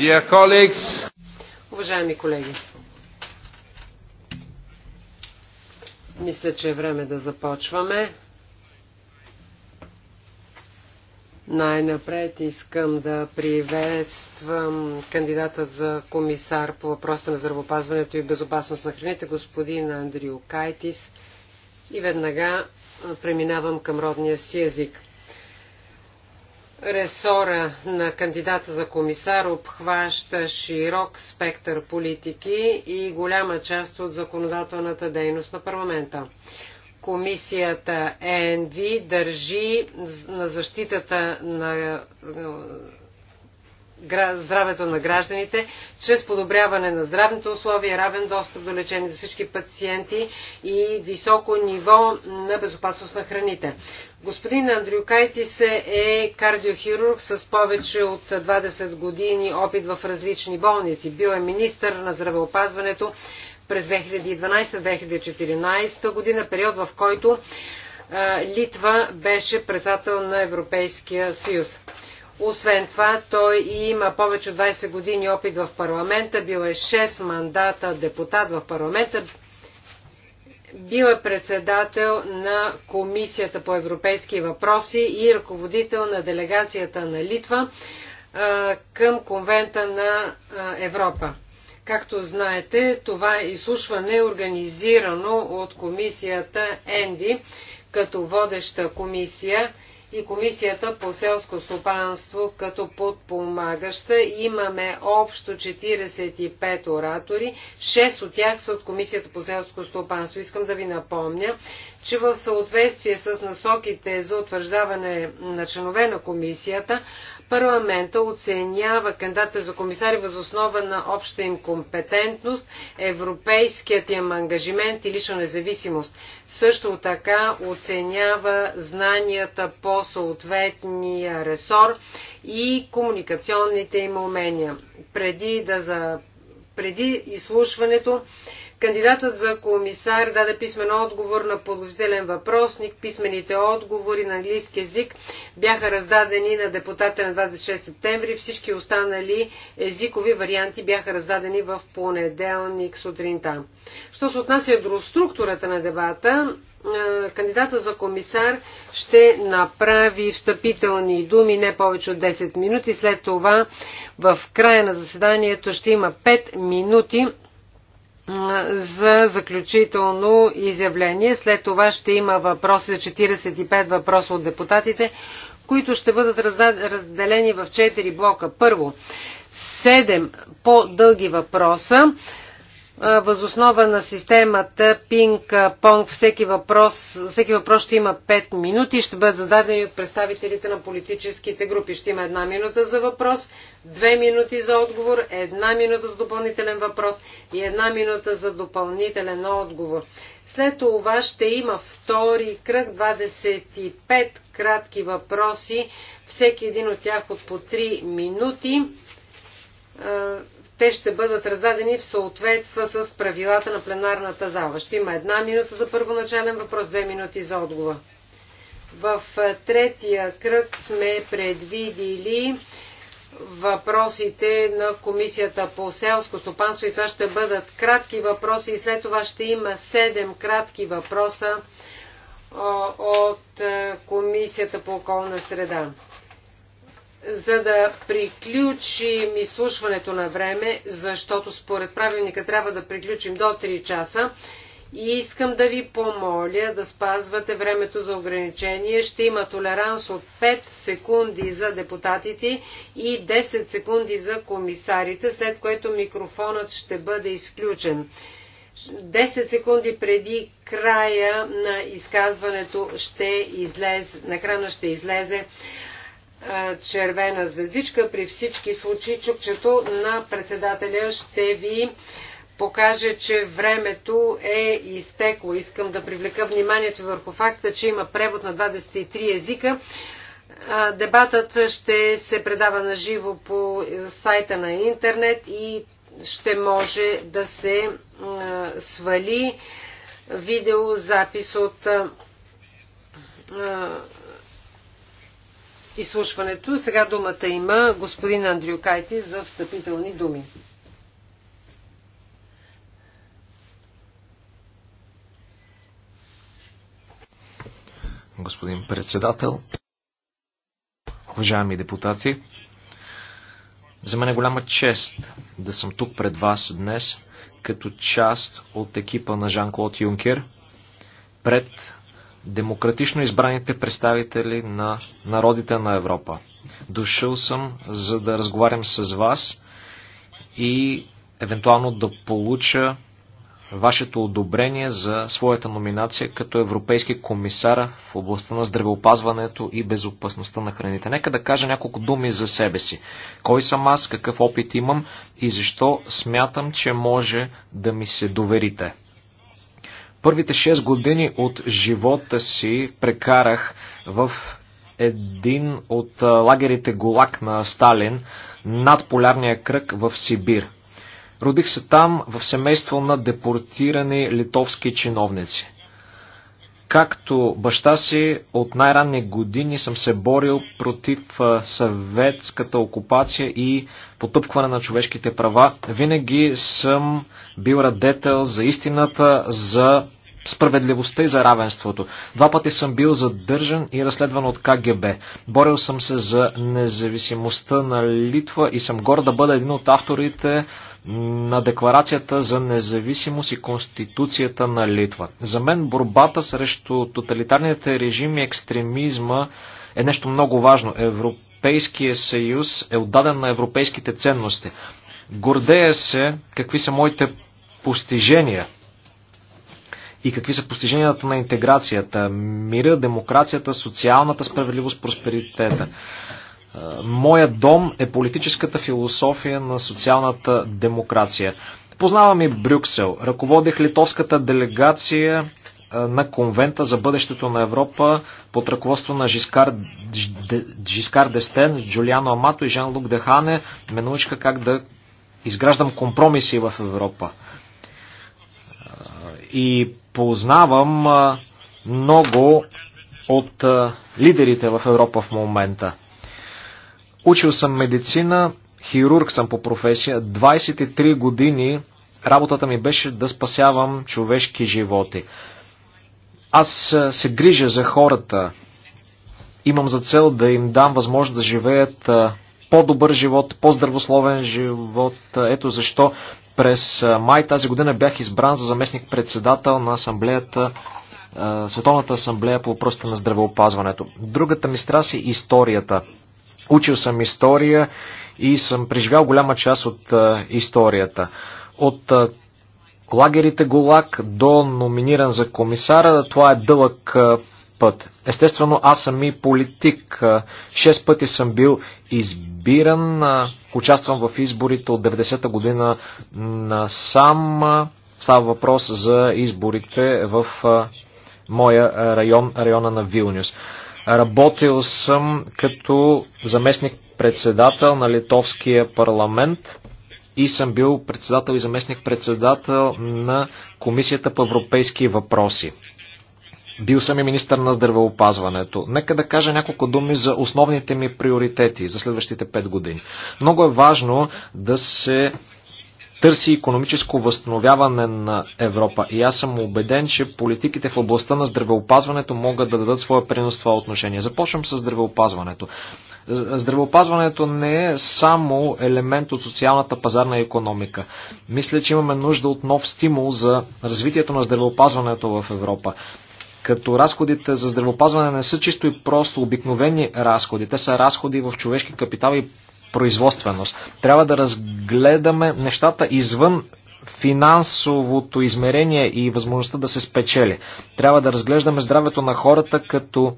Dear colleagues, Уважаеми колеги, мисля, че е време да започваме. Най-напред искам да приветствам кандидатът за комисар по въпроса на здравопазването и безопасност на храните, господин Андрио Кайтис. И веднага преминавам към родния си език. Ресора на кандидата за комисар обхваща широк спектър политики и голяма част от законодателната дейност на парламента. Комисията ЕНВИ държи на защитата на здравето на гражданите, чрез подобряване на здравните условия, равен достъп до лечение за всички пациенти и високо ниво на безопасност на храните. Господин Андрю Кайтис е кардиохирург с повече от 20 години опит в различни болници. Бил е министър на здравеопазването през 2012-2014 година, период в който Литва беше председател на Европейския съюз. Освен това, той има повече от 20 години опит в парламента, бил е 6 мандата депутат в парламента, бил е председател на Комисията по европейски въпроси и ръководител на делегацията на Литва към Конвента на Европа. Както знаете, това изслушване е организирано от комисията ЕНВИ като водеща комисия и Комисията по селско стопанство като подпомагаща. Имаме общо 45 оратори. 6 от тях са от Комисията по селско стопанство. Искам да ви напомня, че в съответствие с насоките за утвърждаване на членове на комисията, Парламента оценява кандидата за комисари възоснова на обща им компетентност, европейският им ангажимент и лична независимост. Също така оценява знанията по съответния ресор и комуникационните им умения. Преди да за преди изслушването Кандидатът за комисар даде писмен отговор на подготвителен въпросник. Писмените отговори на английски език бяха раздадени на депутата на 26 септември. Всички останали езикови варианти бяха раздадени в понеделник сутринта. Що се отнася до структурата на дебата, е, кандидата за комисар ще направи встъпителни думи не повече от 10 минути. След това в края на заседанието ще има 5 минути за заключително изявление. След това ще има въпроси, 45 въпроса от депутатите, които ще бъдат разделени в 4 блока. Първо, 7 по-дълги въпроса Възоснова на системата пинг-понг всеки въпрос, всеки въпрос ще има 5 минути, ще бъдат зададени от представителите на политическите групи. Ще има една минута за въпрос, две минути за отговор, една минута за допълнителен въпрос и една минута за допълнителен отговор. След това ще има втори кръг, 25 кратки въпроси, всеки един от тях от по 3 минути те ще бъдат раздадени в съответства с правилата на пленарната зала. Ще има една минута за първоначален въпрос, две минути за отговор. В е, третия кръг сме предвидили въпросите на Комисията по селско стопанство и това ще бъдат кратки въпроси и след това ще има седем кратки въпроса от е, Комисията по околна среда за да приключим изслушването на време, защото според правилника трябва да приключим до 3 часа. И искам да ви помоля да спазвате времето за ограничение. Ще има толеранс от 5 секунди за депутатите и 10 секунди за комисарите, след което микрофонът ще бъде изключен. 10 секунди преди края на изказването ще излезе, на крана ще излезе червена звездичка. При всички случаи чукчето на председателя ще ви покаже, че времето е изтекло. Искам да привлека вниманието върху факта, че има превод на 23 езика. Дебатът ще се предава на живо по е, сайта на интернет и ще може да се свали видеозапис от изслушването. Сега думата има господин Андрю Кайти за встъпителни думи. Господин председател, уважаеми депутати, за мен е голяма чест да съм тук пред вас днес като част от екипа на Жан-Клод Юнкер пред демократично избраните представители на народите на Европа. Дошъл съм, за да разговарям с вас и евентуално да получа вашето одобрение за своята номинация като европейски комисар в областта на здравеопазването и безопасността на храните. Нека да кажа няколко думи за себе си. Кой съм аз, какъв опит имам и защо смятам, че може да ми се доверите. Първите 6 години от живота си прекарах в един от лагерите Голак на Сталин над полярния кръг в Сибир. Родих се там в семейство на депортирани литовски чиновници. Както баща си, от най-ранни години съм се борил против съветската окупация и потъпкване на човешките права. Винаги съм бил радетел за истината, за справедливостта и за равенството. Два пъти съм бил задържан и разследван от КГБ. Борил съм се за независимостта на Литва и съм гор да бъда един от авторите на Декларацията за независимост и Конституцията на Литва. За мен борбата срещу тоталитарните режими и екстремизма е нещо много важно. Европейския съюз е отдаден на европейските ценности. Гордея се какви са моите постижения и какви са постиженията на интеграцията, мира, демокрацията, социалната справедливост, просперитета. Е, моя дом е политическата философия на социалната демокрация. Познавам и Брюксел. Ръководих литовската делегация е, на конвента за бъдещето на Европа под ръководство на Жискар, Жискар Дестен, Джулиано Амато и Жан-Лук Дехане ме научиха как да изграждам компромиси в Европа. Е, и познавам много от лидерите в Европа в момента. Учил съм медицина, хирург съм по професия. 23 години работата ми беше да спасявам човешки животи. Аз е, се грижа за хората. Имам за цел да им дам възможност да живеят е, по-добър живот, по-здравословен живот. Ето защо през е, май тази година бях избран за заместник председател на асамблеята Световната асамблея по въпросите на здравеопазването. Другата ми страст е историята. Учил съм история и съм преживял голяма част от а, историята. От а, лагерите Голак до номиниран за комисара, това е дълъг а, път. Естествено, аз съм и политик. Шест пъти съм бил избиран. Участвам в изборите от 90-та година на А, Става въпрос за изборите в моя район, района на Вилнюс. Работил съм като заместник председател на Литовския парламент и съм бил председател и заместник председател на Комисията по европейски въпроси. Бил съм и министър на здравеопазването. Нека да кажа няколко думи за основните ми приоритети за следващите 5 години. Много е важно да се търси економическо възстановяване на Европа. И аз съм убеден, че политиките в областта на здравеопазването могат да дадат своя принос в това отношение. Започвам с здравеопазването. Здравеопазването не е само елемент от социалната пазарна економика. Мисля, че имаме нужда от нов стимул за развитието на здравеопазването в Европа като разходите за здравопазване не са чисто и просто обикновени разходи. Те са разходи в човешки капитал и производственост. Трябва да разгледаме нещата извън финансовото измерение и възможността да се спечели. Трябва да разглеждаме здравето на хората като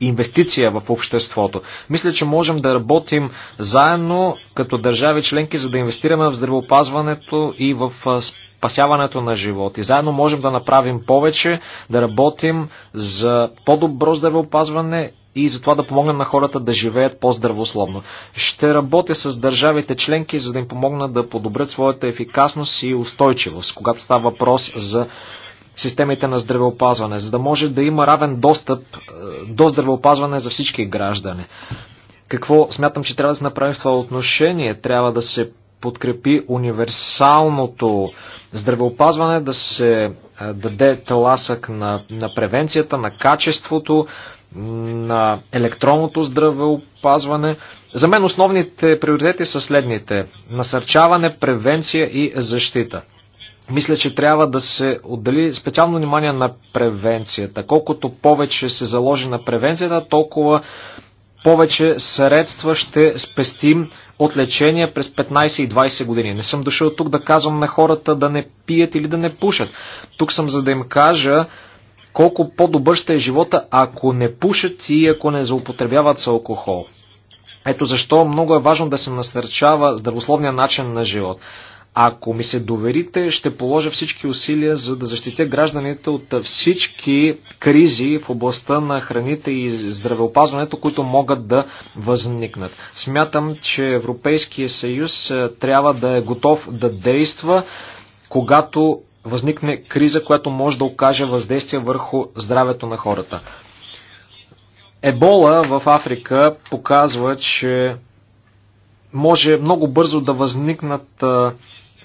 инвестиция в обществото. Мисля, че можем да работим заедно като държави членки, за да инвестираме в здравеопазването и в спасяването на животи. Заедно можем да направим повече, да работим за по-добро здравеопазване и за това да помогна на хората да живеят по-здравословно. Ще работя с държавите членки, за да им помогна да подобрят своята ефикасност и устойчивост, когато става въпрос за системите на здравеопазване, за да може да има равен достъп е, до здравеопазване за всички граждани. Какво смятам, че трябва да се направи в това отношение? Трябва да се подкрепи универсалното здравеопазване, да се е, даде таласък на, на превенцията, на качеството, на електронното здравеопазване. За мен основните приоритети са следните. Насърчаване, превенция и защита. Мисля, че трябва да се отдели специално внимание на превенцията. Колкото повече се заложи на превенцията, толкова повече средства ще спестим от лечение през 15 и 20 години. Не съм дошъл тук да казвам на хората да не пият или да не пушат. Тук съм за да им кажа, колко по-добър ще е живота, ако не пушат и ако не заупотребяват с алкохол. Ето защо много е важно да се насърчава здравословния начин на живот. Ако ми се доверите, ще положа всички усилия за да защитя гражданите от всички кризи в областта на храните и здравеопазването, които могат да възникнат. Смятам, че Европейския съюз е, трябва да е готов да действа, когато възникне криза, която може да окаже въздействие върху здравето на хората. Ебола в Африка показва, че може много бързо да възникнат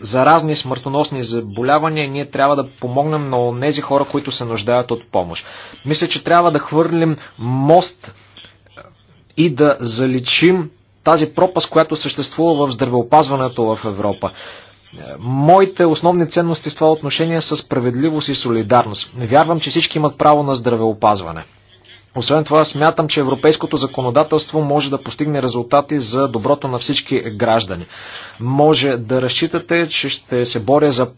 заразни смъртоносни заболявания и ние трябва да помогнем на тези хора, които се нуждаят от помощ. Мисля, че трябва да хвърлим мост и да заличим тази пропаст, която съществува в здравеопазването в Европа. Е, моите основни ценности в това отношение са справедливост и солидарност. Вярвам, че всички имат право на здравеопазване. Освен това, смятам, че европейското законодателство може да постигне резултати за доброто на всички граждани. Може да разчитате, че ще се боря за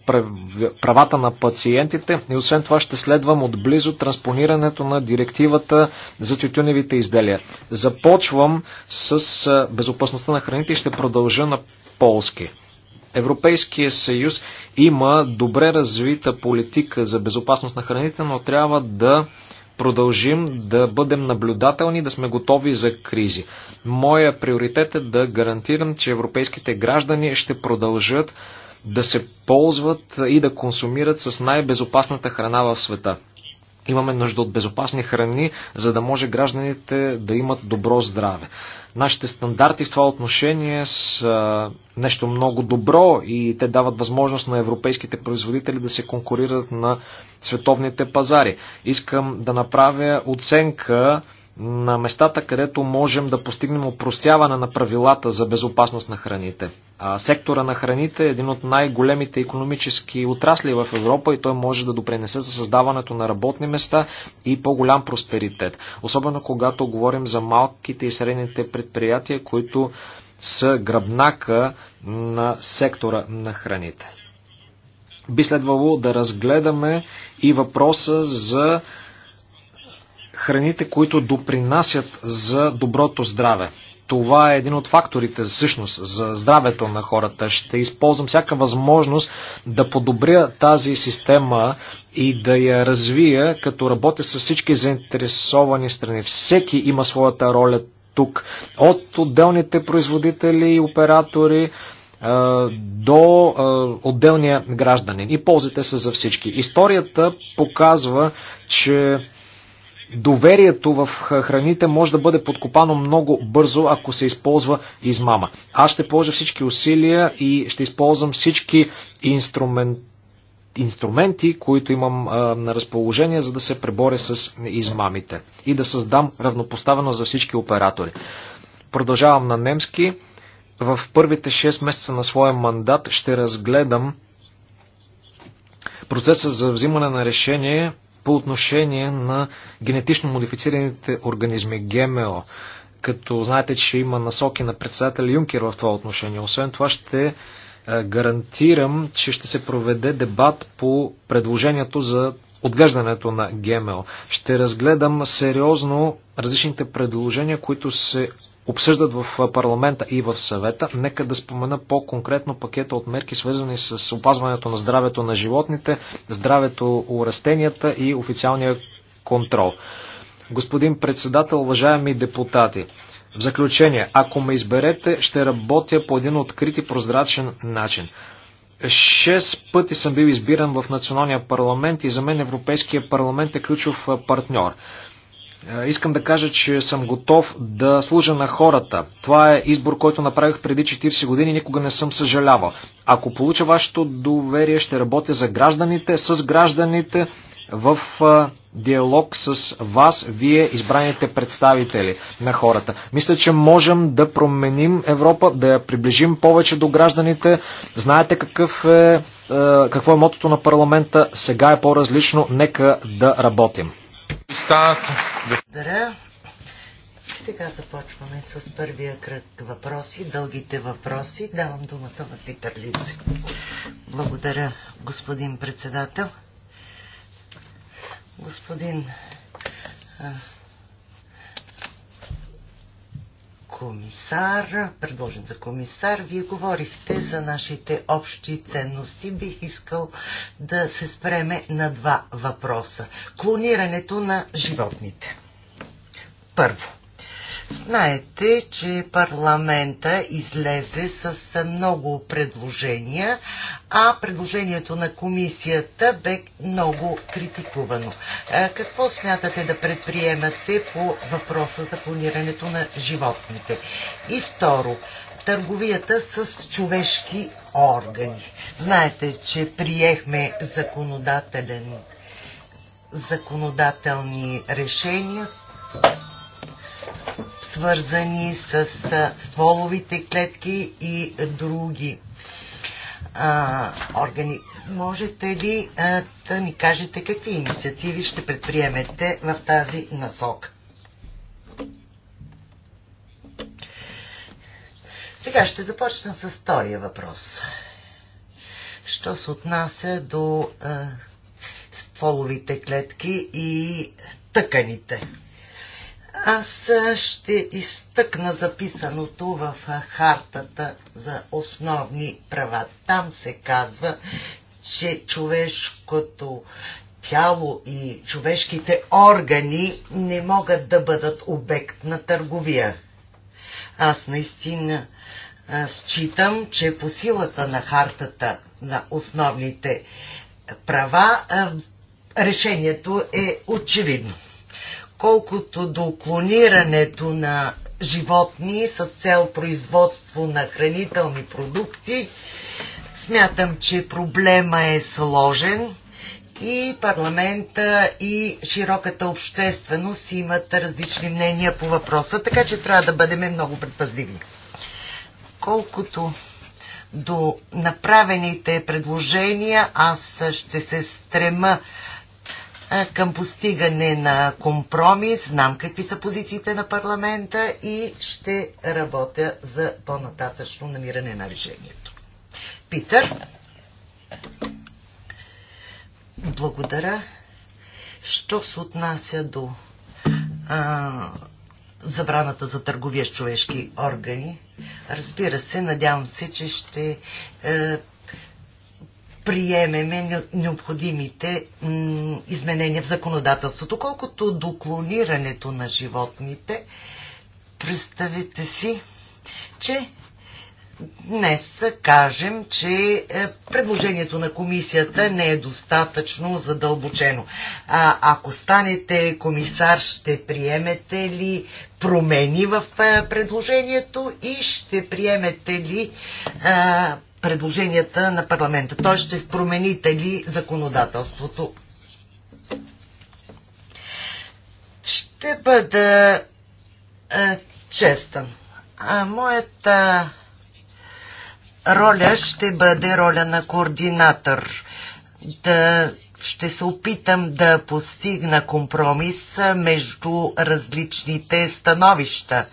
правата на пациентите и освен това ще следвам отблизо транспонирането на директивата за тютюневите изделия. Започвам с безопасността на храните и ще продължа на полски. Европейския съюз има добре развита политика за безопасност на храните, но трябва да продължим да бъдем наблюдателни, да сме готови за кризи. Моя приоритет е да гарантирам, че европейските граждани ще продължат да се ползват и да консумират с най-безопасната храна в света. Имаме нужда от безопасни храни, за да може гражданите да имат добро здраве. Нашите стандарти в това отношение са нещо много добро и те дават възможност на европейските производители да се конкурират на световните пазари. Искам да направя оценка на местата, където можем да постигнем упростяване на правилата за безопасност на храните. А сектора на храните е един от най-големите економически отрасли в Европа и той може да допринесе за създаването на работни места и по-голям просперитет. Особено когато говорим за малките и средните предприятия, които са гръбнака на сектора на храните. Би следвало да разгледаме и въпроса за храните, които допринасят за доброто здраве. Това е един от факторите всъщност за здравето на хората. Ще използвам всяка възможност да подобря тази система и да я развия, като работя с всички заинтересовани страни. Всеки има своята роля тук. От отделните производители и оператори до отделния гражданин. И ползите са за всички. Историята показва, че доверието в храните може да бъде подкопано много бързо, ако се използва измама. Аз ще положа всички усилия и ще използвам всички инструмент, инструменти, които имам а, на разположение, за да се преборя с измамите и да създам равнопоставено за всички оператори. Продължавам на немски. В първите 6 месеца на своя мандат ще разгледам процеса за взимане на решение по отношение на генетично модифицираните организми, ГМО. Като знаете, че има насоки на председателя Юнкер в това отношение. Освен това ще е, гарантирам, че ще се проведе дебат по предложението за отглеждането на ГМО. Ще разгледам сериозно различните предложения, които се обсъждат в парламента и в съвета. Нека да спомена по-конкретно пакета от мерки, свързани с опазването на здравето на животните, здравето у растенията и официалния контрол. Господин председател, уважаеми депутати, в заключение, ако ме изберете, ще работя по един открит и прозрачен начин. Шест пъти съм бил избиран в националния парламент и за мен Европейския парламент е ключов партньор. Е, искам да кажа, че съм готов да служа на хората. Това е избор, който направих преди 40 години и никога не съм съжалявал. Ако получа вашето доверие, ще работя за гражданите, с гражданите, в диалог с вас, вие избраните представители на хората. Мисля, че можем да променим Европа, да я приближим повече до гражданите. Знаете какъв е, е какво е мотото на парламента, сега е по-различно, нека да работим. Благодаря. Сега започваме с първия кръг въпроси, дългите въпроси. Давам думата на Питър Лиси. Благодаря, господин председател. Господин комисар, предложен за комисар, вие говорихте за нашите общи ценности. Бих искал да се спреме на два въпроса. Клонирането на животните. Първо. Знаете, че парламента излезе с много предложения, а предложението на комисията бе много критикувано. Е, какво смятате да предприемате по въпроса за планирането на животните? И второ, търговията с човешки органи. Знаете, че приехме законодателен законодателни решения свързани с стволовите клетки и други а, органи. Можете ли а, да ни кажете какви инициативи ще предприемете в тази насок? Сега ще започна с втория въпрос. Що се отнася до а, стволовите клетки и тъканите? Аз ще изтъкна записаното в хартата за основни права. Там се казва, че човешкото тяло и човешките органи не могат да бъдат обект на търговия. Аз наистина считам, че по силата на хартата на основните права решението е очевидно колкото до клонирането на животни с цел производство на хранителни продукти, смятам, че проблема е сложен и парламента и широката общественост имат различни мнения по въпроса, така че трябва да бъдем много предпазливи. Колкото до направените предложения, аз ще се стрема към постигане на компромис. Знам какви са позициите на парламента и ще работя за по-нататъчно намиране на решението. Питър. Благодаря. Що се отнася до а, забраната за търговия с човешки органи. Разбира се, надявам се, че ще е, приемеме необходимите изменения в законодателството. Колкото до клонирането на животните, представете си, че днес кажем, че е, предложението на комисията не е достатъчно задълбочено. А, ако станете комисар, ще приемете ли промени в е, предложението и ще приемете ли а, е, предложенията на парламента? Той ще промените ли законодателството? Ще бъда е, честен. А моята роля ще бъде роля на координатор. Да ще се опитам да постигна компромис между различните становища.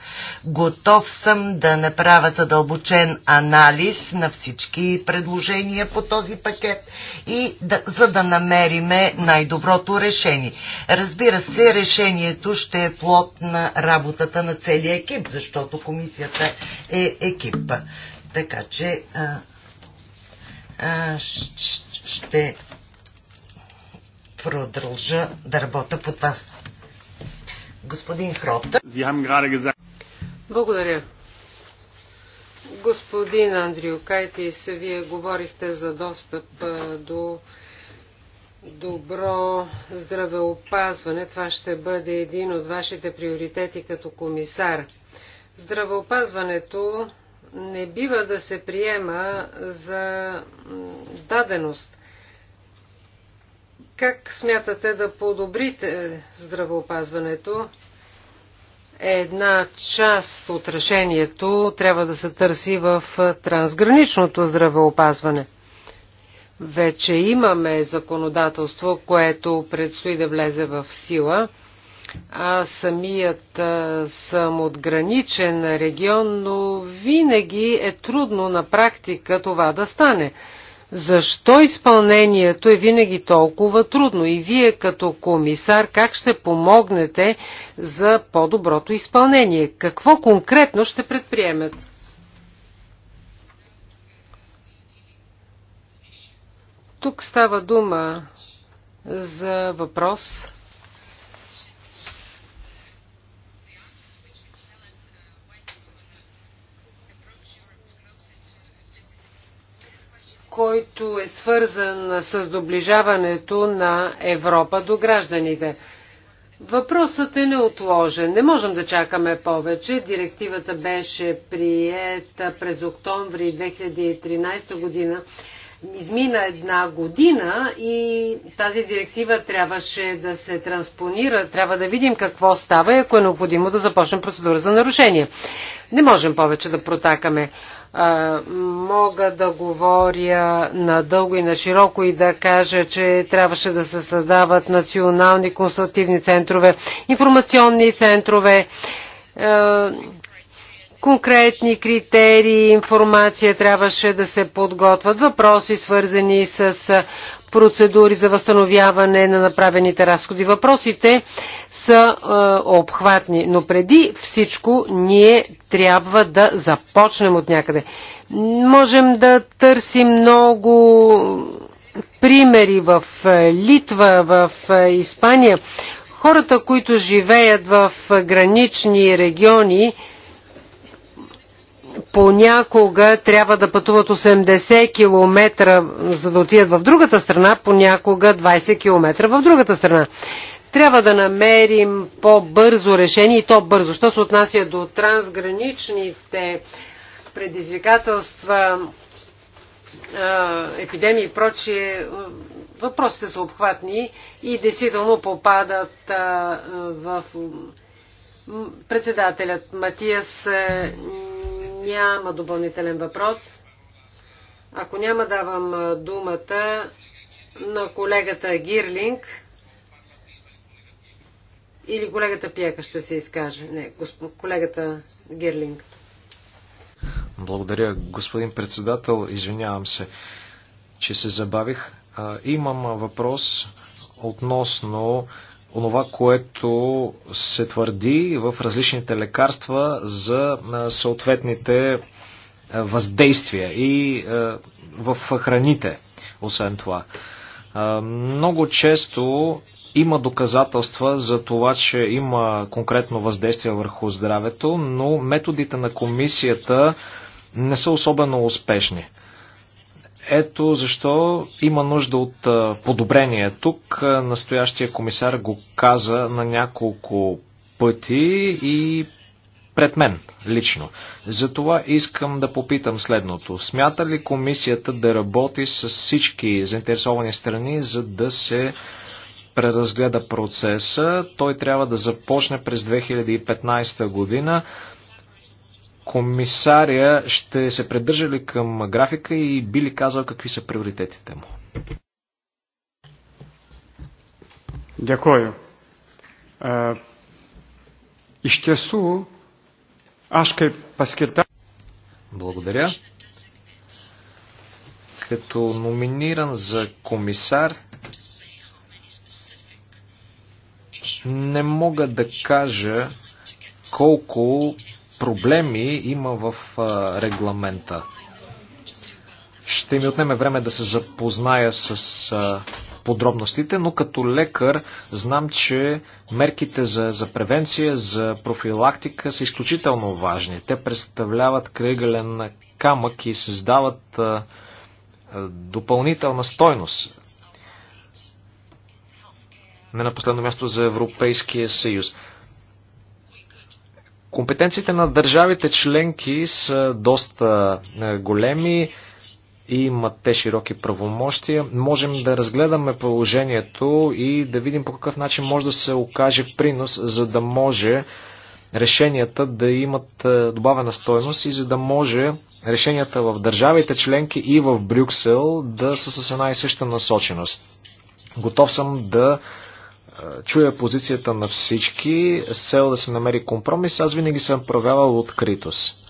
Готов съм да направя задълбочен анализ на всички предложения по този пакет и да, за да намериме най-доброто решение. Разбира се, решението ще е плод на работата на целия екип, защото комисията е екип. Така че а, а, ще продължа да работя по вас. Господин Хрота. Благодаря. Господин Андрио Кайтис, вие говорихте за достъп до добро здравеопазване. Това ще бъде един от вашите приоритети като комисар. Здравеопазването не бива да се приема за даденост. Как смятате да подобрите здравеопазването? Една част от решението трябва да се търси в трансграничното здравеопазване. Вече имаме законодателство, което предстои да влезе в сила. Аз самият съм от граничен регион, но винаги е трудно на практика това да стане. Защо изпълнението е винаги толкова трудно и вие като комисар как ще помогнете за по-доброто изпълнение? Какво конкретно ще предприемете? Тук става дума за въпрос, който е свързан с доближаването на Европа до гражданите. Въпросът е неотложен. Не можем да чакаме повече. Директивата беше приета през октомври 2013 година. Измина една година и тази директива трябваше да се транспонира. Трябва да видим какво става и ако е необходимо да започнем процедура за нарушение. Не можем повече да протакаме мога да говоря надълго и на широко и да кажа, че трябваше да се създават национални консултативни центрове, информационни центрове, конкретни критерии, информация трябваше да се подготвят, въпроси свързани с процедури за възстановяване на направените разходи. Въпросите са е, обхватни, но преди всичко ние трябва да започнем от някъде. Можем да търсим много примери в Литва, в Испания. Хората, които живеят в гранични региони, понякога трябва да пътуват 80 км за да отидат в другата страна, понякога 20 км в другата страна. Трябва да намерим по-бързо решение и то бързо. Що се отнася до трансграничните предизвикателства, епидемии и прочие, въпросите са обхватни и действително попадат в председателят Матиас е, няма допълнителен въпрос. Ако няма, давам думата на колегата Гирлинг или колегата Пиека ще се изкаже. Не, госп... колегата Гирлинг. Благодаря, господин председател. Извинявам се, че се забавих. имам въпрос относно онова, което се твърди в различните лекарства за съответните въздействия и в храните, освен това. Много често има доказателства за това, че има конкретно въздействие върху здравето, но методите на комисията не са особено успешни. Ето защо има нужда от подобрение. Тук настоящия комисар го каза на няколко пъти и пред мен лично. Затова искам да попитам следното. Смята ли комисията да работи с всички заинтересовани страни, за да се преразгледа процеса? Той трябва да започне през 2015 година комисаря ще се придържа ли към графика и би ли казал какви са приоритетите му? Дякую. ще су, aš kaip паскета... Благодаря. Като номиниран за комисар, не мога да кажа колко проблеми има в регламента. Ще ми отнеме време да се запозная с подробностите, но като лекар знам, че мерките за, за превенция, за профилактика са изключително важни. Те представляват кръгълен камък и създават допълнителна стойност. Не на последно място за Европейския съюз. Компетенциите на държавите членки са доста е, големи и имат те широки правомощия. Можем да разгледаме положението и да видим по какъв начин може да се окаже принос, за да може решенията да имат е, добавена стойност и за да може решенията в държавите членки и в Брюксел да са с една и съща насоченост. Готов съм да чуя позицията на всички с цел да се намери компромис. Аз винаги съм проявявал откритост.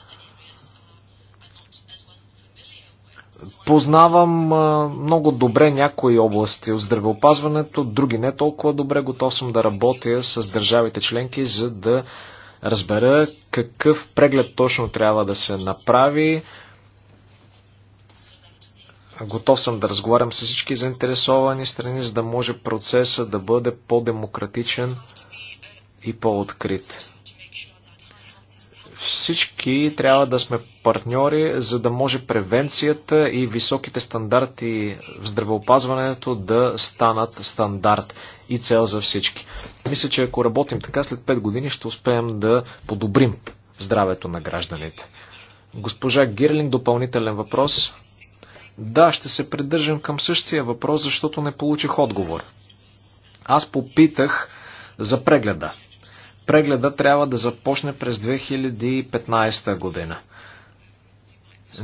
Познавам много добре някои области от здравеопазването, други не толкова добре. Готов съм да работя с държавите членки, за да разбера какъв преглед точно трябва да се направи, Готов съм да разговарям с всички заинтересовани страни, за да може процеса да бъде по-демократичен и по-открит. Всички трябва да сме партньори, за да може превенцията и високите стандарти в здравеопазването да станат стандарт и цел за всички. Мисля, че ако работим така, след 5 години ще успеем да подобрим здравето на гражданите. Госпожа Гирлин, допълнителен въпрос. Да, ще се придържам към същия въпрос, защото не получих отговор. Аз попитах за прегледа. Прегледа трябва да започне през 2015 година.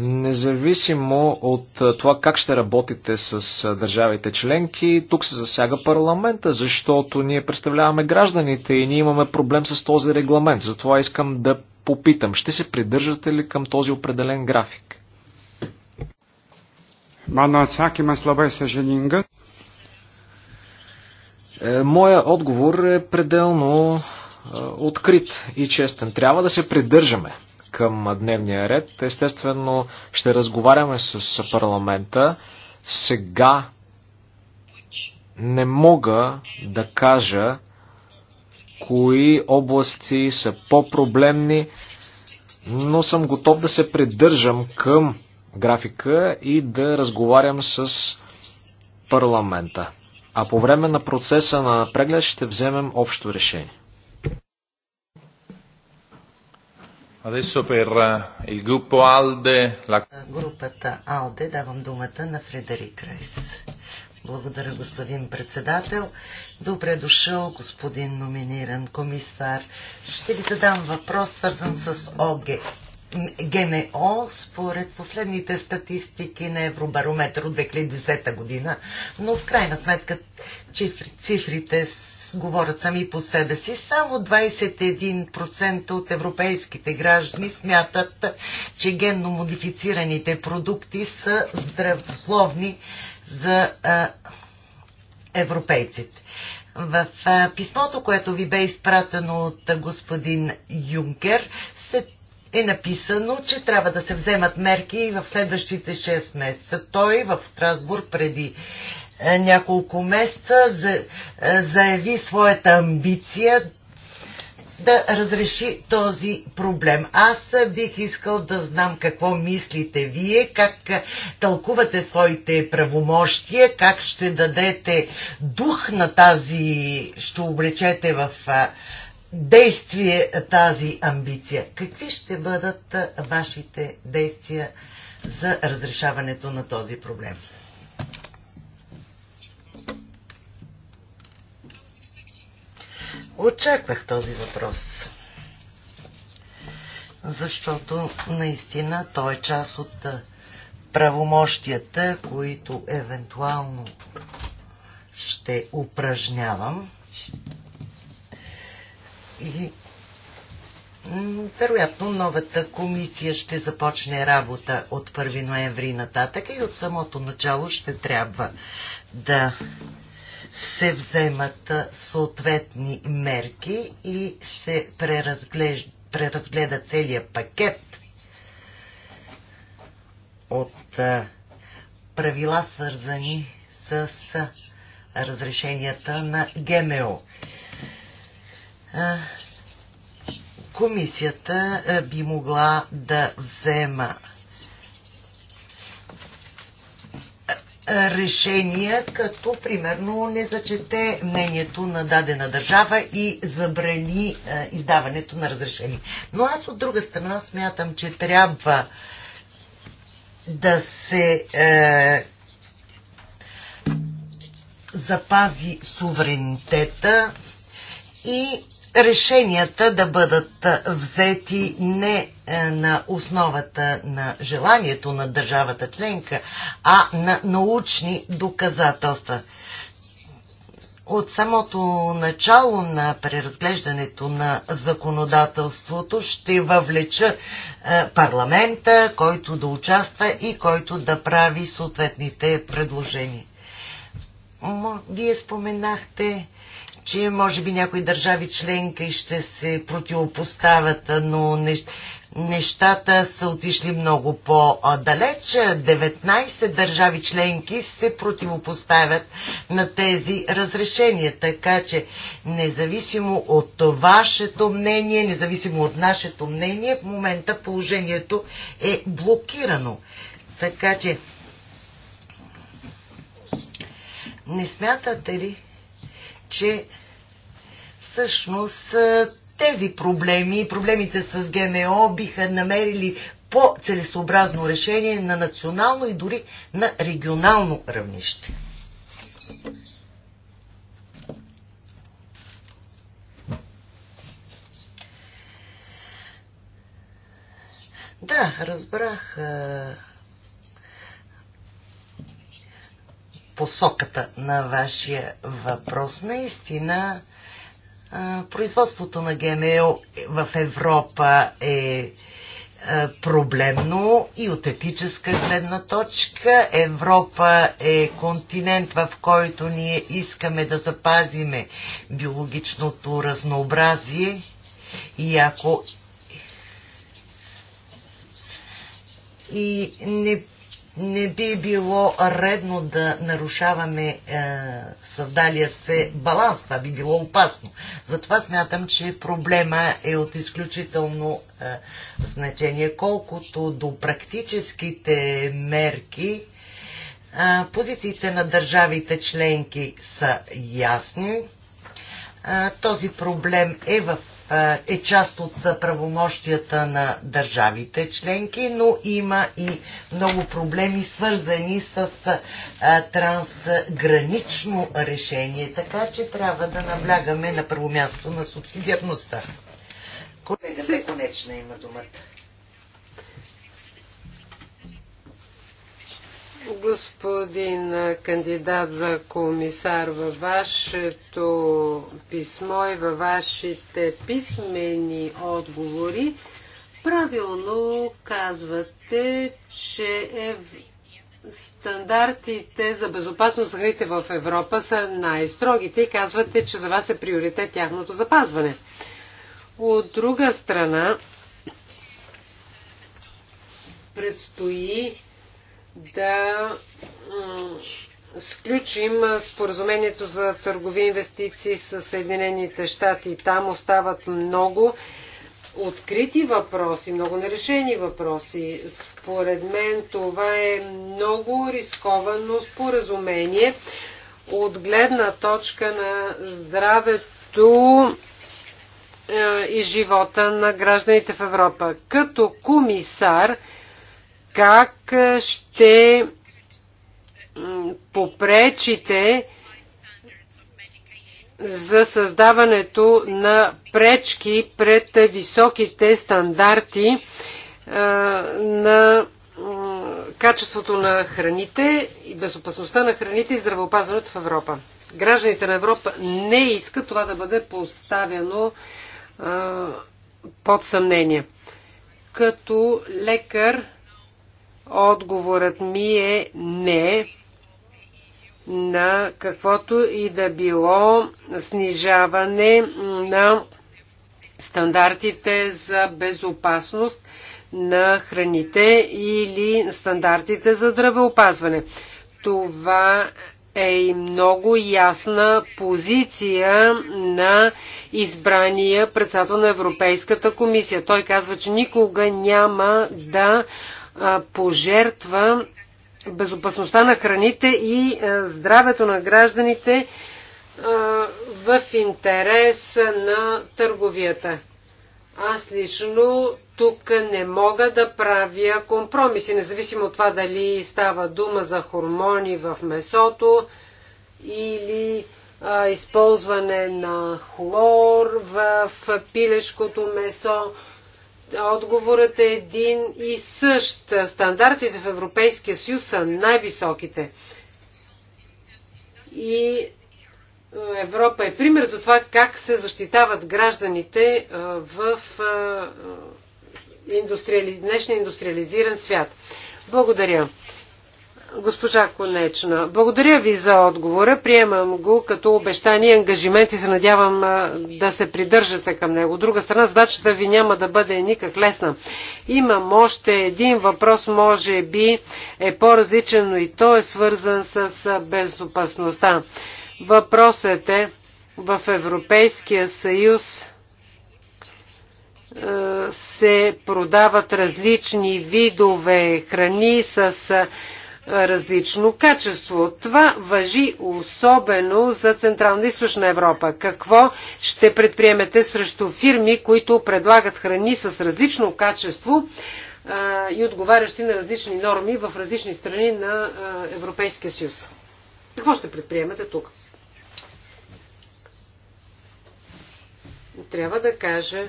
Независимо от това как ще работите с държавите членки, тук се засяга парламента, защото ние представляваме гражданите и ние имаме проблем с този регламент. Затова искам да попитам, ще се придържате ли към този определен график? Mano atsakymas labai sažiningas. Е, моя отговор е пределно е, открит и честен. Трябва да се придържаме към дневния ред. Естествено, ще разговаряме с парламента. Сега не мога да кажа кои области са по-проблемни, но съм готов да се придържам към графика и да разговарям с парламента. А по време на процеса на преглед ще вземем общо решение. Adesso per eh, il gruppo Alde, la... Групата Алде давам думата на Фредерик Крайс. Благодаря, господин председател. Добре дошъл, господин номиниран комисар. Ще ви задам въпрос, свързан с ОГЕ. ГМО според последните статистики на Евробарометър от 2010 година, но в крайна сметка цифри, цифрите говорят сами по себе си. Само 21% от европейските граждани смятат, че генно модифицираните продукти са здравословни за а, европейците. В писмото, което ви бе изпратено от господин Юнкер, се е написано, че трябва да се вземат мерки в следващите 6 месеца. Той в Страсбург преди е, няколко месеца е, заяви своята амбиция да разреши този проблем. Аз бих искал да знам какво мислите вие, как тълкувате своите правомощия, как ще дадете дух на тази, ще облечете в е, действие тази амбиция. Какви ще бъдат вашите действия за разрешаването на този проблем? Очаквах този въпрос, защото наистина той е част от правомощията, които евентуално ще упражнявам. И вероятно новата комисия ще започне работа от 1 ноември нататък и от самото начало ще трябва да се вземат съответни мерки и се преразглежда, преразгледа целият пакет от правила свързани с разрешенията на ГМО комисията би могла да взема решения, като примерно не зачете мнението на дадена държава и забрани издаването на разрешение. Но аз от друга страна смятам, че трябва да се е, запази суверенитета и решенията да бъдат взети не е, на основата на желанието на държавата членка, а на научни доказателства. От самото начало на преразглеждането на законодателството ще въвлеча е, парламента, който да участва и който да прави съответните предложения. Вие споменахте че може би някои държави членки ще се противопоставят, но нещата са отишли много по-далеч. 19 държави членки се противопоставят на тези разрешения, така че независимо от вашето мнение, независимо от нашето мнение, в момента положението е блокирано. Така че не смятате ли, че всъщност тези проблеми, проблемите с ГМО биха намерили по-целесообразно решение на национално и дори на регионално равнище. Да, разбрах посоката на вашия въпрос. Наистина, производството на ГМО в Европа е, е проблемно и от етическа гледна точка. Европа е континент, в който ние искаме да запазиме биологичното разнообразие и ако и не не би било редно да нарушаваме е, създалия се баланс. Това би било опасно. Затова смятам, че проблема е от изключително е, значение. Колкото до практическите мерки, е, позициите на държавите членки са ясни. Е, този проблем е в е, е част от правомощията на държавите членки, но има и много проблеми свързани с е, трансгранично решение, така че трябва да наблягаме на първо място на субсидиарността. Колегата конечна има думата. Господин кандидат за комисар, във вашето писмо и във вашите писмени отговори правилно казвате, че е стандартите за безопасност на храните в Европа са най-строгите и казвате, че за вас е приоритет тяхното запазване. От друга страна, предстои да сключим споразумението за търгови инвестиции с Съединените щати. Там остават много открити въпроси, много нерешени въпроси. Според мен това е много рисковано споразумение от гледна точка на здравето е, и живота на гражданите в Европа. Като комисар, как ще попречите за създаването на пречки пред високите стандарти на качеството на храните и безопасността на храните и здравеопазването в Европа. Гражданите на Европа не искат това да бъде поставено а, под съмнение. Като лекар Отговорът ми е не на каквото и да било снижаване на стандартите за безопасност на храните или стандартите за здравеопазване. Това е и много ясна позиция на избрания председател на Европейската комисия. Той казва, че никога няма да пожертва безопасността на храните и здравето на гражданите в интерес на търговията. Аз лично тук не мога да правя компромиси, независимо от това дали става дума за хормони в месото или а, използване на хлор в пилешкото месо Отговорът е един и същ. Стандартите в Европейския съюз са най-високите. И е, Европа е пример за това как се защитават гражданите е, в е, индустриали... днешния индустриализиран свят. Благодаря. Госпожа Конечна, благодаря ви за отговора. Приемам го като обещание и ангажимент и се надявам да се придържате към него. От друга страна, задачата ви няма да бъде никак лесна. Имам още един въпрос, може би е по-различен, но и той е свързан с безопасността. Въпросът е в Европейския съюз се продават различни видове храни с различно качество. Това въжи особено за Централна и Източна Европа. Какво ще предприемете срещу фирми, които предлагат храни с различно качество а, и отговарящи на различни норми в различни страни на а, Европейския съюз? Какво ще предприемете тук? Трябва да кажа,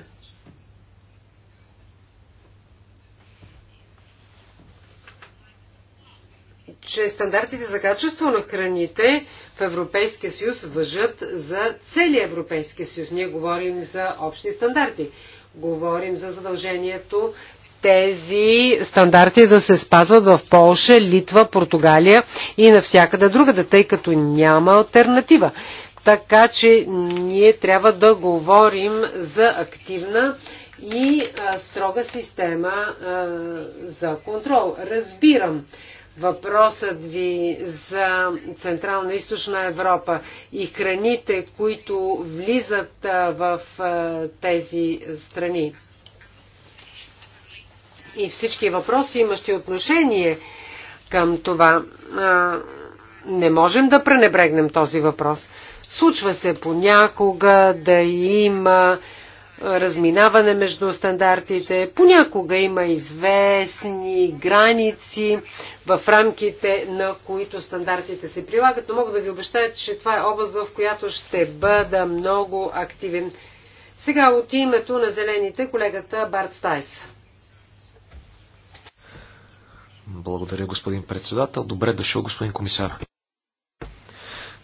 че стандартите за качество на храните в Европейския съюз въжат за целия Европейския съюз. Ние говорим за общи стандарти. Говорим за задължението тези стандарти да се спазват в Полша, Литва, Португалия и навсякъде другата. тъй като няма альтернатива. Така че ние трябва да говорим за активна и а, строга система а, за контрол. Разбирам въпросът ви за Централна и Източна Европа и храните, които влизат в тези страни. И всички въпроси, имащи отношение към това, не можем да пренебрегнем този въпрос. Случва се понякога да има разминаване между стандартите. Понякога има известни граници в рамките на които стандартите се прилагат, но мога да ви обещая, че това е област, в която ще бъда много активен. Сега от името на зелените колегата Барт Стайс. Благодаря, господин председател. Добре дошъл, господин комисар.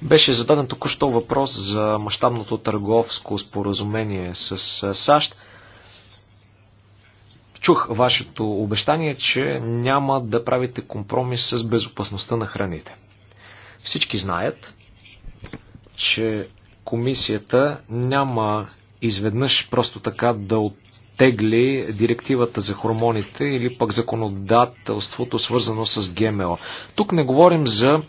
Беше зададен току-що въпрос за мащабното търговско споразумение с САЩ. Чух вашето обещание, че няма да правите компромис с безопасността на храните. Всички знаят, че комисията няма изведнъж просто така да оттегли директивата за хормоните или пък законодателството свързано с ГМО. Тук не говорим за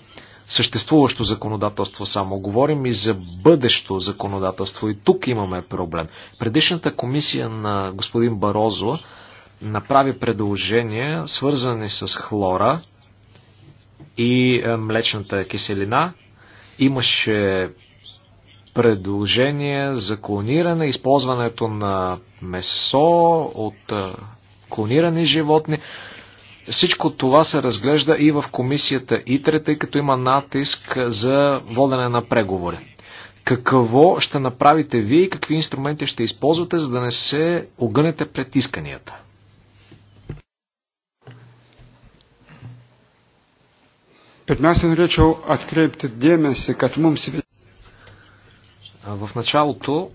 съществуващо законодателство само. Говорим и за бъдещо законодателство. И тук имаме проблем. Предишната комисия на господин Барозо направи предложения, свързани с хлора и е, млечната киселина. Имаше предложение за клониране, използването на месо от е, клонирани животни. Всичко това се разглежда и в комисията ИТРЕ, тъй като има натиск за водене на преговори. Какво ще направите вие и какви инструменти ще използвате, за да не се огънете пред исканията? Е в началото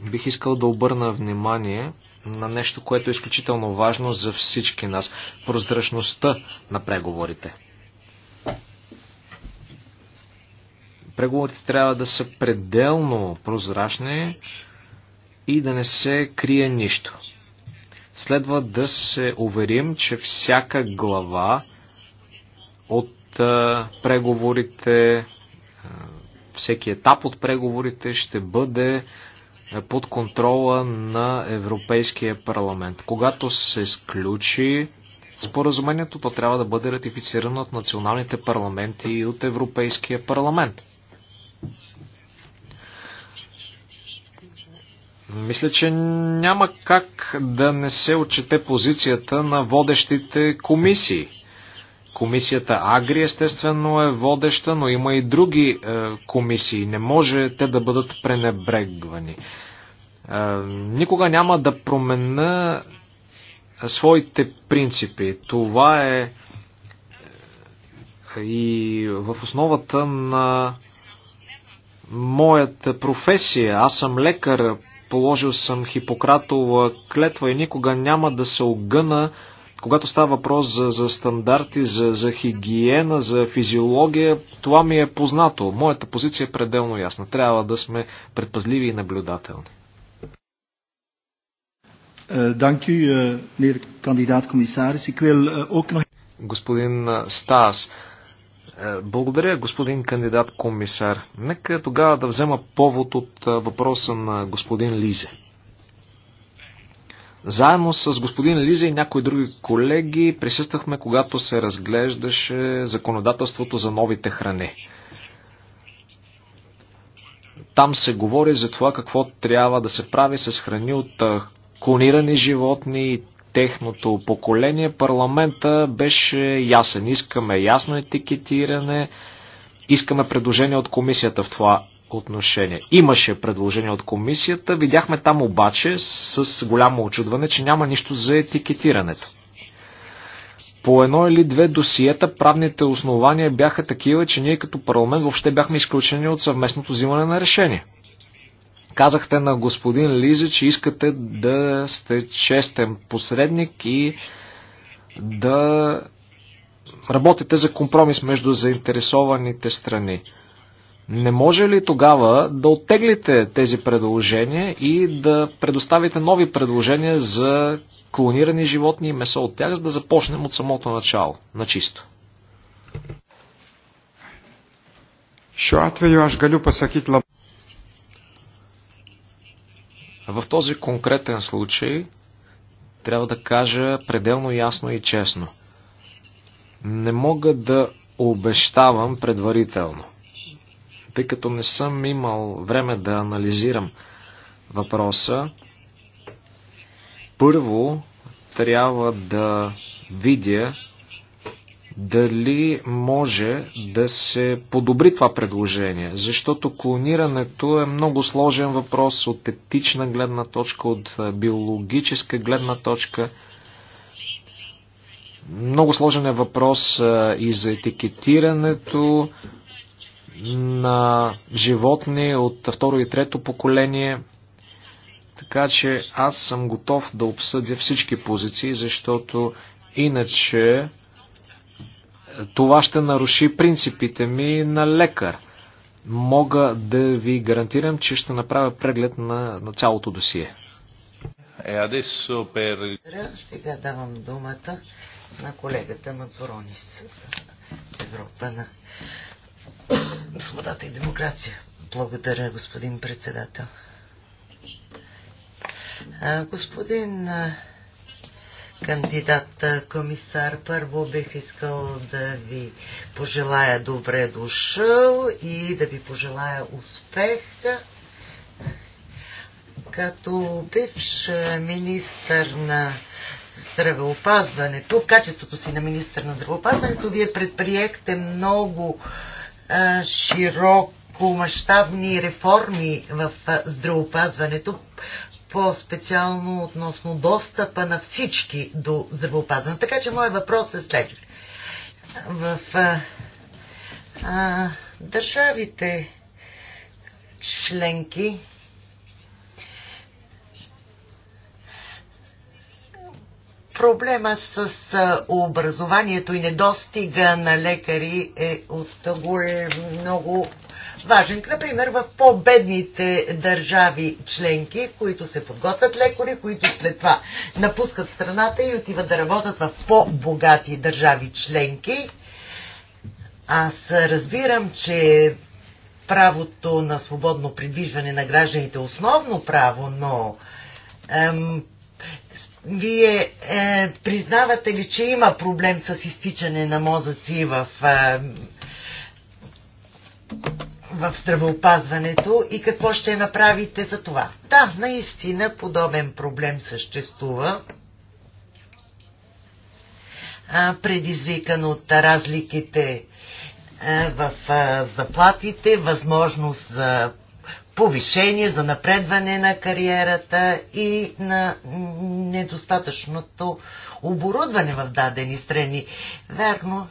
бих искал да обърна внимание на нещо, което е изключително важно за всички нас. Прозрачността на преговорите. Преговорите трябва да са пределно прозрачни и да не се крие нищо. Следва да се уверим, че всяка глава от преговорите, всеки етап от преговорите ще бъде под контрола на Европейския парламент. Когато се сключи споразумението, то трябва да бъде ратифицирано от националните парламенти и от Европейския парламент. Мисля, че няма как да не се отчете позицията на водещите комисии Комисията Агри естествено е водеща, но има и други е, комисии. Не може те да бъдат пренебрегвани. Е, никога няма да променя своите принципи. Това е, е и в основата на моята професия. Аз съм лекар, положил съм Хипократова клетва и никога няма да се огъна когато става въпрос за, за стандарти, за, за хигиена, за физиология, това ми е познато. Моята позиция е пределно ясна. Трябва да сме предпазливи и наблюдателни. Е, dank u, е, meneer kandidaat-commissaris. Ik wil е, ook nog... Господин Стас, благодаря, господин кандидат-комисар. Нека тогава да взема повод от въпроса на господин Лизе. Заедно с господин Лиза и някои други колеги присъствахме, когато се разглеждаше законодателството за новите храни. Там се говори за това какво трябва да се прави с храни от клонирани животни и техното поколение. Парламента беше ясен. Искаме ясно етикетиране, искаме предложение от комисията в това отношение. Имаше предложение от комисията, видяхме там обаче с голямо очудване, че няма нищо за етикетирането. По едно или две досиета правните основания бяха такива, че ние като парламент въобще бяхме изключени от съвместното взимане на решение. Казахте на господин Лиза, че искате да сте честен посредник и да работите за компромис между заинтересованите страни. Не може ли тогава да оттеглите тези предложения и да предоставите нови предложения за клонирани животни и месо от тях, за да започнем от самото начало, на чисто? В този конкретен случай трябва да кажа пределно ясно и честно. Не мога да обещавам предварително. Тъй като не съм имал време да анализирам въпроса, първо трябва да видя дали може да се подобри това предложение, защото клонирането е много сложен въпрос от етична гледна точка, от биологическа гледна точка. Много сложен е въпрос и за етикетирането, на животни от второ и трето поколение. Така че аз съм готов да обсъдя всички позиции, защото иначе е, това ще наруши принципите ми на лекар. Мога да ви гарантирам, че ще направя преглед на, на цялото досие. Е, адесо пер... Сега давам думата на колегата за Европа на свободата и демокрация. Благодаря, господин председател. Господин кандидат комисар, първо бих искал да ви пожелая добре дошъл и да ви пожелая успех. Като бивш министър на здравеопазването, в качеството си на министър на здравеопазването, вие предприехте много широкомащабни реформи в здравеопазването, по-специално относно достъпа на всички до здравеопазване. Така че моят въпрос е следващ. В а, а, държавите членки Проблема с образованието и недостига на лекари е от е много важен. Например, в по-бедните държави членки, които се подготвят лекари, които след това напускат страната и отиват да работят в по-богати държави членки. Аз разбирам, че правото на свободно придвижване на гражданите е основно право, но вие е, признавате ли, че има проблем с изтичане на мозъци в, е, в здравеопазването и какво ще направите за това? Да, наистина подобен проблем съществува. предизвикан от разликите е, в е, заплатите, възможност за повишение, за напредване на кариерата и на недостатъчното оборудване в дадени страни. Верно,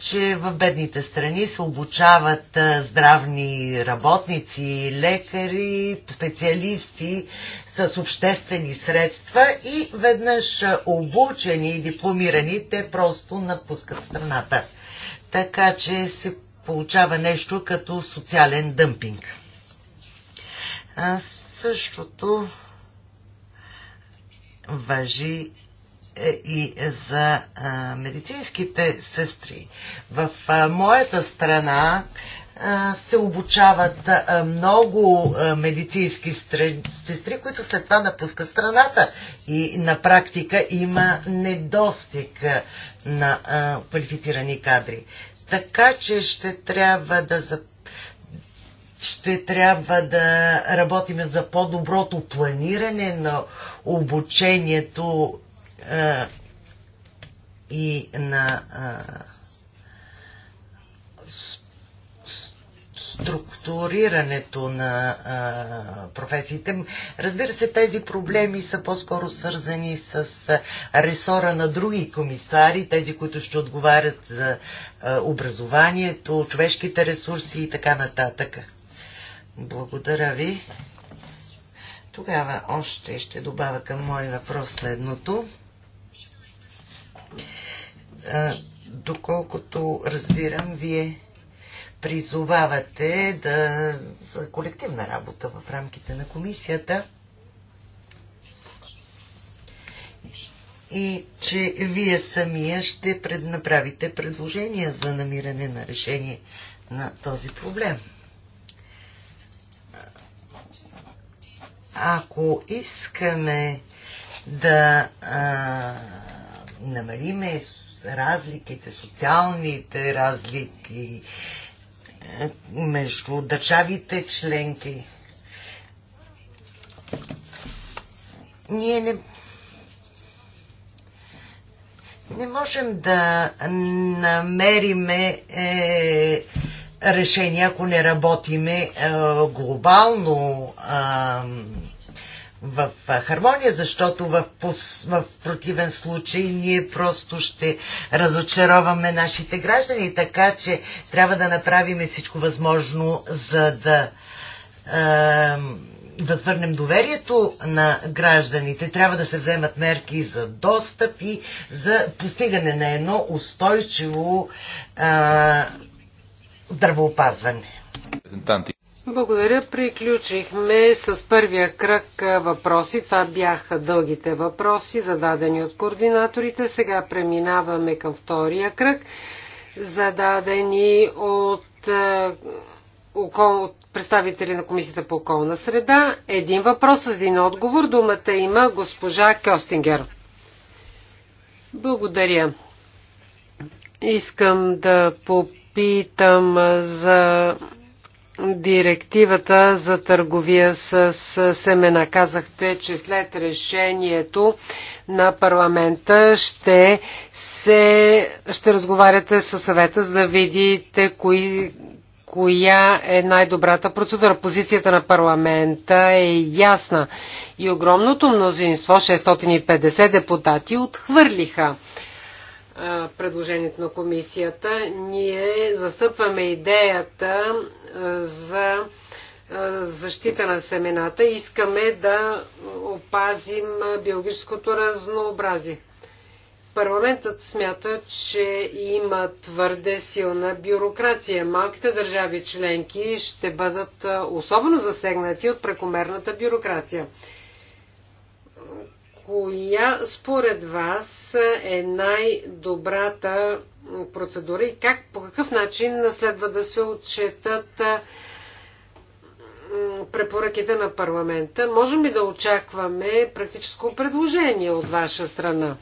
че в бедните страни се обучават здравни работници, лекари, специалисти с обществени средства и веднъж обучени и дипломирани, те просто напускат страната. Така че се получава нещо като социален дъмпинг. А същото въжи е, и за медицинските сестри. В моята страна се обучават много медицински сестри, които след това напускат страната и на практика има недостиг на квалифицирани кадри. Така че ще трябва да започнем ще трябва да работиме за по-доброто планиране на обучението а, е, и на а, е, структурирането на а, е, професиите. Разбира се, тези проблеми са по-скоро свързани с ресора на други комисари, тези, които ще отговарят за а, образованието, човешките ресурси и така нататък. Благодаря ви. Тогава още ще добавя към мой въпрос следното. Доколкото разбирам, вие призовавате да, за колективна работа в рамките на комисията и че вие самия ще преднаправите предложения за намиране на решение на този проблем. ако искаме да а, намалиме разликите, социалните разлики е, между държавите членки, ние не, не можем да намериме е, решение, ако не работиме е, глобално е, в хармония, защото в, в противен случай ние просто ще разочароваме нашите граждани, така че трябва да направим всичко възможно, за да е, възвърнем доверието на гражданите. Трябва да се вземат мерки за достъп и за постигане на едно устойчиво е, здравоопазване. Благодаря. Приключихме с първия кръг въпроси. Това бяха дългите въпроси, зададени от координаторите. Сега преминаваме към втория кръг, зададени от, от представители на Комисията по околна среда. Един въпрос един отговор. Думата има госпожа Кьостингер. Благодаря. Искам да попитам питам за директивата за търговия с семена. Казахте, че след решението на парламента ще, се, ще разговаряте с съвета, за да видите кои, коя е най-добрата процедура. Позицията на парламента е ясна и огромното мнозинство, 650 депутати, отхвърлиха предложението на комисията. Ние застъпваме идеята за защита на семената. Искаме да опазим биологическото разнообразие. Парламентът смята, че има твърде силна бюрокрация. Малките държави членки ще бъдат особено засегнати от прекомерната бюрокрация коя според вас е най-добрата процедура и как, по какъв начин следва да се отчетат препоръките на парламента? Можем ли да очакваме практическо предложение от ваша страна?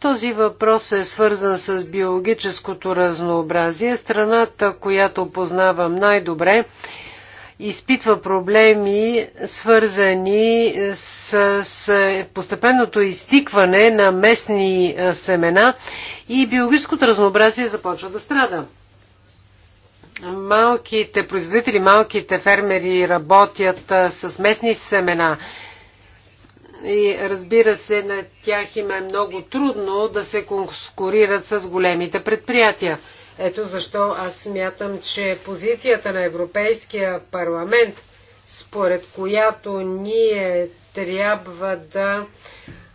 Този въпрос е свързан с биологическото разнообразие. Страната, която познавам най-добре, изпитва проблеми, свързани с, с постепенното изтикване на местни семена и биологическото разнообразие започва да страда. Малките производители, малките фермери работят с местни семена. И разбира се, на тях им е много трудно да се конкурират с големите предприятия. Ето защо аз смятам, че позицията на Европейския парламент, според която ние трябва да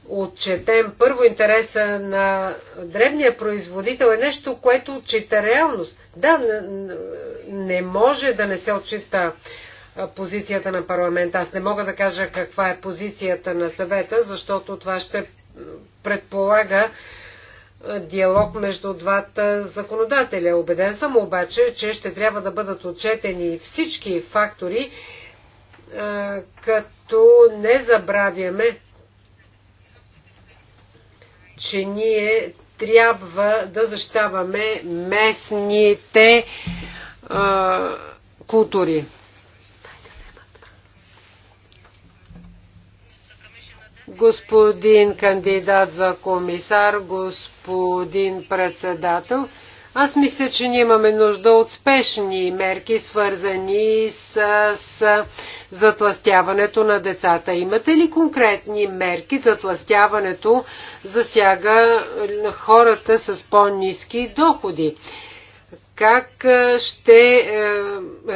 отчетем първо интереса на древния производител е нещо, което отчита реалност. Да, не може да не се отчита позицията на парламента. Аз не мога да кажа каква е позицията на съвета, защото това ще предполага диалог между двата законодателя. Обеден съм обаче, че ще трябва да бъдат отчетени всички фактори, като не забравяме, че ние трябва да защитаваме местните култури. господин кандидат за комисар, господин председател. Аз мисля, че ние имаме нужда от спешни мерки, свързани с, с затластяването на децата. Имате ли конкретни мерки? Затластяването засяга хората с по-низки доходи. Как е, ще е,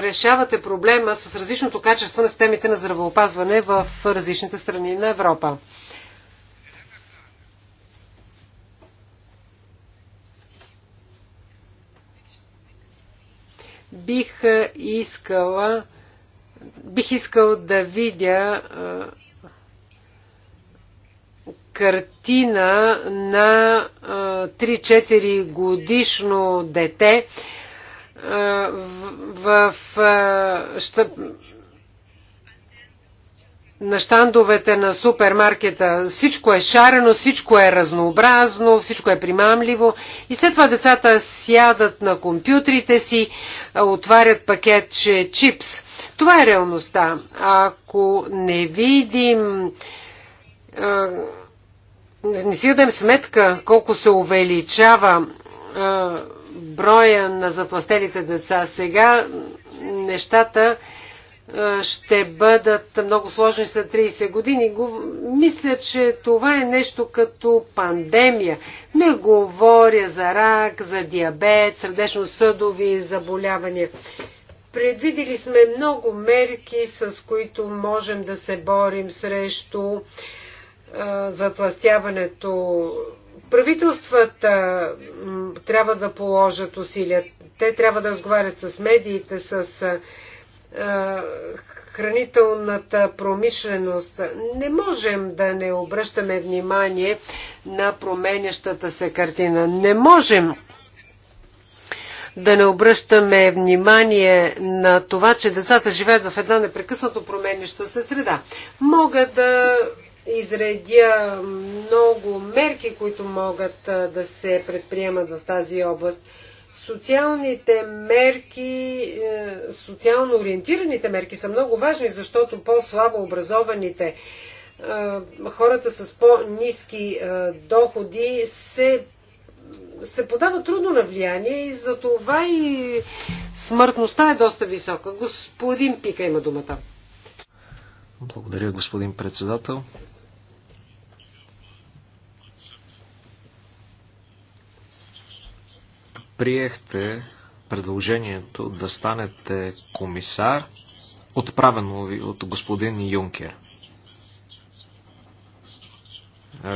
решавате проблема с различното качество на системите на здравеопазване в различните страни на Европа? бих е, искала бих искал да видя картина на 3-4 годишно дете, в, в щъп, на щандовете на супермаркета. Всичко е шарено, всичко е разнообразно, всичко е примамливо. И след това децата сядат на компютрите си, отварят че е чипс. Това е реалността. Ако не видим не си дадем сметка колко се увеличава броя на запластелите деца. Сега нещата е, ще бъдат много сложни след 30 години. Мисля, че това е нещо като пандемия. Не говоря за рак, за диабет, сърдечно-съдови заболявания. Предвидели сме много мерки, с които можем да се борим срещу е, затластяването Правителствата трябва да положат усилия. Те трябва да разговарят с медиите, с хранителната промишленост. Не можем да не обръщаме внимание на променящата се картина. Не можем да не обръщаме внимание на това, че децата живеят в една непрекъснато променяща се среда. Мога да изредя много мерки, които могат да се предприемат в тази област. Социалните мерки, е, социално ориентираните мерки са много важни, защото по-слабо образованите е, хората с по-низки е, доходи се, се подава трудно на влияние и за това и смъртността е доста висока. Господин Пика има думата. Благодаря, господин председател. приехте предложението да станете комисар, отправено ви от господин Юнкер.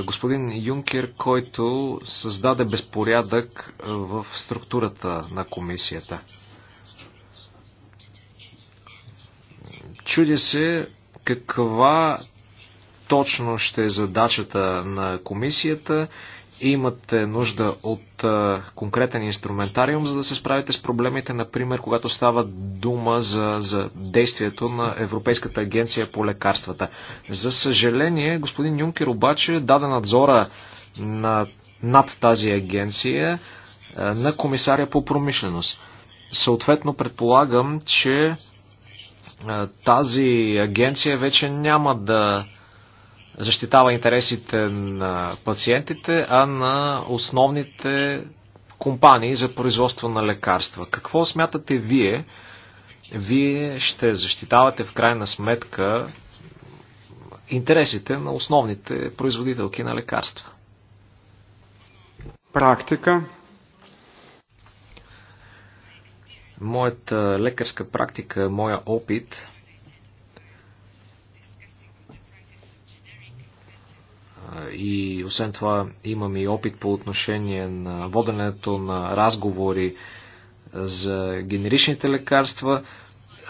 Господин Юнкер, който създаде безпорядък в структурата на комисията. Чудя се каква точно ще е задачата на комисията имате нужда от конкретен инструментариум, за да се справите с проблемите, например, когато става дума за, за действието на Европейската агенция по лекарствата. За съжаление, господин Юнкер обаче даде надзора на, над тази агенция на комисаря по промишленост. Съответно, предполагам, че тази агенция вече няма да защитава интересите на пациентите, а на основните компании за производство на лекарства. Какво смятате вие? Вие ще защитавате в крайна сметка интересите на основните производителки на лекарства. Практика. Моята лекарска практика, моя опит – и освен това имам и опит по отношение на воденето на разговори е, за генеричните лекарства.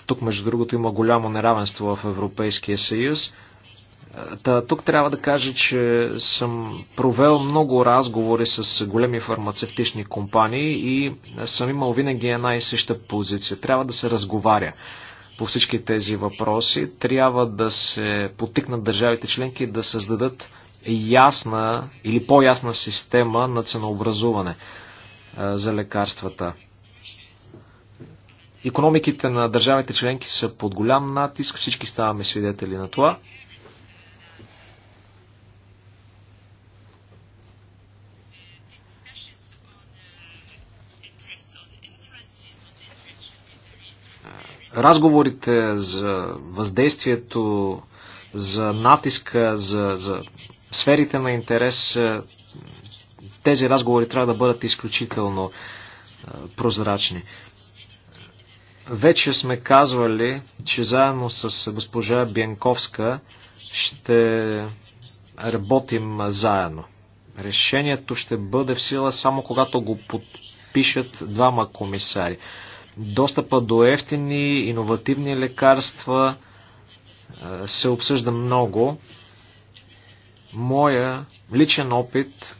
Тук, между другото, има голямо неравенство в Европейския съюз. Е, та, тук трябва да кажа, че съм провел много разговори с големи фармацевтични компании и съм имал винаги една и съща позиция. Трябва да се разговаря по всички тези въпроси. Трябва да се потикнат държавите членки да създадат ясна или по-ясна система на ценообразуване е, за лекарствата. Економиките на държавите членки са под голям натиск, всички ставаме свидетели на това. Разговорите за въздействието, за натиска, за, за сферите на интерес е, тези разговори трябва да бъдат изключително е, прозрачни. Вече сме казвали, че заедно с госпожа Бянковска ще работим заедно. Решението ще бъде в сила само когато го подпишат двама комисари. Достъпа до ефтини, иновативни лекарства е, се обсъжда много. Моя личен опит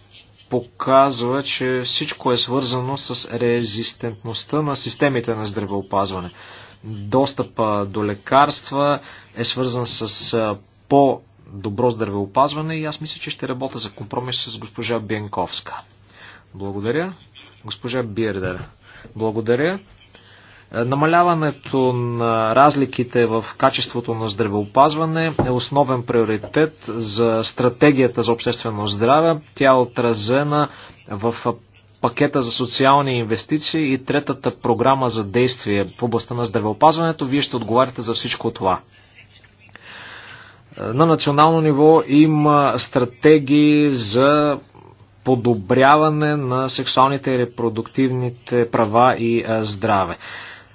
показва, че всичко е свързано с резистентността на системите на здравеопазване. Достъпа до лекарства е свързан с по-добро здравеопазване и аз мисля, че ще работя за компромис с госпожа Бенковска. Благодаря. Госпожа Бирдер. Благодаря. Е, намаляването на разликите в качеството на здравеопазване е основен приоритет за стратегията за обществено здраве. Тя е отразена в пакета за социални инвестиции и третата програма за действие в областта на здравеопазването. Вие ще отговаряте за всичко това. Е, на национално ниво има стратегии за подобряване на сексуалните и репродуктивните права и е, здраве.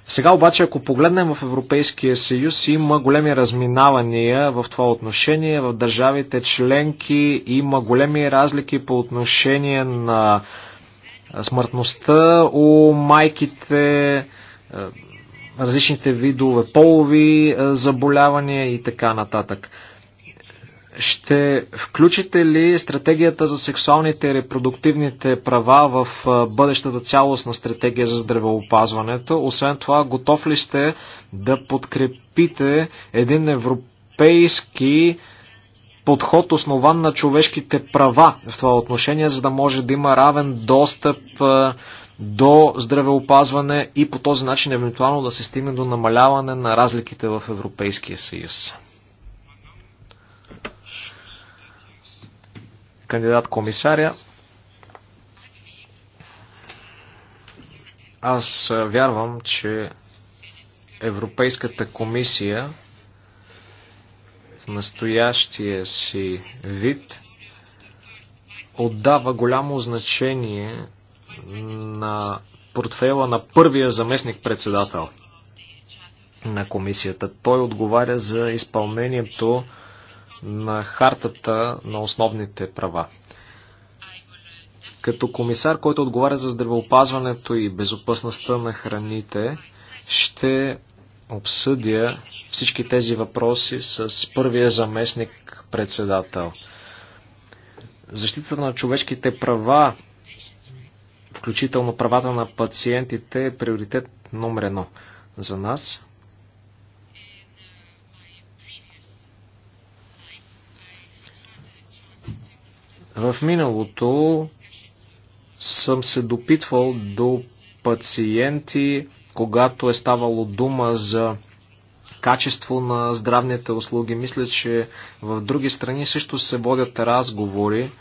Сега обаче, ако погледнем в Европейския съюз, има големи разминавания в това отношение. В държавите членки има големи разлики по отношение на смъртността у майките, е, различните видове полови е, заболявания и така нататък. Ще включите ли стратегията за сексуалните и репродуктивните права в бъдещата цялостна стратегия за здравеопазването? Освен това, готов ли сте да подкрепите един европейски подход, основан на човешките права в това отношение, за да може да има равен достъп до здравеопазване и по този начин евентуално да се стигне до намаляване на разликите в Европейския съюз? кандидат комисаря. Аз вярвам, че Европейската комисия в настоящия си вид отдава голямо значение на портфела на първия заместник-председател на комисията. Той отговаря за изпълнението на хартата на основните права. Като комисар, който отговаря за здравеопазването и безопасността на храните, ще обсъдя всички тези въпроси с първия заместник председател. Защитата на човешките права, включително правата на пациентите, е приоритет номер едно за нас. В миналото съм се допитвал до пациенти, когато е ставало дума за качество на здравните услуги. Мисля, че в други страни също се водят разговори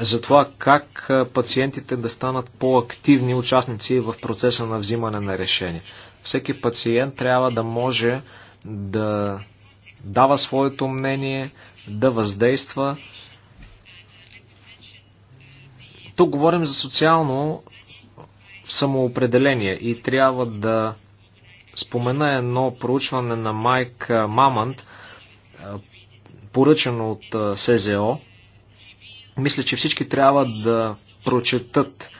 за това как пациентите да станат по-активни участници в процеса на взимане на решение. Всеки пациент трябва да може да дава своето мнение, да въздейства. Тук говорим за социално самоопределение и трябва да спомена едно проучване на Майк Мамант, поръчано от СЗО. Мисля, че всички трябва да прочетат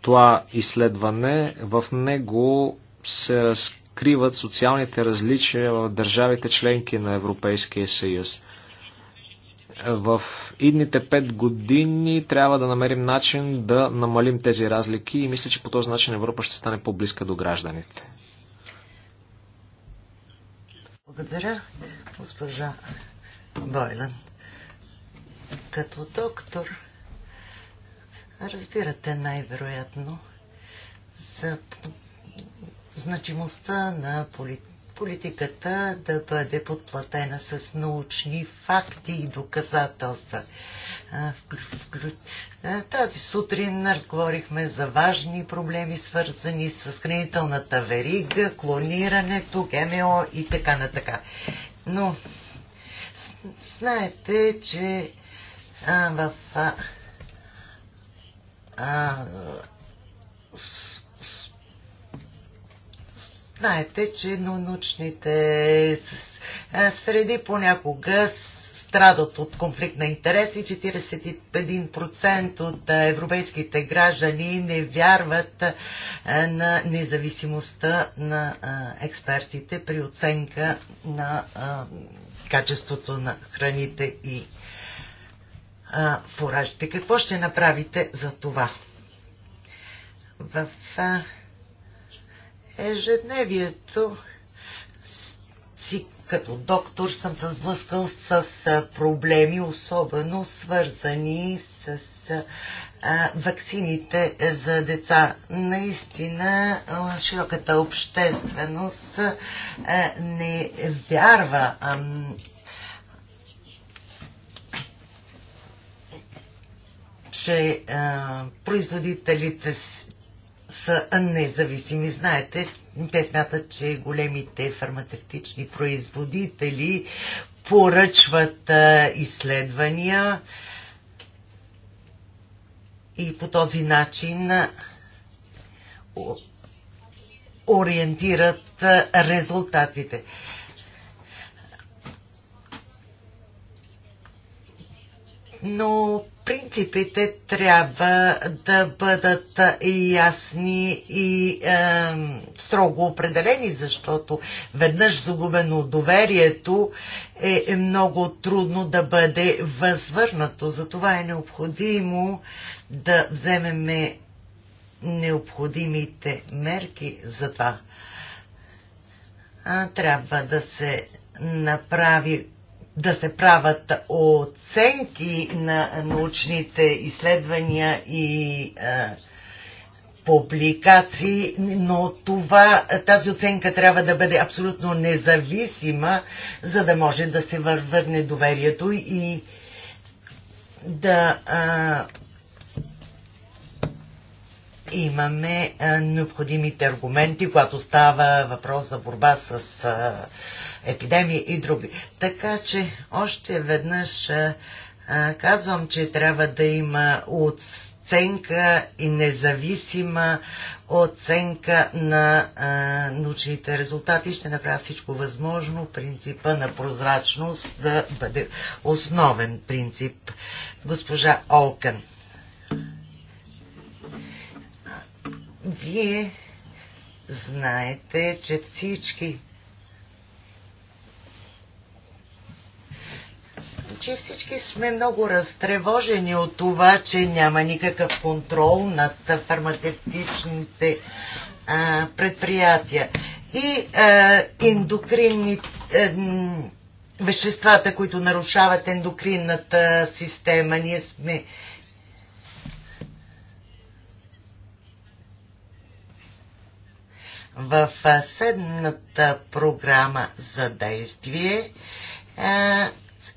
това изследване. В него се разкриват социалните различия в държавите членки на Европейския съюз в идните 5 години трябва да намерим начин да намалим тези разлики и мисля, че по този начин Европа ще стане по-близка до гражданите. Благодаря, госпожа Бойлен. Като доктор, разбирате най-вероятно за значимостта на полит политиката да бъде подплатена с научни факти и доказателства. Тази сутрин разговорихме за важни проблеми, свързани с хранителната верига, клонирането, ГМО и така на така. Но знаете, че а, в а, а, Знаете, че научните среди понякога страдат от конфликт на интереси. 41% от европейските граждани не вярват на независимостта на експертите при оценка на качеството на храните и фуражите. Какво ще направите за това? В ежедневието си като доктор съм се сблъскал с проблеми, особено свързани с ваксините е, за деца. Наистина широката общественост не вярва че а, производителите са независими. Знаете, те смятат, че големите фармацевтични производители поръчват изследвания и по този начин ориентират резултатите. но принципите трябва да бъдат ясни и е, строго определени, защото веднъж загубено доверието е, е много трудно да бъде възвърнато. Затова е необходимо да вземеме необходимите мерки за това. А, трябва да се направи да се правят оценки на научните изследвания и а, е, публикации, но това, тази оценка трябва да бъде абсолютно независима, за да може да се върне доверието и да а, е, имаме необходимите аргументи, когато става въпрос за борба с епидемии и други. Така че още веднъж казвам, че трябва да има оценка и независима оценка на а, научните резултати. Ще направя всичко възможно принципа на прозрачност да бъде основен принцип. Госпожа Олкен. Вие знаете, че всички че всички сме много разтревожени от това, че няма никакъв контрол над фармацевтичните а, предприятия. И а, ендокринни а, веществата, които нарушават ендокринната система, ние сме в седната програма за действие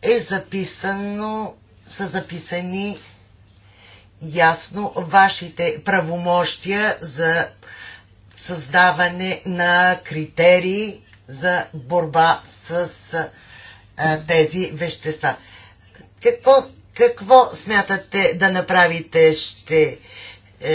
е записано, са записани ясно вашите правомощия за създаване на критерии за борба с а, тези вещества. Какво, какво смятате да направите? Ще,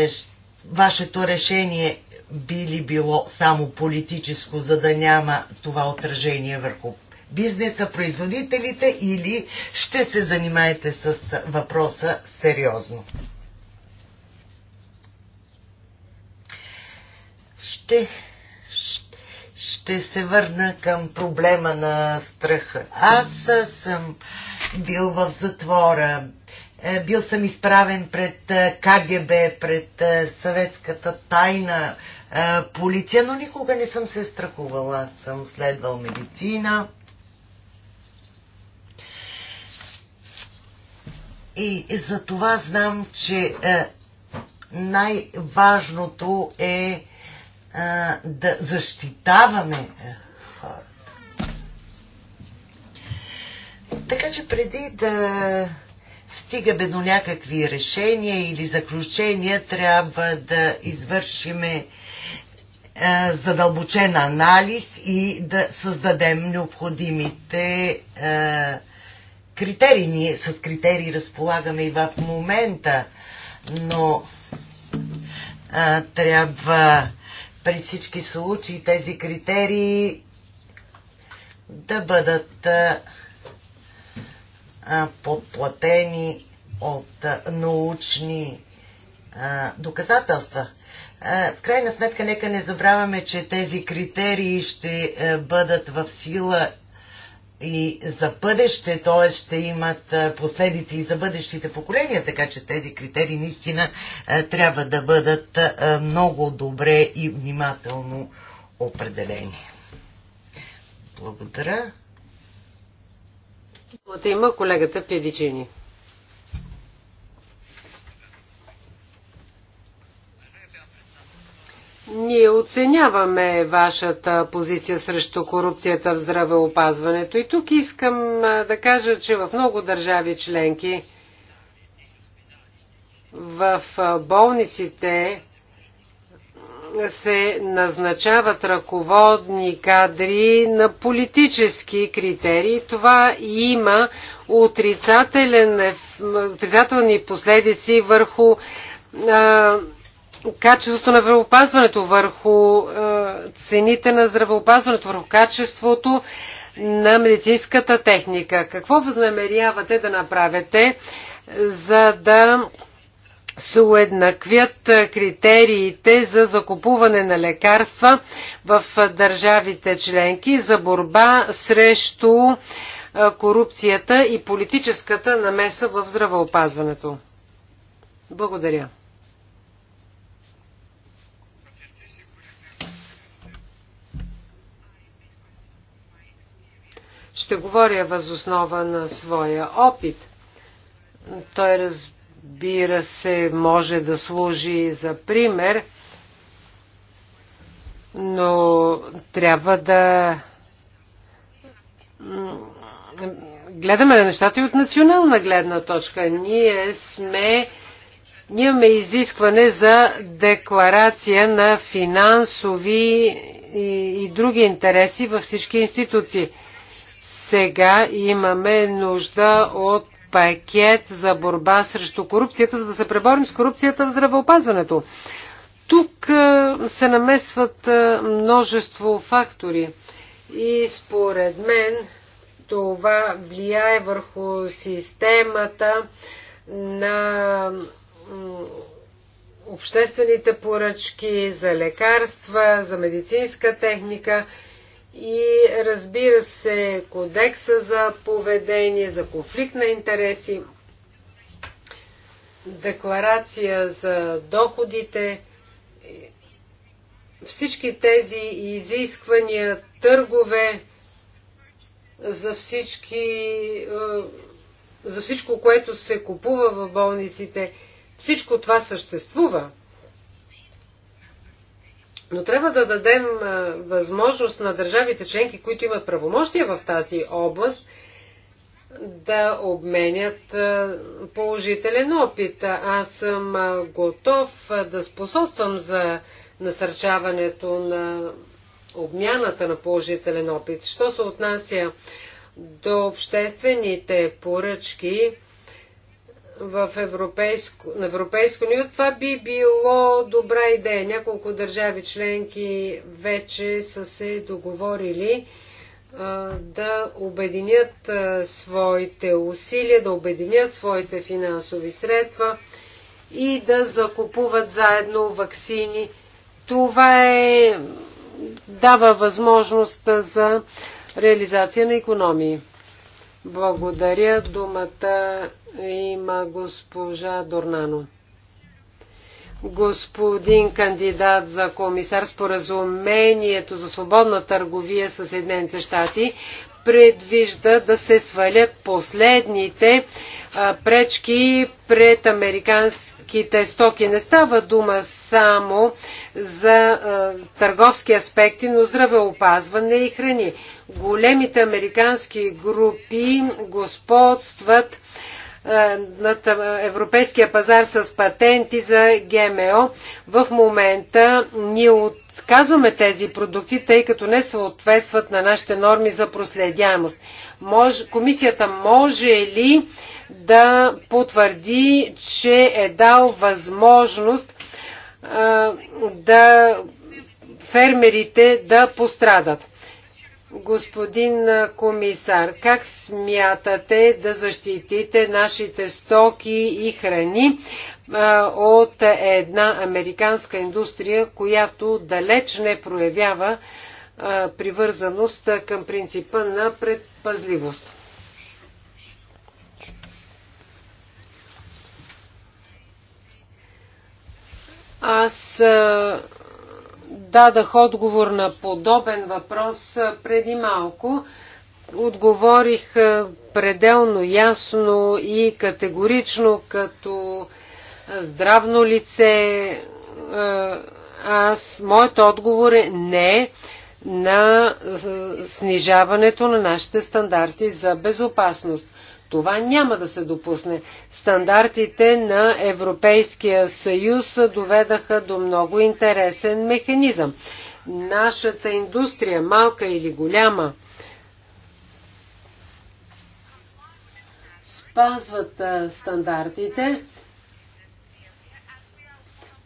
ще, вашето решение би ли било само политическо, за да няма това отражение върху бизнеса, производителите или ще се занимаете с въпроса сериозно? Ще, ще се върна към проблема на страха. Аз съм бил в затвора, е, бил съм изправен пред е, КГБ, пред е, съветската тайна, а, полиция, но никога не съм се страхувала. Аз съм следвал медицина. И за това знам, че е, най-важното е, е да защитаваме е, хората. Така че преди да стигаме до някакви решения или заключения, трябва да извършиме е, задълбочен анализ и да създадем необходимите е, критерии. Ние с критерии разполагаме и в момента, но е, трябва при всички случаи тези критерии да бъдат подплатени от научни доказателства. В крайна сметка, нека не забравяме, че тези критерии ще е, бъдат в сила и за бъдеще, т.е. ще имат е, последици и за бъдещите поколения, така че тези критерии наистина е, трябва да бъдат много добре и внимателно определени. Благодаря. Думата има колегата Педичини. Ние оценяваме вашата позиция срещу корупцията в здравеопазването и тук искам да кажа, че в много държави членки в болниците се назначават ръководни кадри на политически критерии. Това има отрицателни последици върху а, качеството на здравеопазването, върху е, цените на здравеопазването, върху качеството на медицинската техника. Какво възнамерявате да направите, за да се уеднаквят критериите за закупуване на лекарства в държавите членки за борба срещу е, корупцията и политическата намеса в здравеопазването. Благодаря. ще говоря възоснова на своя опит. Той разбира се може да служи за пример, но трябва да гледаме на нещата и от национална гледна точка. Ние сме ние имаме изискване за декларация на финансови и, и други интереси във всички институции. Сега имаме нужда от пакет за борба срещу корупцията, за да се преборим с корупцията в здравеопазването. Тук е, се намесват е, множество фактори и според мен това влияе върху системата на обществените поръчки за лекарства, за медицинска техника – и разбира се кодекса за поведение, за конфликт на интереси, декларация за доходите. Всички тези изисквания, търгове за всички е, за всичко, което се купува в болниците, всичко това съществува. Но трябва да дадем възможност на държавите членки, които имат правомощия в тази област, да обменят положителен опит. Аз съм готов да способствам за насърчаването на обмяната на положителен опит. Що се отнася до обществените поръчки, в европейско, на Европейско ниво, това би било добра идея. Няколко държави членки вече са се договорили а, да обединят а, своите усилия, да обединят своите финансови средства и да закупуват заедно вакцини. Това е, дава възможност за реализация на економии. Благодаря. Думата има госпожа Дорнано. Господин кандидат за комисар, споразумението за свободна търговия с Съединените щати предвижда да се свалят последните пречки пред американските стоки. Не става дума само за търговски аспекти, но здравеопазване и храни. Големите американски групи господстват на европейския пазар с патенти за ГМО. В момента ние отказваме тези продукти, тъй като не съответстват на нашите норми за проследяемост. Мож, комисията може ли да потвърди, че е дал възможност а, да фермерите да пострадат. Господин комисар, как смятате да защитите нашите стоки и храни а, от една американска индустрия, която далеч не проявява а, привързаност към принципа на предпазливост? Аз дадах отговор на подобен въпрос преди малко. Отговорих пределно ясно и категорично като здравно лице. Аз, моят отговор е не на снижаването на нашите стандарти за безопасност. Това няма да се допусне. Стандартите на Европейския съюз доведаха до много интересен механизъм. Нашата индустрия, малка или голяма, спазват стандартите.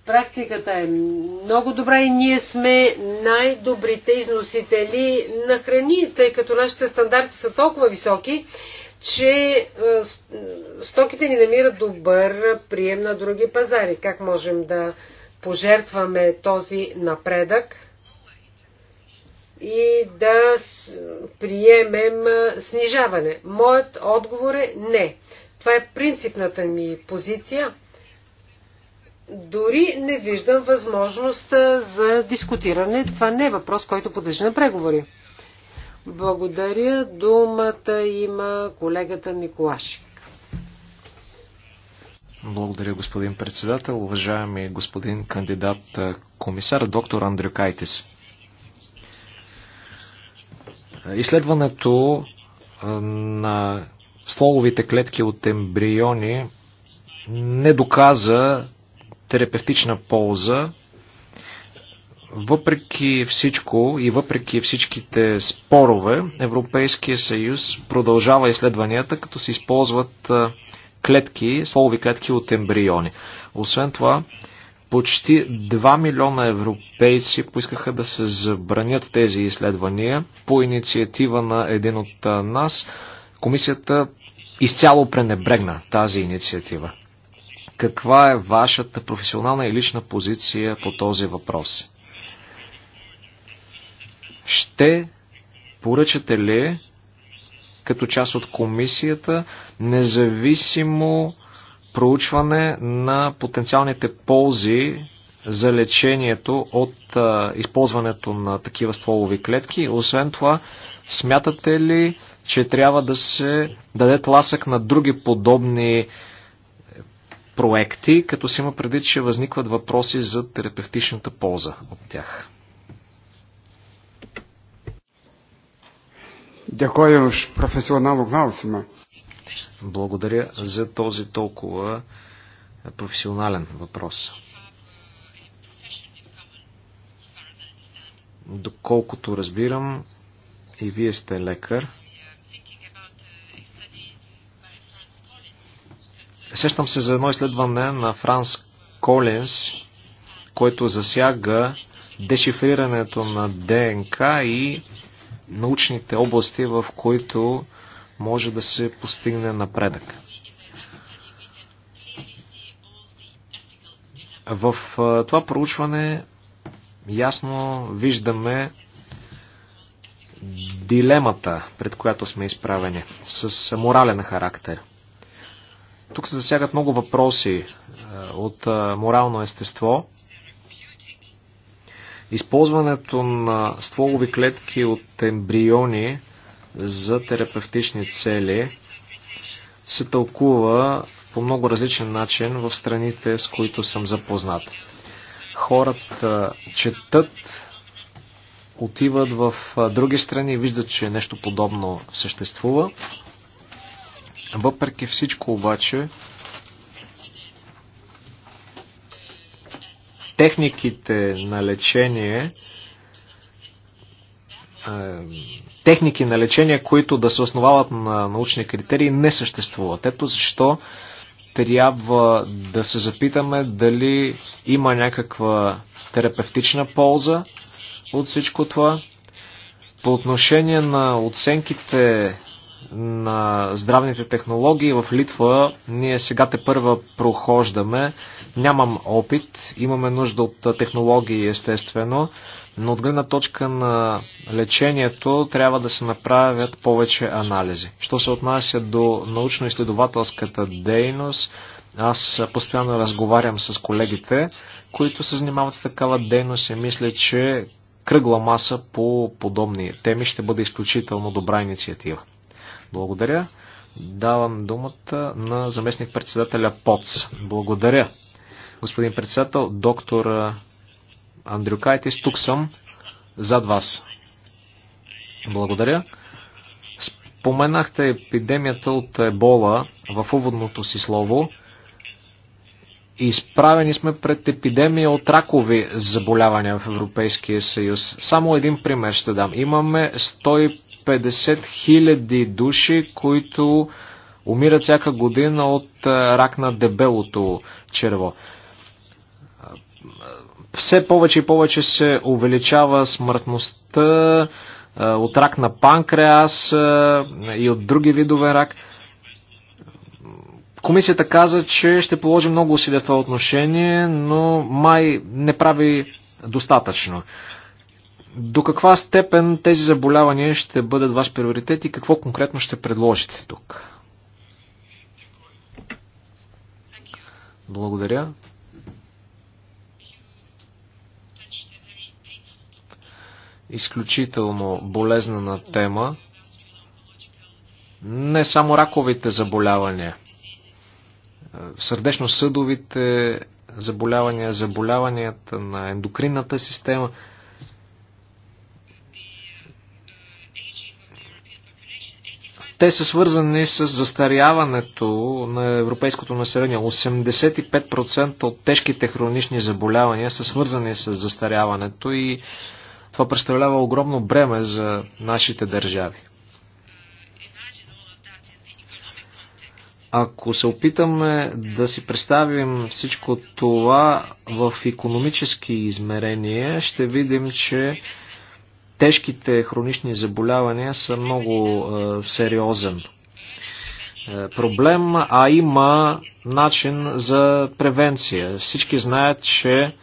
Практиката е много добра и ние сме най-добрите износители на храни, тъй като нашите стандарти са толкова високи, че е, стоките ни намират добър прием на други пазари. Как можем да пожертваме този напредък и да приемем е, снижаване? Моят отговор е не. Това е принципната ми позиция. Дори не виждам възможност е, за дискутиране. Това не е въпрос, който подлежи на преговори. Благодаря. Думата има колегата Миколашик. Благодаря, господин председател. Уважаеми господин кандидат комисар, доктор Андрю Кайтис. Изследването на слововите клетки от ембриони не доказа терапевтична полза въпреки всичко и въпреки всичките спорове, Европейския съюз продължава изследванията, като се използват клетки, слови клетки от ембриони. Освен това, почти 2 милиона европейци поискаха да се забранят тези изследвания по инициатива на един от нас. Комисията изцяло пренебрегна тази инициатива. Каква е вашата професионална и лична позиция по този въпрос? Ще поръчате ли като част от комисията независимо проучване на потенциалните ползи за лечението от а, използването на такива стволови клетки. Освен това, смятате ли, че трябва да се даде тласък на други подобни проекти, като се има преди, че възникват въпроси за терапевтичната полза от тях? Дякую уж професионалу klausimą. Благодаря за този толкова професионален въпрос. Доколкото разбирам, и вие сте лекар. Сещам се за едно изследване на Франс Колинс, който засяга дешифрирането на ДНК и научните области, в които може да се постигне напредък. В това проучване ясно виждаме дилемата, пред която сме изправени, с морален характер. Тук се засягат много въпроси от морално естество. Използването на стволови клетки от ембриони за терапевтични цели се тълкува по много различен начин в страните, с които съм запознат. Хората четат, отиват в други страни и виждат, че нещо подобно съществува. Въпреки всичко обаче, техниките на лечение, е, техники на лечение, които да се основават на научни критерии, не съществуват. Ето защо трябва да се запитаме дали има някаква терапевтична полза от всичко това. По отношение на оценките на здравните технологии в Литва ние сега те първа прохождаме. Нямам опит, имаме нужда от технологии естествено, но от гледна точка на лечението трябва да се направят повече анализи. Що се отнася до научно-изследователската дейност, аз постоянно разговарям с колегите, които се занимават с такава дейност и мисля, че кръгла маса по подобни теми ще бъде изключително добра инициатива. Благодаря. Давам думата на заместник-председателя ПОЦ. Благодаря. Господин председател, доктор Кайтис, тук съм зад вас. Благодаря. Споменахте епидемията от ебола в уводното си слово. Изправени сме пред епидемия от ракови заболявания в Европейския съюз. Само един пример ще дам. Имаме 50 000 души, които умират всяка година от рак на дебелото черво. Все повече и повече се увеличава смъртността от рак на панкреас и от други видове рак. Комисията каза, че ще положи много усилия в това отношение, но май не прави достатъчно. До каква степен тези заболявания ще бъдат ваш приоритет и какво конкретно ще предложите тук? Благодаря. Изключително болезнена тема. Не само раковите заболявания. Сърдечно-съдовите заболявания, заболяванията на ендокринната система – Те са свързани с застаряването на европейското население. 85% от тежките хронични заболявания са свързани с застаряването и това представлява огромно бреме за нашите държави. Ако се опитаме да си представим всичко това в економически измерения, ще видим, че тежките хронични заболявания са много е, сериозен е, проблем, а има начин за превенция. Всички знаят, че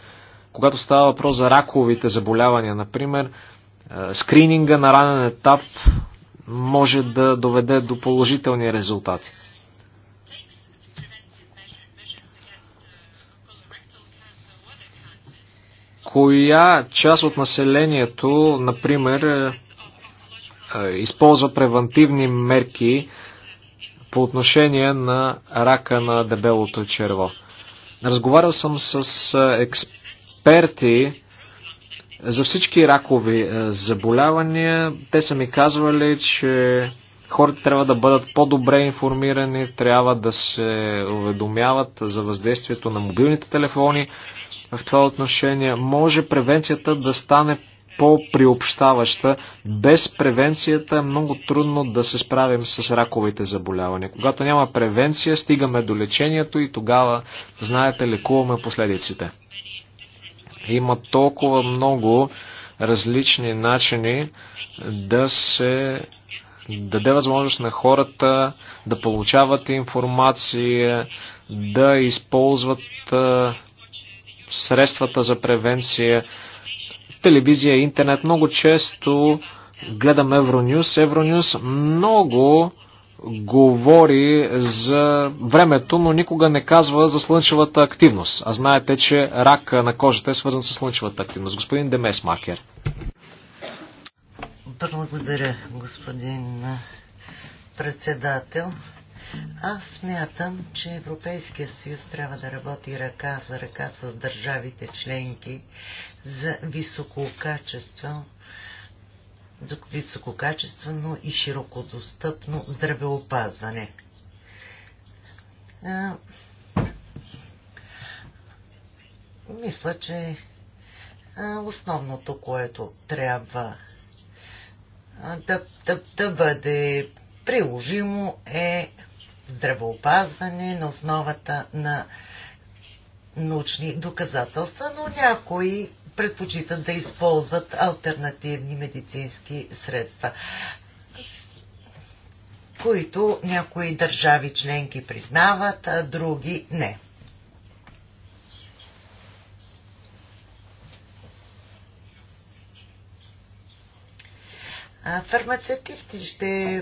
когато става въпрос за раковите заболявания, например, е, скрининга на ранен етап може да доведе до положителни резултати. коя част от населението, например, е, е, използва превентивни мерки по отношение на рака на дебелото черво. Разговарял съм с е, експерти за всички ракови заболявания. Те са ми казвали, че хората трябва да бъдат по-добре информирани, трябва да се уведомяват за въздействието на мобилните телефони, в това отношение. Може превенцията да стане по-приобщаваща. Без превенцията е много трудно да се справим с раковите заболявания. Когато няма превенция, стигаме до лечението и тогава, знаете, лекуваме последиците. Има толкова много различни начини да се даде възможност на хората да получават информация, да използват средствата за превенция, телевизия, интернет. Много често гледам Евронюс. Евронюс много говори за времето, но никога не казва за слънчевата активност. А знаете, че рак на кожата е свързан с слънчевата активност. Господин Демес Макер. Благодаря, господин председател. Аз смятам, че Европейския съюз трябва да работи ръка за ръка с държавите членки за висококачествено за и широкодостъпно здравеопазване. А, мисля, че а, основното, което трябва а, да, да, да бъде приложимо е здравеопазване на основата на научни доказателства, но някои предпочитат да използват альтернативни медицински средства, които някои държави членки признават, а други не. Фармацевтите ще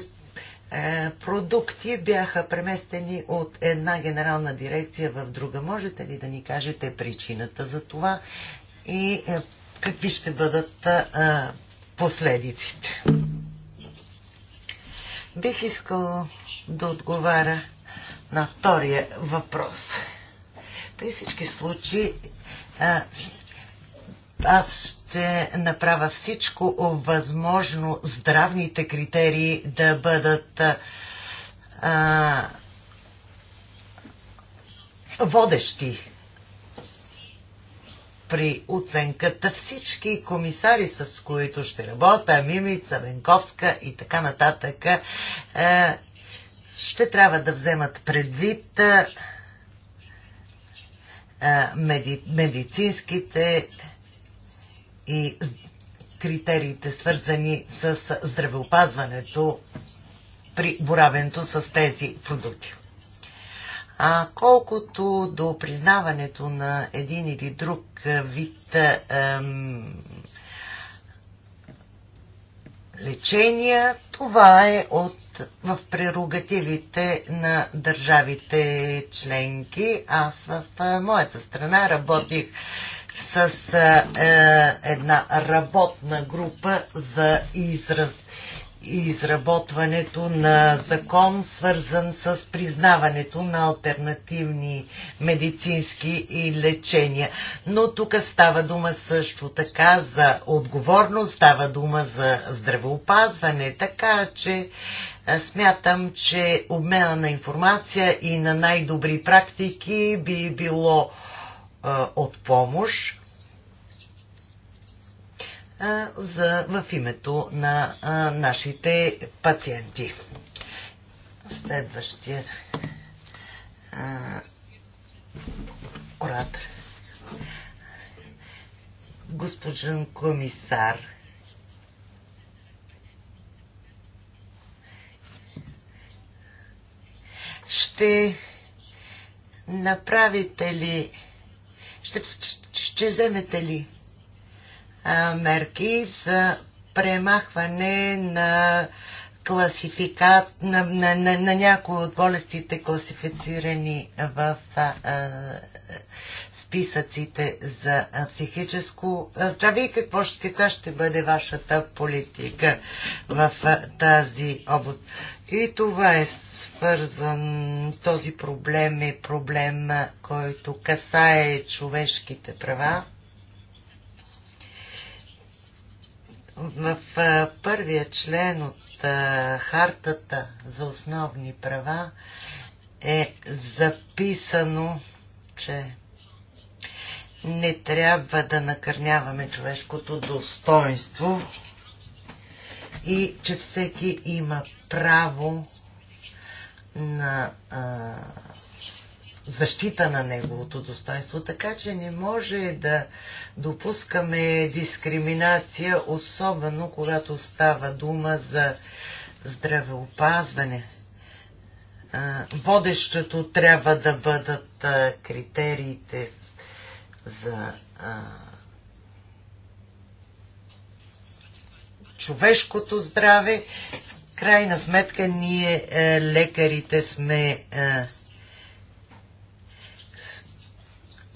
е, продукти бяха преместени от една генерална дирекция в друга. Можете ли да ни кажете причината за това и е, какви ще бъдат е, последиците? Бих искал да отговаря на втория въпрос. При всички случаи аз ще направя всичко възможно здравните критерии да бъдат а, водещи при оценката всички комисари, с които ще работя, Мимица, Венковска и така нататък, ще трябва да вземат предвид медицинските и критериите, свързани с здравеопазването при боравенето с тези продукти. А колкото до признаването на един или друг вид ем, лечения, това е от, в прерогативите на държавите членки. Аз в моята страна работих с е, е, една работна група за израз изработването на закон, свързан с признаването на альтернативни медицински и лечения. Но тук става дума също така за отговорност, става дума за здравеопазване, така че е, смятам, че обмена на информация и на най-добри практики би било а, от помощ а, за, в името на а, нашите пациенти. Следващия а, оратор. Госпожен комисар, ще направите ли ще, ще вземете ли а, мерки за премахване на класификат на, на, на, на някои от болестите, класифицирани в а, а, списъците за психическо здраве и какво ще, каква ще бъде вашата политика в а, тази област. И това е свързан, този проблем е проблем, който касае човешките права. В първия член от Хартата за основни права е записано, че не трябва да накърняваме човешкото достоинство и че всеки има право на а, защита на неговото достоинство. Така че не може да допускаме дискриминация, особено когато става дума за здравеопазване. А, водещото трябва да бъдат а, критериите за а, човешкото здраве. В крайна сметка ние е, лекарите сме е,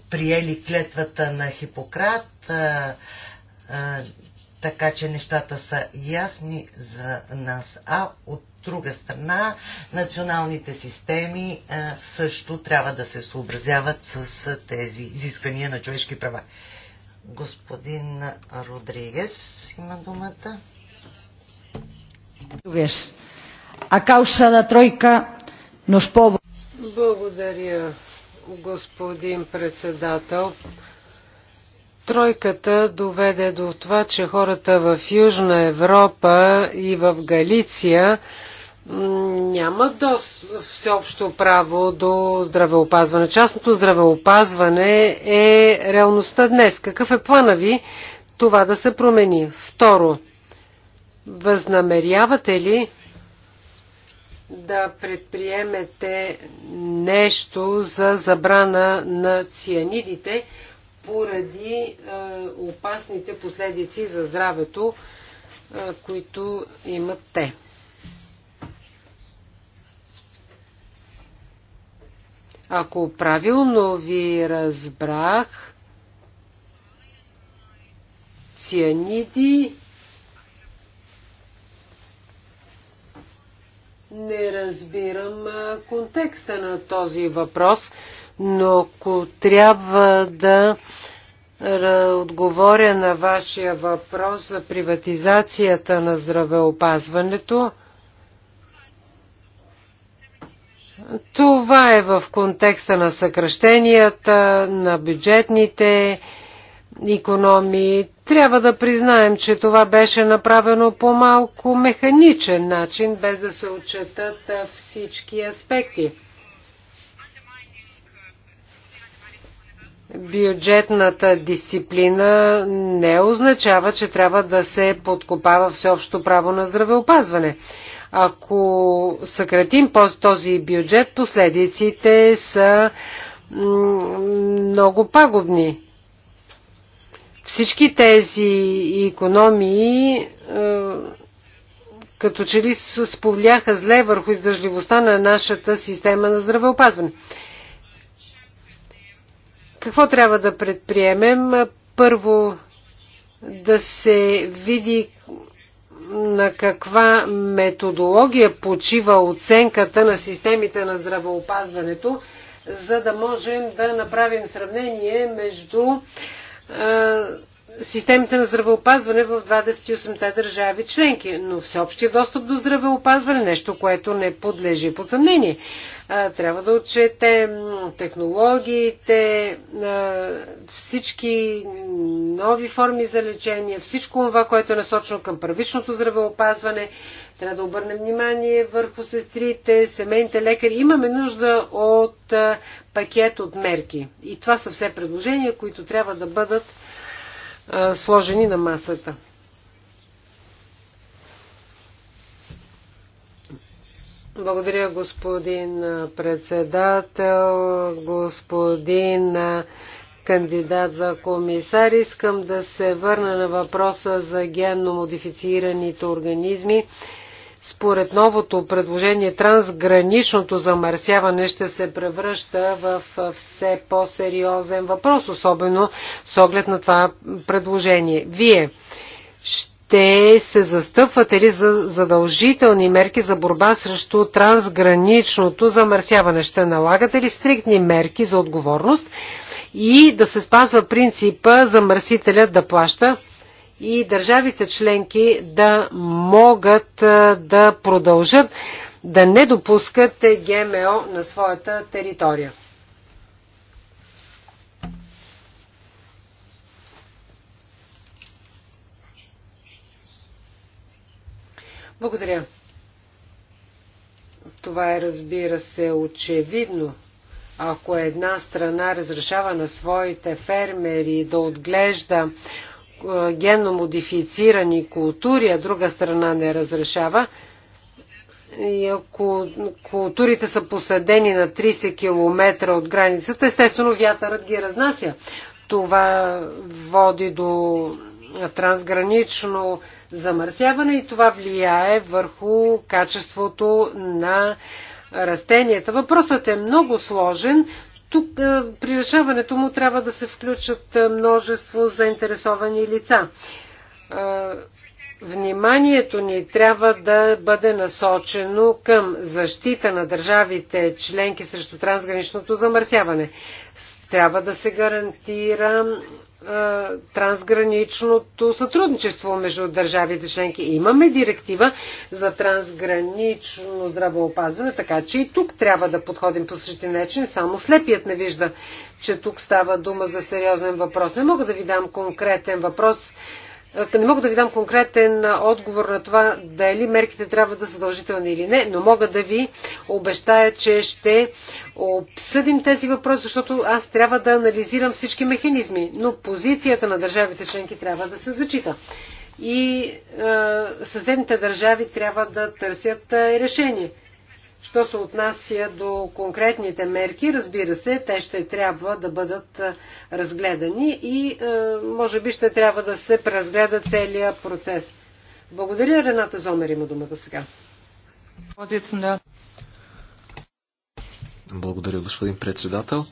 приели клетвата на Хипократ, е, е, така че нещата са ясни за нас. А от друга страна, националните системи а, е, също трябва да се съобразяват с, с тези изисквания на човешки права. Господин Родригес има думата. Благодаря, господин председател. Тройката доведе до това, че хората в Южна Европа и в Галиция нямат до всеобщо право до здравеопазване. Частното здравеопазване е реалността днес. Какъв е плана ви това да се промени? Второ, Възнамерявате ли да предприемете нещо за забрана на цианидите поради е, опасните последици за здравето, е, които имат те? Ако правилно ви разбрах, цианиди Не разбирам контекста на този въпрос, но ако трябва да отговоря на вашия въпрос за приватизацията на здравеопазването, това е в контекста на съкръщенията, на бюджетните економии. Трябва да признаем, че това беше направено по малко механичен начин, без да се отчетат всички аспекти. бюджетната дисциплина не означава, че трябва да се подкопава всеобщо право на здравеопазване. Ако съкратим този бюджет, последиците са много пагубни. Всички тези економии е, като че ли сповляха зле върху издържливостта на нашата система на здравеопазване. Какво трябва да предприемем? Първо да се види на каква методология почива оценката на системите на здравеопазването, за да можем да направим сравнение между системите на здравеопазване в 28-те държави членки. Но всеобщия достъп до здравеопазване, е нещо, което не подлежи под съмнение. Трябва да отчетем технологиите, всички нови форми за лечение, всичко това, което е насочено към първичното здравеопазване. Трябва да обърнем внимание върху сестрите, семейните лекари. Имаме нужда от пакет от мерки. И това са все предложения, които трябва да бъдат а, сложени на масата. Благодаря, господин председател, господин кандидат за комисар. Искам да се върна на въпроса за генно модифицираните организми. Според новото предложение, трансграничното замърсяване ще се превръща в все по-сериозен въпрос, особено с оглед на това предложение. Вие ще се застъпвате ли за задължителни мерки за борба срещу трансграничното замърсяване? Ще налагате ли стриктни мерки за отговорност и да се спазва принципа замърсителят да плаща? и държавите членки да могат да продължат да не допускат ГМО на своята територия. Благодаря. Това е, разбира се, очевидно. Ако една страна разрешава на своите фермери да отглежда е, генно модифицирани култури, а друга страна не разрешава, и ако културите са посадени на 30 км от границата, естествено вятърът ги разнася. Това води до трансгранично замърсяване и това влияе върху качеството на растенията. Въпросът е много сложен, тук е, при решаването му трябва да се включат е, множество заинтересовани лица. Е, вниманието ни трябва да бъде насочено към защита на държавите членки срещу трансграничното замърсяване. Трябва да се гарантира е, трансграничното сътрудничество между държавите членки. Имаме директива за трансгранично здравеопазване, така че и тук трябва да подходим по същия начин. Само слепият не вижда, че тук става дума за сериозен въпрос. Не мога да ви дам конкретен въпрос не мога да ви дам конкретен отговор на това дали мерките трябва да са дължителни или не, но мога да ви обещая, че ще обсъдим тези въпроси, защото аз трябва да анализирам всички механизми, но позицията на държавите членки трябва да се зачита. И е, съседните държави трябва да търсят решение. Що се отнася до конкретните мерки, разбира се, те ще трябва да бъдат разгледани и може би ще трябва да се преразгледа целият процес. Благодаря. Рената Зомер има думата сега. Благодаря, господин председател.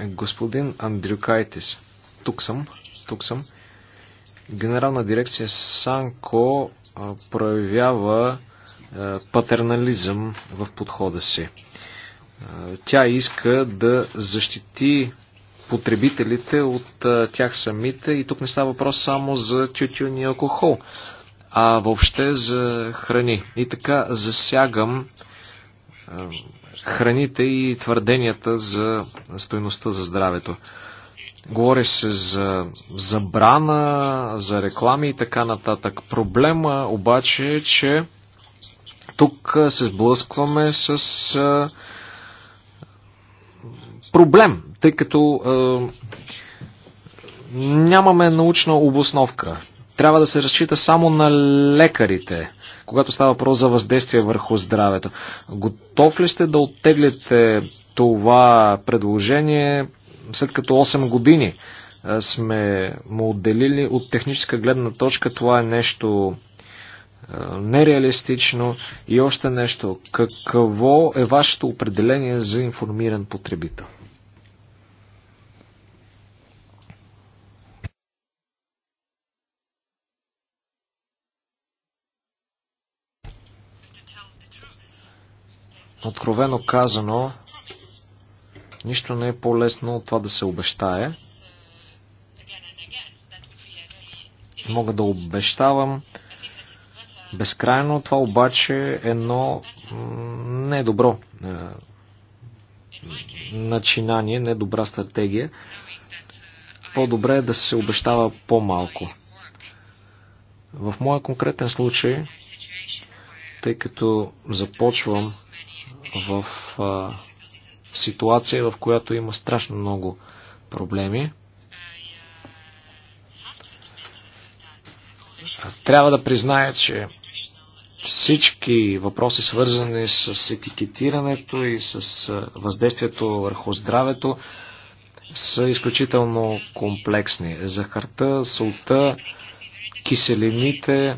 Господин Андрюкайтис, тук съм, тук съм. Генерална дирекция Санко проявява е, патернализъм в подхода си. Е, тя иска да защити потребителите от е, тях самите и тук не става въпрос само за тютюн и алкохол, а въобще за храни. И така засягам храните и твърденията за стойността за здравето. Говори се за забрана, за реклами и така нататък. Проблема обаче е, че тук се сблъскваме с а, проблем, тъй като а, нямаме научна обосновка. Трябва да се разчита само на лекарите, когато става въпрос за въздействие върху здравето. Готов ли сте да оттеглите това предложение след като 8 години сме му отделили от техническа гледна точка, това е нещо нереалистично и още нещо. Какво е вашето определение за информиран потребител? Откровено казано, нищо не е по-лесно от това да се обещае. Мога да обещавам безкрайно. Това обаче е едно недобро е, начинание, недобра стратегия. По-добре е да се обещава по-малко. В моя конкретен случай, тъй като започвам в а, ситуация, в която има страшно много проблеми, трябва да призная, че всички въпроси, свързани с етикетирането и с въздействието върху здравето, са изключително комплексни. Захарта, солта, киселините,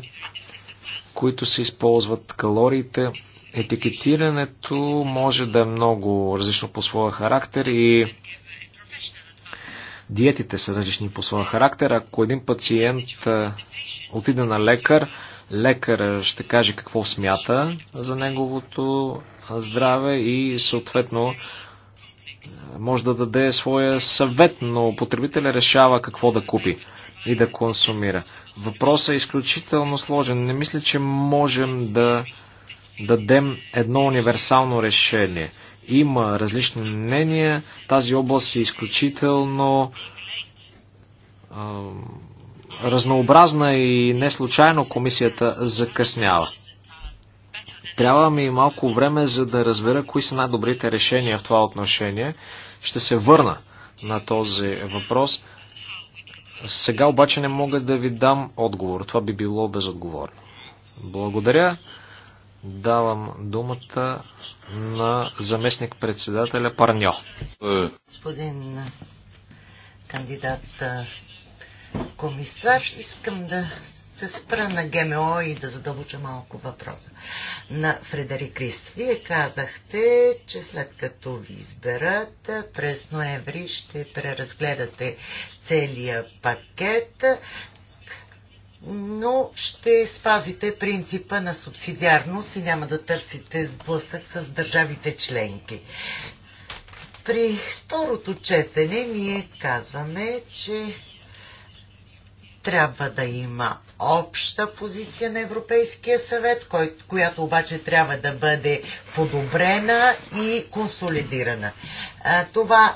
които се използват, калориите. Етикетирането може да е много различно по своя характер и диетите са различни по своя характер. Ако един пациент отиде на лекар, лекар ще каже какво смята за неговото здраве и съответно може да даде своя съвет, но потребителя решава какво да купи и да консумира. Въпросът е изключително сложен. Не мисля, че можем да дадем едно универсално решение. Има различни мнения. Тази област е изключително разнообразна и не случайно комисията закъснява. Трябва ми малко време, за да разбера кои са най-добрите решения в това отношение. Ще се върна на този въпрос. Сега обаче не мога да ви дам отговор. Това би било безотговорно. Благодаря. Давам думата на заместник председателя Парньо. Господин кандидат комисар. Искам да се спра на ГМО и да задълбоча малко въпроса на Фредерик Крист. Вие казахте, че след като ви изберат, през ноември ще преразгледате целия пакет, но ще спазите принципа на субсидиарност и няма да търсите сблъсък с държавите членки. При второто четене ние казваме, че трябва да има обща позиция на Европейския съвет, която обаче трябва да бъде подобрена и консолидирана. Това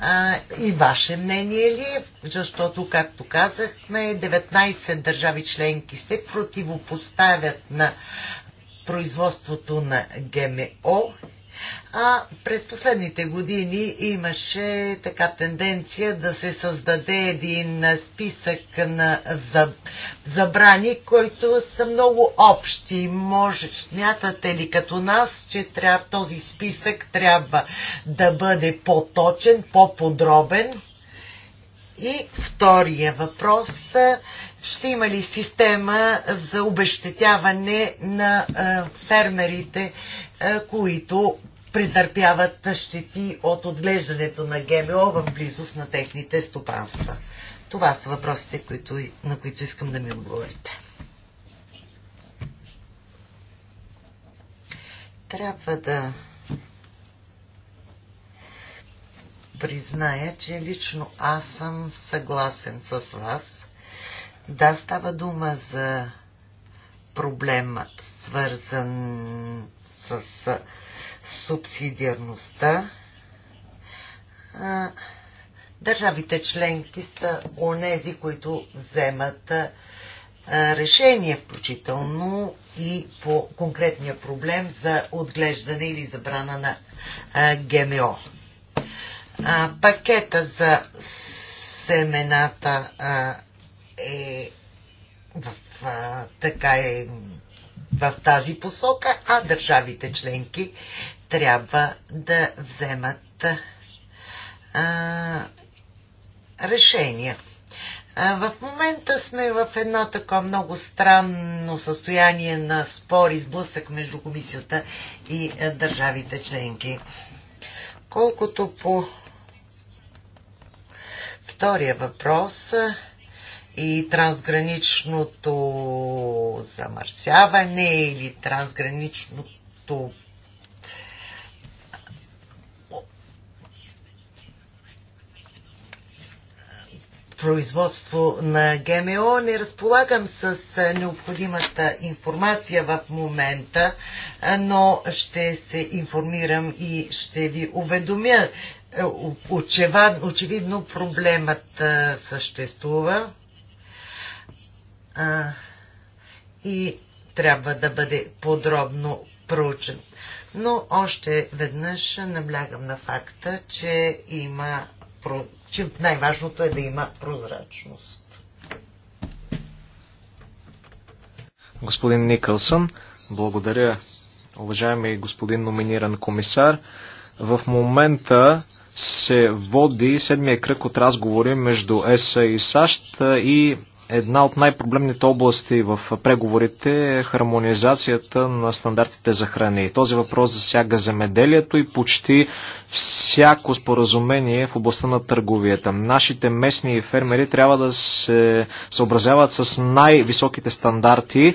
а, и ваше мнение ли е? Защото, както казахме, 19 държави членки се противопоставят на производството на ГМО а през последните години имаше така тенденция да се създаде един списък на забрани, които са много общи. Може, смятате ли като нас, че трябва, този списък трябва да бъде по-точен, по-подробен? И втория въпрос ще има ли система за обещетяване на фермерите е, които претърпяват щети от отглеждането на ГМО в близост на техните стопанства. Това са въпросите, които, на които искам да ми отговорите. Трябва да призная, че лично аз съм съгласен с вас. Да, става дума за проблем, свързан с субсидиарността. Държавите членки са онези, които вземат решение, включително и по конкретния проблем за отглеждане или забрана на ГМО. Пакета за семената е в така е в тази посока, а държавите членки трябва да вземат а, решения. в момента сме в едно такова много странно състояние на спор и сблъсък между комисията и държавите членки. Колкото по втория въпрос, и трансграничното замърсяване или трансграничното производство на ГМО. Не разполагам с необходимата информация в момента, но ще се информирам и ще ви уведомя. Е, очевидно проблемът съществува а, и трябва да бъде подробно проучен. Но още веднъж наблягам на факта, че има че най-важното е да има прозрачност. Господин Никълсън, благодаря, уважаеми господин номиниран комисар. В момента се води седмия кръг от разговори между ЕСА и САЩ и Една от най-проблемните области в преговорите е хармонизацията на стандартите за храни. Този въпрос засяга земеделието и почти всяко споразумение в областта на търговията. Нашите местни фермери трябва да се съобразяват с най-високите стандарти,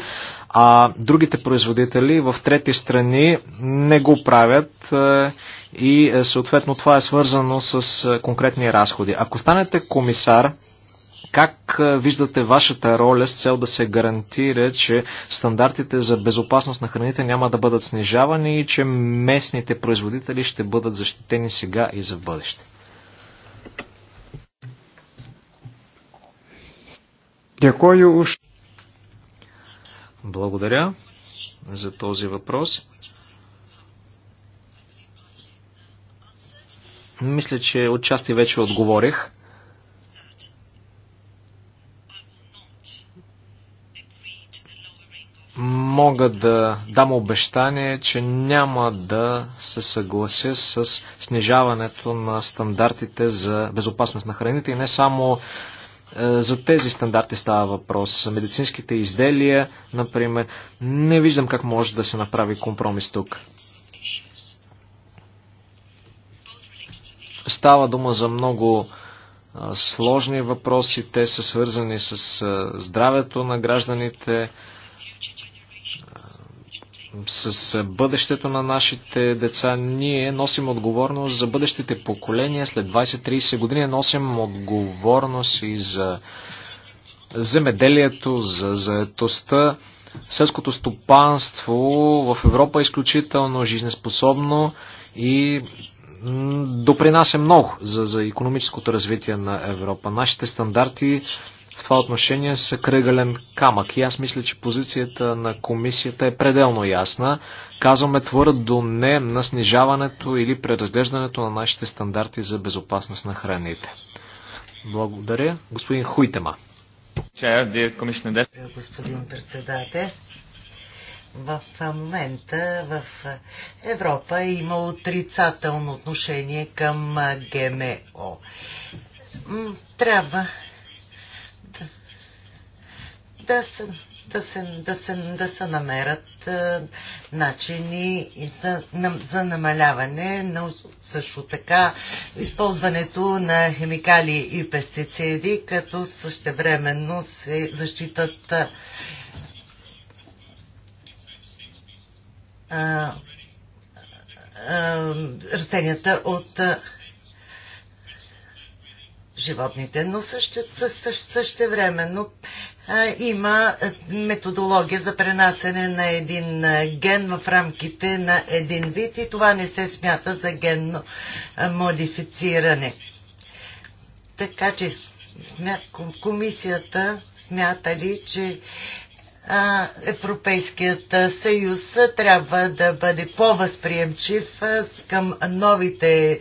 а другите производители в трети страни не го правят е, и е, съответно това е свързано с е, конкретни разходи. Ако станете комисар, как виждате вашата роля с цел да се гарантира, че стандартите за безопасност на храните няма да бъдат снижавани и че местните производители ще бъдат защитени сега и за бъдеще? Благодаря за този въпрос. Мисля, че отчасти вече отговорих. мога да дам обещание, че няма да се съглася с снижаването на стандартите за безопасност на храните и не само е, за тези стандарти става въпрос. Медицинските изделия, например, не виждам как може да се направи компромис тук. Става дума за много е, сложни въпроси. Те са свързани с е, здравето на гражданите, с бъдещето на нашите деца. Ние носим отговорност за бъдещите поколения. След 20-30 години носим отговорност и за земеделието, за заетостта. Селското стопанство в Европа е изключително жизнеспособно и допринася много за, за економическото развитие на Европа. Нашите стандарти в това отношение са кръгален камък. И аз мисля, че позицията на комисията е пределно ясна. Казваме твърдо не на снижаването или преразглеждането на нашите стандарти за безопасност на храните. Благодаря. Господин Хуйтема. Господин председател, в момента в Европа има отрицателно отношение към ГМО. Трябва да се, да се, да се, да се намерят а, е, начини за, на, за намаляване на също така използването на химикали и пестициди, като същевременно се защитат а, е, а, е, растенията от а, животните, но също, също, същевременно има е, методология за пренасене на един е, ген в рамките на един вид и това не се смята за генно е, модифициране. Така че комисията смята ли, че Европейският съюз трябва да бъде по-възприемчив към новите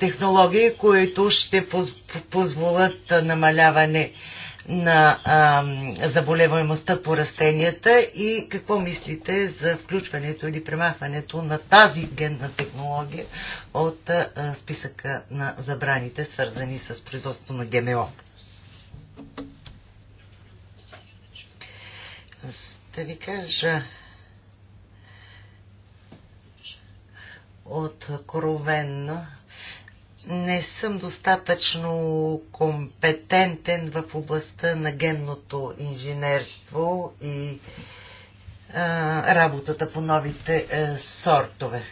технологии, които ще позволят намаляване на а, заболеваемостта по растенията и какво мислите за включването или премахването на тази генна технология от а, списъка на забраните, свързани с производството на ГМО? Да ви кажа откровенно не съм достатъчно компетентен в областта на генното инженерство и а, работата по новите а, сортове.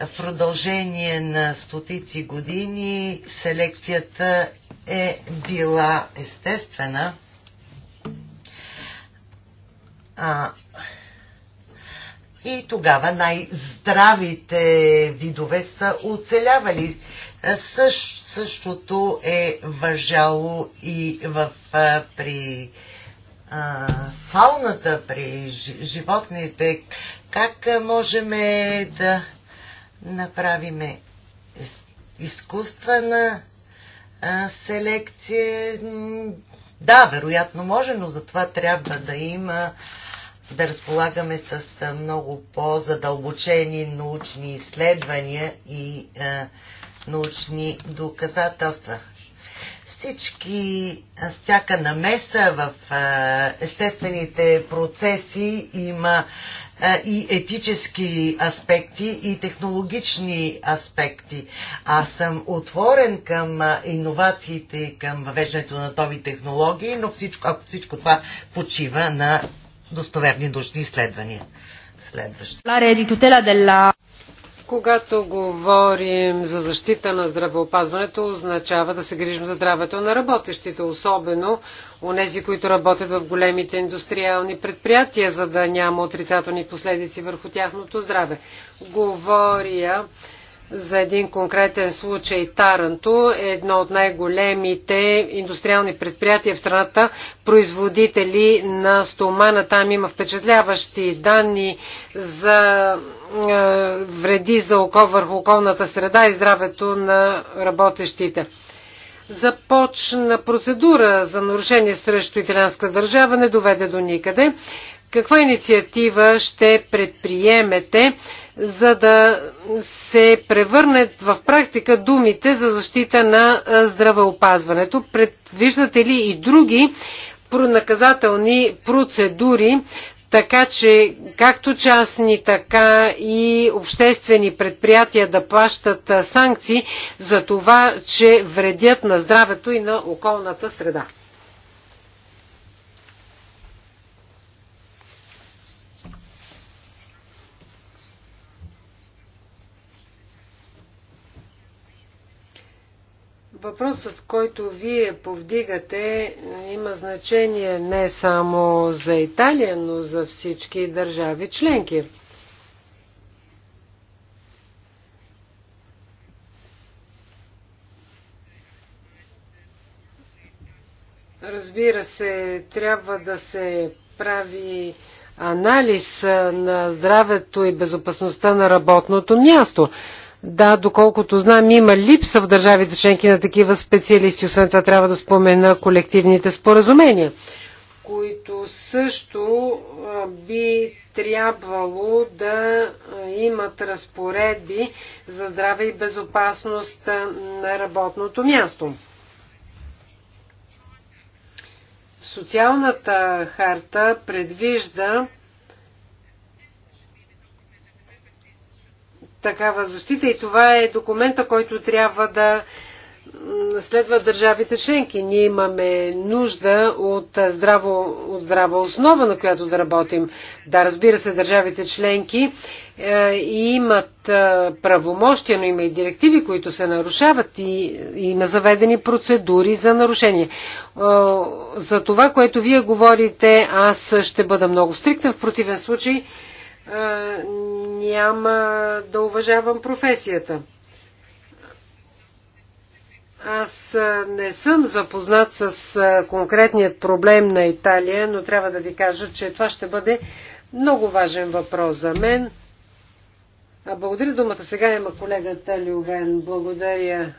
В продължение на стотици години селекцията е била естествена. А, и тогава най-здравите видове са оцелявали. Е, същ, същото е въжало и в, а, при а, фауната, при животните. Как можем е, да направим изкуствена а, селекция? Да, вероятно може, но за това трябва да има да разполагаме с много по-задълбочени научни изследвания и а, научни доказателства. Всички, всяка намеса в естествените процеси има и етически аспекти, и технологични аспекти. Аз съм отворен към иновациите и към въвеждането на нови технологии, но всичко, ако всичко това почива на достоверни научни изследвания. Следващо. Когато говорим за защита на здравеопазването, означава да се грижим за здравето на работещите, особено у нези, които работят в големите индустриални предприятия, за да няма отрицателни последици върху тяхното здраве. Говоря за един конкретен случай Таранто, едно от най-големите индустриални предприятия в страната, производители на стомана. Там има впечатляващи данни за е, вреди за око, върху околната среда и здравето на работещите. Започна процедура за нарушение срещу италианска държава, не доведе до никъде. Каква инициатива ще предприемете? за да се превърнат в практика думите за защита на здравеопазването. Предвиждате ли и други наказателни процедури, така че както частни, така и обществени предприятия да плащат санкции за това, че вредят на здравето и на околната среда? Въпросът, който вие повдигате, има значение не само за Италия, но за всички държави членки. Разбира се, трябва да се прави анализ на здравето и безопасността на работното място. Да, доколкото знам, има липса в държавите членки на такива специалисти. Освен това трябва да спомена колективните споразумения, които също би трябвало да имат разпоредби за здраве и безопасност на работното място. Социалната харта предвижда такава защита и това е документа, който трябва да следва държавите членки. Ние имаме нужда от, здраво, от здрава основа, на която да работим. Да, разбира се, държавите членки е, имат е, правомощия, но има и директиви, които се нарушават и има заведени процедури за нарушение. Е, за това, което вие говорите, аз ще бъда много стриктен. В противен случай няма да уважавам професията. Аз не съм запознат с конкретният проблем на Италия, но трябва да ви кажа, че това ще бъде много важен въпрос за мен. Благодаря думата. Сега има колегата Лювен. Благодаря.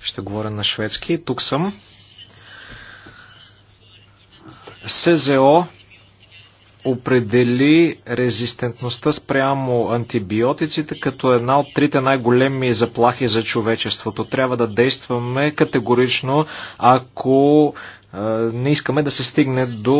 Ще говоря на шведски. Тук съм. СЗО определи резистентността спрямо антибиотиците като една от трите най-големи заплахи за човечеството. Трябва да действаме категорично, ако не искаме да се стигне до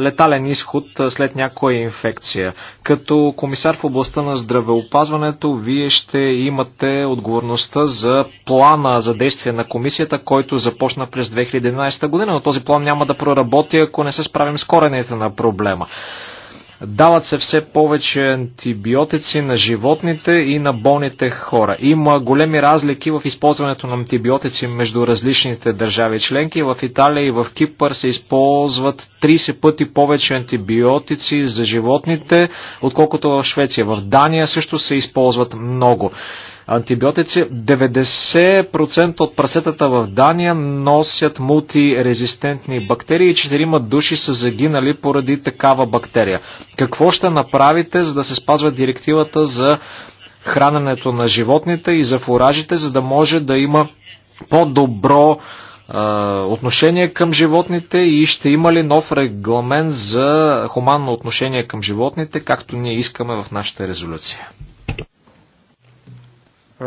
летален изход след някоя инфекция. Като комисар в областта на здравеопазването, вие ще имате отговорността за плана за действие на комисията, който започна през 2011 година, но този план няма да проработи, ако не се справим с корените на проблема. Дават се все повече антибиотици на животните и на болните хора. Има големи разлики в използването на антибиотици между различните държави членки. В Италия и в Кипър се използват 30 пъти повече антибиотици за животните, отколкото в Швеция. В Дания също се използват много антибиотици. 90% от прасетата в Дания носят мултирезистентни бактерии и 4 души са загинали поради такава бактерия. Какво ще направите, за да се спазва директивата за храненето на животните и за фуражите, за да може да има по-добро отношение към животните и ще има ли нов регламент за хуманно отношение към животните, както ние искаме в нашата резолюция? Е,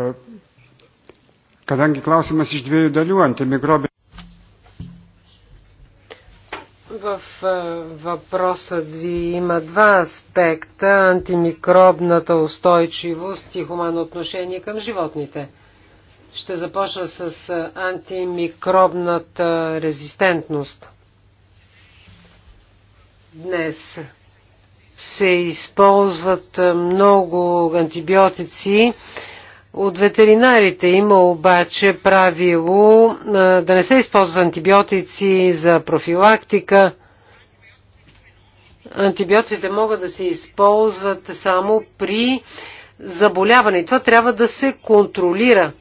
Kadangi klausimas iš dviejų dalių antimikrobė. В е, въпроса ви има два аспекта – антимикробната устойчивост и хуманно отношение към животните. Ще започна с е, антимикробната резистентност. Днес се използват много антибиотици, от ветеринарите има обаче правило да не се използват антибиотици за профилактика. Антибиотиците могат да се използват само при заболяване. това трябва да се контролира.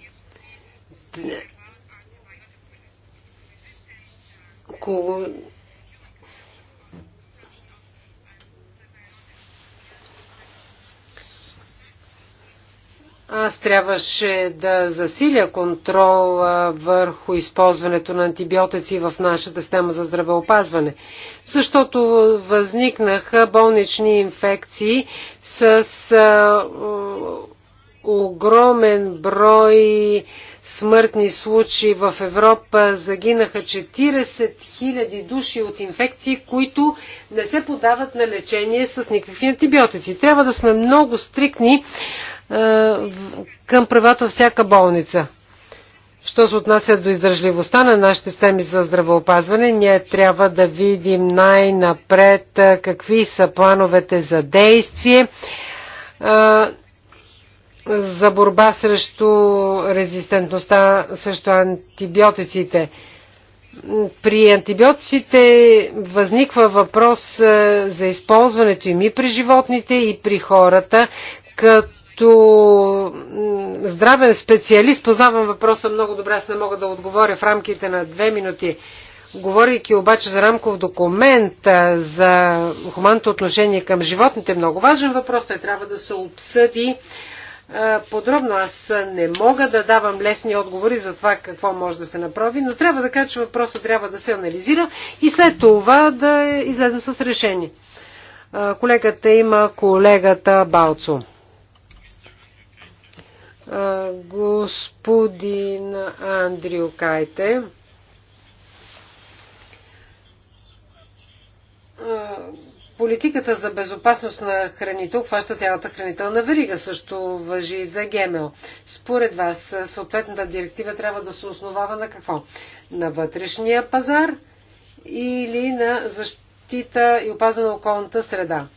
Аз трябваше да засиля контрол върху използването на антибиотици в нашата система за здравеопазване, защото възникнаха болнични инфекции с огромен брой смъртни случаи в Европа. Загинаха 40 000 души от инфекции, които не се подават на лечение с никакви антибиотици. Трябва да сме много стрикни е, към правата всяка болница. Що се отнася до издържливостта на нашите системи за здравеопазване, ние трябва да видим най-напред е, какви са плановете за действие е, за борба срещу резистентността срещу антибиотиците. При антибиотиците възниква въпрос за използването им и при животните, и при хората, като като здравен специалист познавам въпроса много добре, аз не мога да отговоря в рамките на две минути. Говорейки обаче за рамков документ за хуманното отношение към животните, много важен въпрос, той трябва да се обсъди подробно. Аз не мога да давам лесни отговори за това какво може да се направи, но трябва да кажа, че въпросът трябва да се анализира и след това да излезем с решение. Колегата има колегата Балцо господин Андрио Кайте. Политиката за безопасност на храните обхваща цялата хранителна верига, също въжи и за ГМО. Според вас, съответната директива трябва да се основава на какво? На вътрешния пазар или на защита и опазване на околната среда?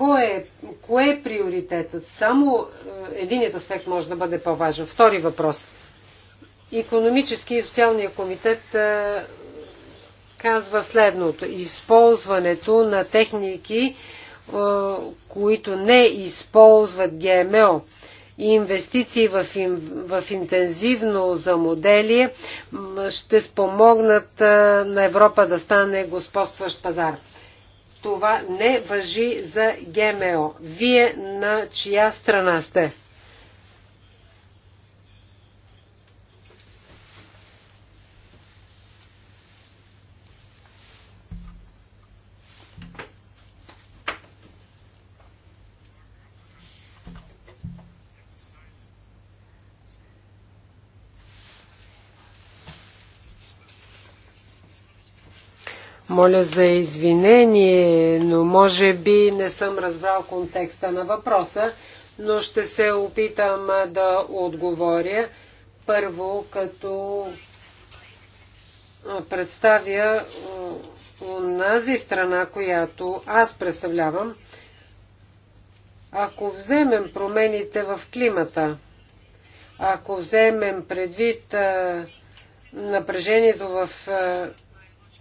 кое е, кое е приоритетът? Само е, единият аспект може да бъде по-важен. Втори въпрос. Економически и социалния комитет е, казва следното. Използването на техники, е, които не използват ГМО и инвестиции в, в интензивно замоделие ще спомогнат на Европа да стане господстващ пазар това не въжи за ГМО. Вие на чия страна сте? моля за извинение, но може би не съм разбрал контекста на въпроса, но ще се опитам да отговоря. Първо, като представя унази страна, която аз представлявам. Ако вземем промените в климата, ако вземем предвид напрежението в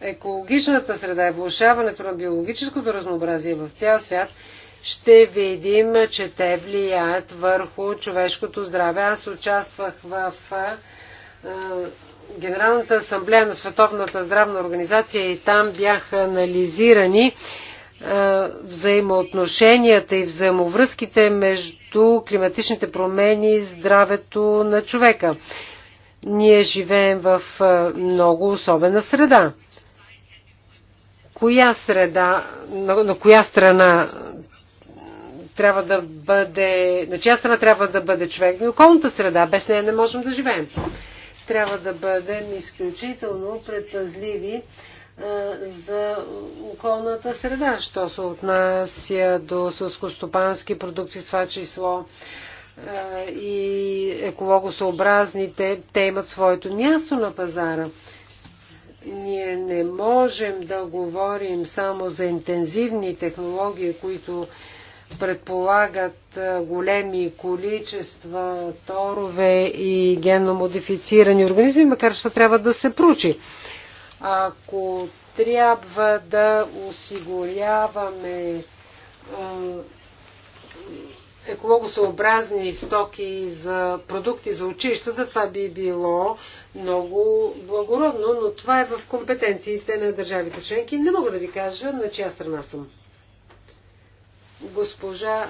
екологичната среда и влушаването на биологическото разнообразие в цял свят, ще видим, че те влияят върху човешкото здраве. Аз участвах в Генералната асамблея на Световната здравна организация и там бяха анализирани взаимоотношенията и взаимовръзките между климатичните промени и здравето на човека. Ние живеем в много особена среда коя среда, на, на коя страна трябва да бъде, на чия страна трябва да бъде човек. и околната среда, без нея не можем да живеем. Трябва да бъдем изключително предпазливи за околната среда, що се отнася до сълскостопански продукти, в това число и екологосъобразните, те имат своето място на пазара. Ние не можем да говорим само за интензивни технологии, които предполагат големи количества торове и генномодифицирани организми, макар че трябва да се проучи. Ако трябва да осигуряваме екологосъобразни стоки за продукти за училищата, това би било много благородно, но това е в компетенциите на държавите членки. Не мога да ви кажа на чия страна съм. Госпожа е,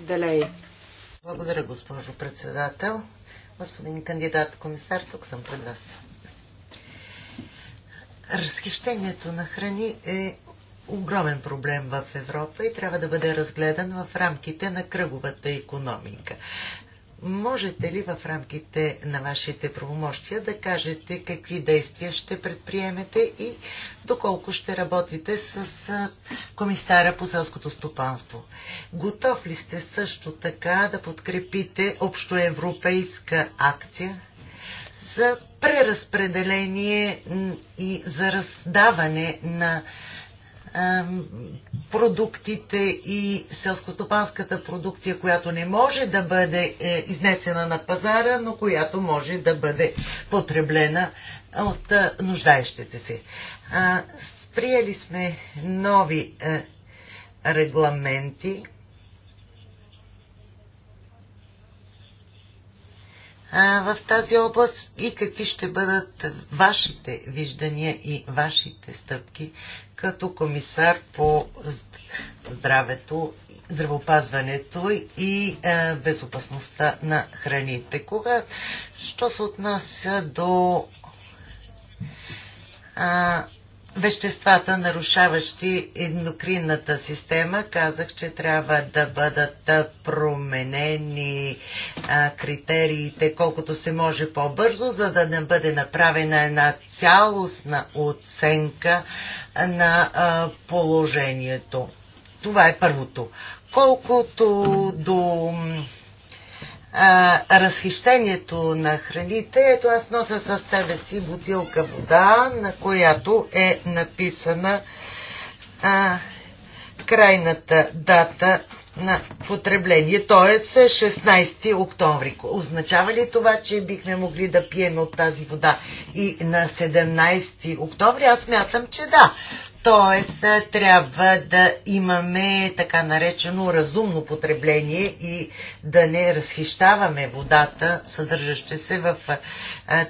Далей. Благодаря, госпожо председател. Господин кандидат комисар, тук съм пред вас. Разхищението на храни е огромен проблем в Европа и трябва да бъде разгледан в рамките на кръговата економика. Можете ли в рамките на вашите правомощия да кажете какви действия ще предприемете и доколко ще работите с комисара по селското стопанство? Готов ли сте също така да подкрепите общоевропейска акция за преразпределение и за раздаване на продуктите и селскостопанската продукция, която не може да бъде е, изнесена на пазара, но която може да бъде потреблена от нуждаещите се. Приели сме нови регламенти, в тази област и какви ще бъдат вашите виждания и вашите стъпки като комисар по здравето, здравопазването и безопасността на храните. Кога, що се отнася до а, веществата, нарушаващи ендокринната система. Казах, че трябва да бъдат променени а, критериите колкото се може по-бързо, за да не бъде направена една цялостна оценка на а, положението. Това е първото. Колкото до а, разхищението на храните. Ето аз нося със себе си бутилка вода, на която е написана а, крайната дата на потребление, т.е. 16 октомври. Означава ли това, че бихме могли да пием от тази вода и на 17 октомври? Аз мятам, че да. Тоест, трябва да имаме така наречено разумно потребление и да не разхищаваме водата, съдържаща се в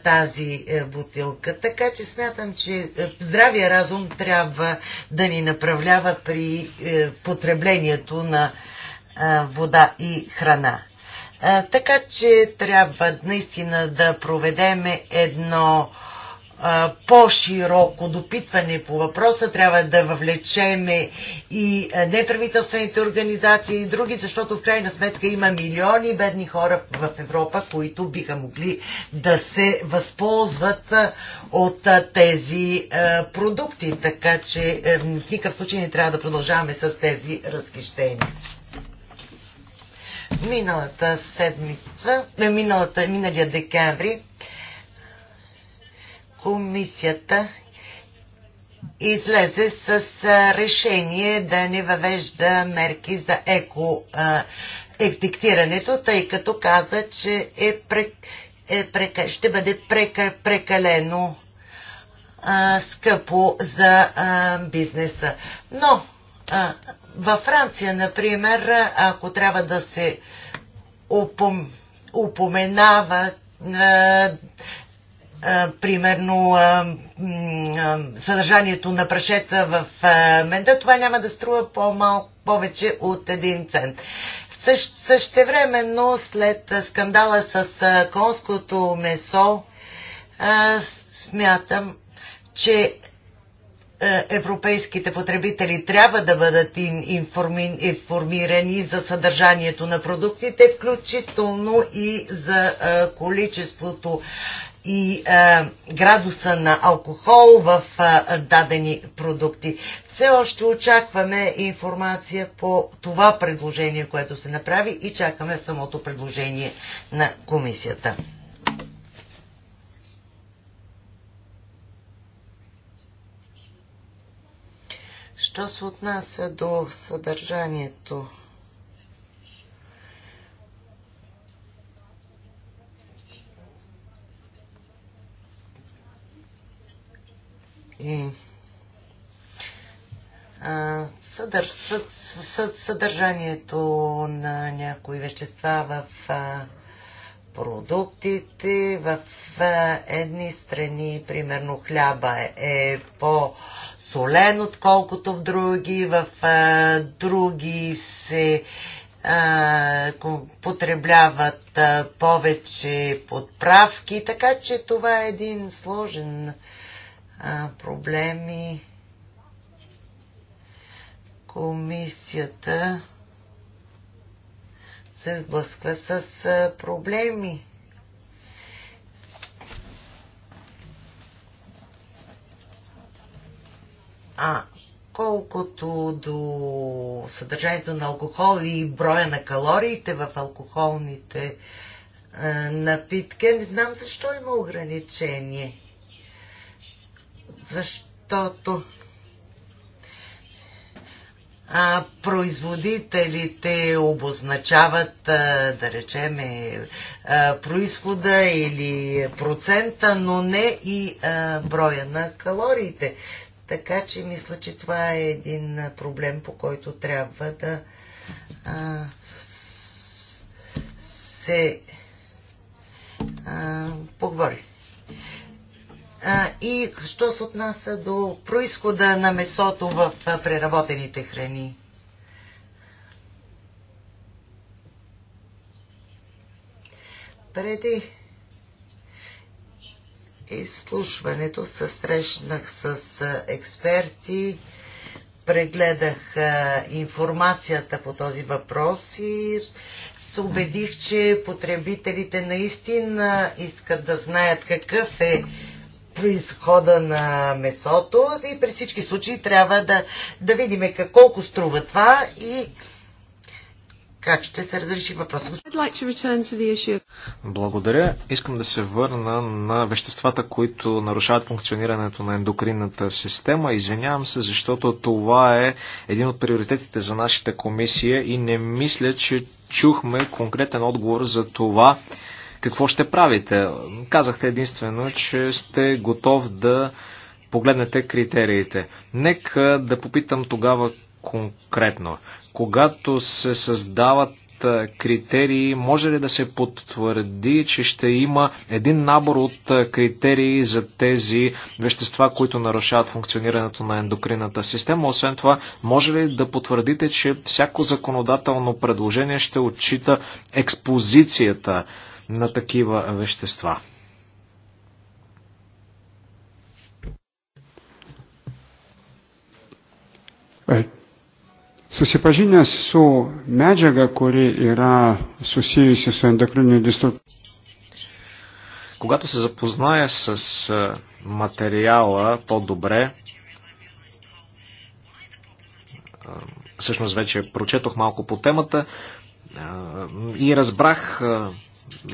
тази бутилка. Така че смятам, че здравия разум трябва да ни направлява при потреблението на вода и храна. Така че трябва наистина да проведеме едно по-широко допитване по въпроса, трябва да въвлечеме и неправителствените организации и други, защото в крайна сметка има милиони бедни хора в Европа, които биха могли да се възползват от тези продукти. Така че в никакъв случай не трябва да продължаваме с тези разхищения миналата седмица, на миналата, миналия декември, комисията излезе с решение да не въвежда мерки за еко ефектирането, тъй като каза, че е, прек, е прека, ще бъде прека, прекалено а, скъпо за а, бизнеса. Но а, във Франция, например, ако трябва да се упом, упоменава а, примерно съдържанието на прашета в Менда, това няма да струва по-малко повече от един цент. Същ, същевременно след скандала с конското месо смятам, че европейските потребители трябва да бъдат информирани за съдържанието на продуктите, включително и за количеството и а, градуса на алкохол в а, дадени продукти. Все още очакваме информация по това предложение, което се направи и чакаме самото предложение на комисията. Що се отнася до съдържанието съдърж, съдържанието на някои вещества в продуктите. В едни страни, примерно хляба е, по-солен, отколкото в други. В а, други се а, потребляват а, повече подправки, така че това е един сложен проблеми. Комисията се сблъсква с проблеми. А колкото до съдържанието на алкохол и броя на калориите в алкохолните напитки, не знам защо има ограничение защото а, производителите обозначават, а, да речем, е, а, происхода или процента, но не и а, броя на калориите. Така че мисля, че това е един проблем, по който трябва да а, се а, поговори и що се отнася до происхода на месото в преработените храни. Преди изслушването се срещнах с експерти, прегледах информацията по този въпрос и се убедих, че потребителите наистина искат да знаят какъв е происхода на месото и при всички случаи трябва да, да видим колко струва това и как ще се разреши въпросът. Благодаря. Искам да се върна на веществата, които нарушават функционирането на ендокринната система. Извинявам се, защото това е един от приоритетите за нашата комисия и не мисля, че чухме конкретен отговор за това какво ще правите. Казахте единствено, че сте готов да погледнете критериите. Нека да попитам тогава конкретно. Когато се създават критерии, може ли да се потвърди, че ще има един набор от критерии за тези вещества, които нарушават функционирането на ендокринната система? Освен това, може ли да потвърдите, че всяко законодателно предложение ще отчита експозицията на такива вещества. Е, Susipažinęs su medžiaga, kuri yra susijusi su endokriniu disruptoriu. Когато се запозная с е, материала по-добре, е, всъщност вече прочетох малко по темата, и разбрах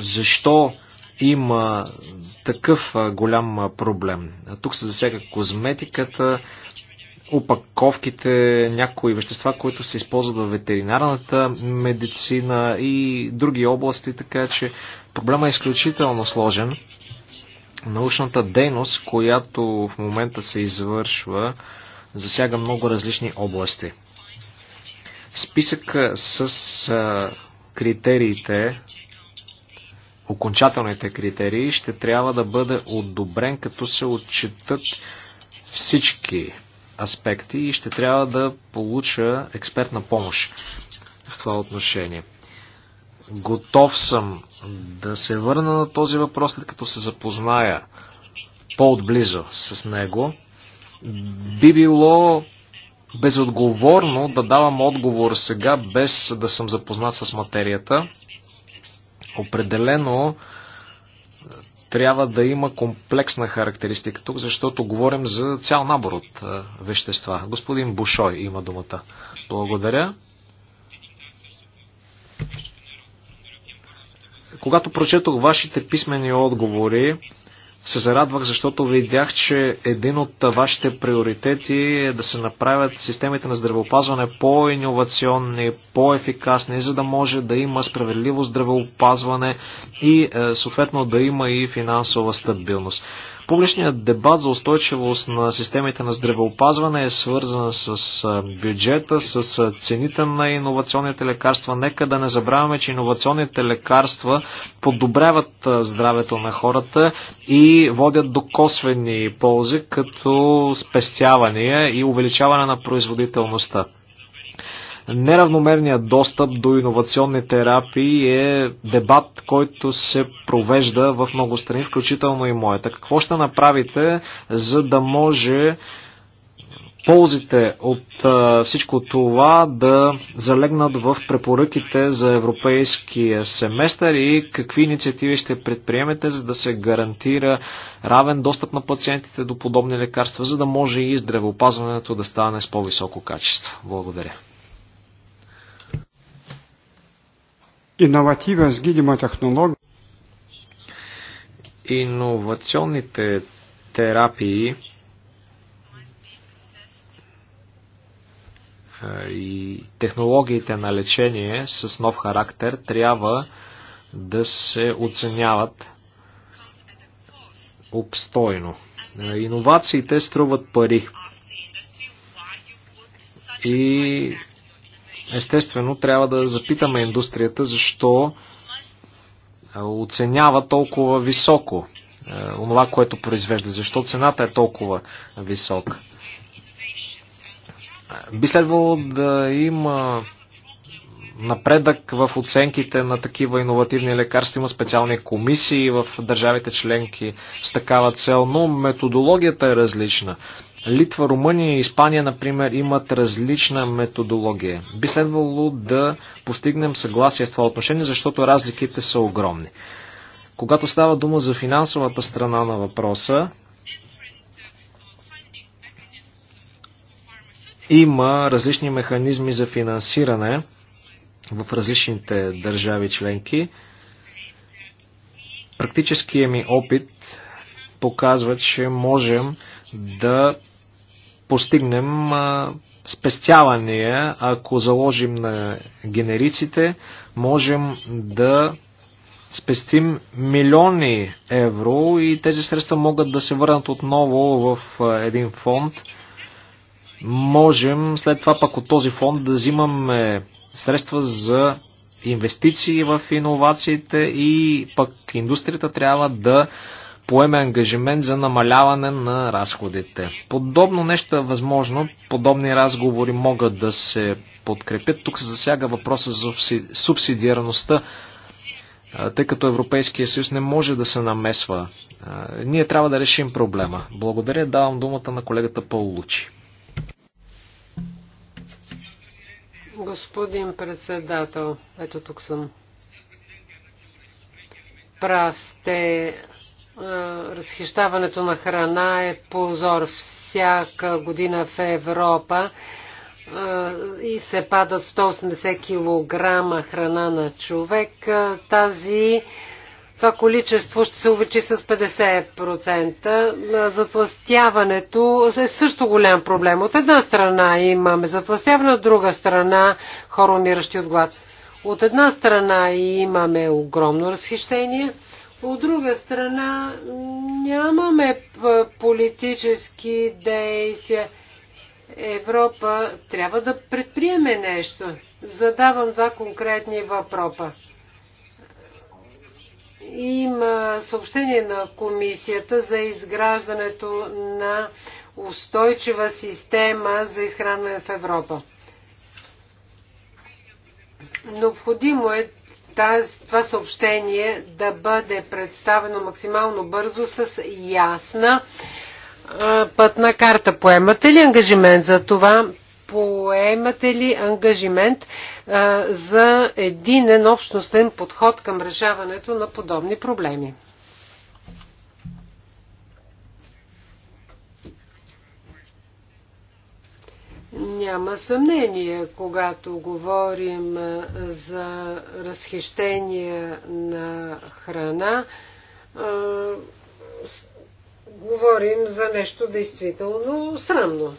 защо има такъв голям проблем. Тук се засяга козметиката, опаковките, някои вещества, които се използват в ветеринарната медицина и други области, така че проблема е изключително сложен. Научната дейност, която в момента се извършва, засяга много различни области. Списък с критериите, окончателните критерии, ще трябва да бъде одобрен, като се отчитат всички аспекти и ще трябва да получа експертна помощ в това отношение. Готов съм да се върна на този въпрос, след като се запозная по-отблизо с него. Би било безотговорно да давам отговор сега, без да съм запознат с материята. Определено е, трябва да има комплексна характеристика тук, защото говорим за цял набор от е, вещества. Господин Бушой има думата. Благодаря. Когато прочетох вашите писмени отговори, се зарадвах, защото видях, че един от вашите приоритети е да се направят системите на здравеопазване по-инновационни, по-ефикасни, за да може да има справедливо здравеопазване и е, съответно да има и финансова стабилност. Публичният дебат за устойчивост на системите на здравеопазване е свързан с бюджета, с цените на иновационните лекарства. Нека да не забравяме, че иновационните лекарства подобряват здравето на хората и водят до косвени ползи, като спестявания и увеличаване на производителността. Неравномерният достъп до иновационни терапии е дебат, който се провежда в много страни, включително и моята. Какво ще направите, за да може ползите от всичко това да залегнат в препоръките за европейския семестър и какви инициативи ще предприемете, за да се гарантира равен достъп на пациентите до подобни лекарства, за да може и здравеопазването да стане с по-високо качество. Благодаря. Иновативен с гидима технология. Иновационните терапии и технологиите на лечение с нов характер трябва да се оценяват обстойно. Иновациите струват пари. И Естествено, трябва да запитаме индустрията защо оценява толкова високо онова, което произвежда, защо цената е толкова висока. Би следвало да има напредък в оценките на такива иновативни лекарства. Има специални комисии в държавите членки с такава цел, но методологията е различна. Литва, Румъния и Испания, например, имат различна методология. Би следвало да постигнем съгласие в това отношение, защото разликите са огромни. Когато става дума за финансовата страна на въпроса, има различни механизми за финансиране в различните държави членки. практическия ми опит показва, че можем да постигнем спестявания, ако заложим на генериците, можем да спестим милиони евро и тези средства могат да се върнат отново в един фонд. Можем след това пак от този фонд да взимаме средства за инвестиции в иновациите и пък индустрията трябва да поеме ангажимент за намаляване на разходите. Подобно нещо е възможно, подобни разговори могат да се подкрепят. Тук се засяга въпроса за субсидиарността, тъй като Европейския съюз не може да се намесва. Ние трябва да решим проблема. Благодаря, давам думата на колегата Паулучи. Господин председател, ето тук съм. Прав сте е, разхищаването на храна е позор всяка година в Европа е, и се падат 180 кг храна на човек. Е, тази това количество ще се увеличи с 50%. Затластяването е също голям проблем. От една страна имаме затластяване, от друга страна хора умиращи от глад. От една страна имаме огромно разхищение, от друга страна, нямаме политически действия. Европа трябва да предприеме нещо. Задавам два конкретни въпроса. Има съобщение на комисията за изграждането на устойчива система за изхранване в Европа. Необходимо е таз, това съобщение да бъде представено максимално бързо с ясна пътна карта. Поемате ли ангажимент за това? Поемате ли ангажимент а, за единен общностен подход към решаването на подобни проблеми? Няма съмнение, когато говорим за разхищение на храна, говорим за нещо действително срамно.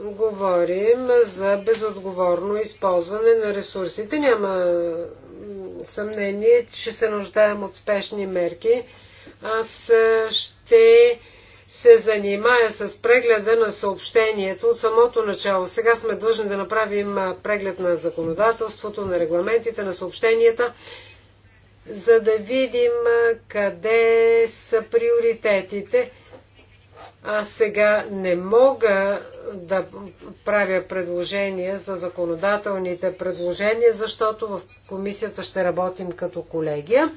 Говорим за безотговорно използване на ресурсите. Няма съмнение, че се нуждаем от спешни мерки. Аз ще се занимая с прегледа на съобщението от самото начало. Сега сме длъжни да направим преглед на законодателството, на регламентите, на съобщенията, за да видим къде са приоритетите. Аз сега не мога да правя предложения за законодателните предложения, защото в комисията ще работим като колегия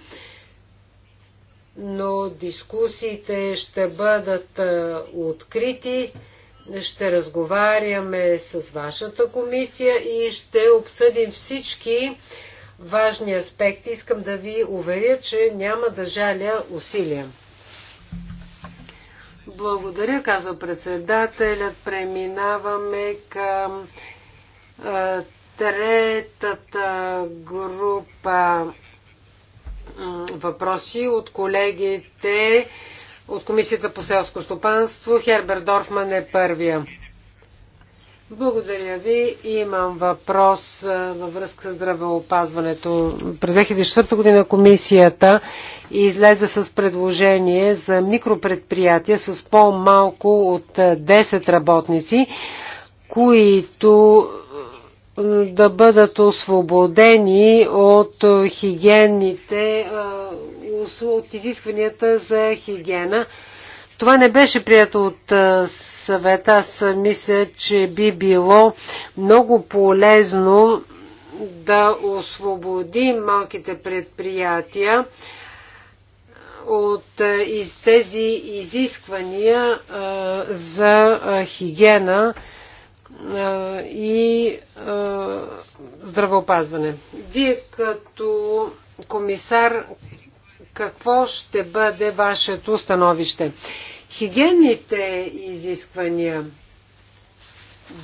но дискусиите ще бъдат е, открити. Ще разговаряме с вашата комисия и ще обсъдим всички важни аспекти. Искам да ви уверя, че няма да жаля усилия. Благодаря, казва председателят. Преминаваме към е, третата група въпроси от колегите от Комисията по селско стопанство. Хербер Дорфман е първия. Благодаря ви. Имам въпрос във връзка с здравеопазването. През 2004 година комисията излезе с предложение за микропредприятия с по-малко от 10 работници, които да бъдат освободени от хигиените, от изискванията за хигиена. Това не беше прието от съвета. Аз мисля, че би било много полезно да освободим малките предприятия от тези изисквания за хигиена и здравеопазване. Вие като комисар, какво ще бъде вашето становище? Хигиенните изисквания,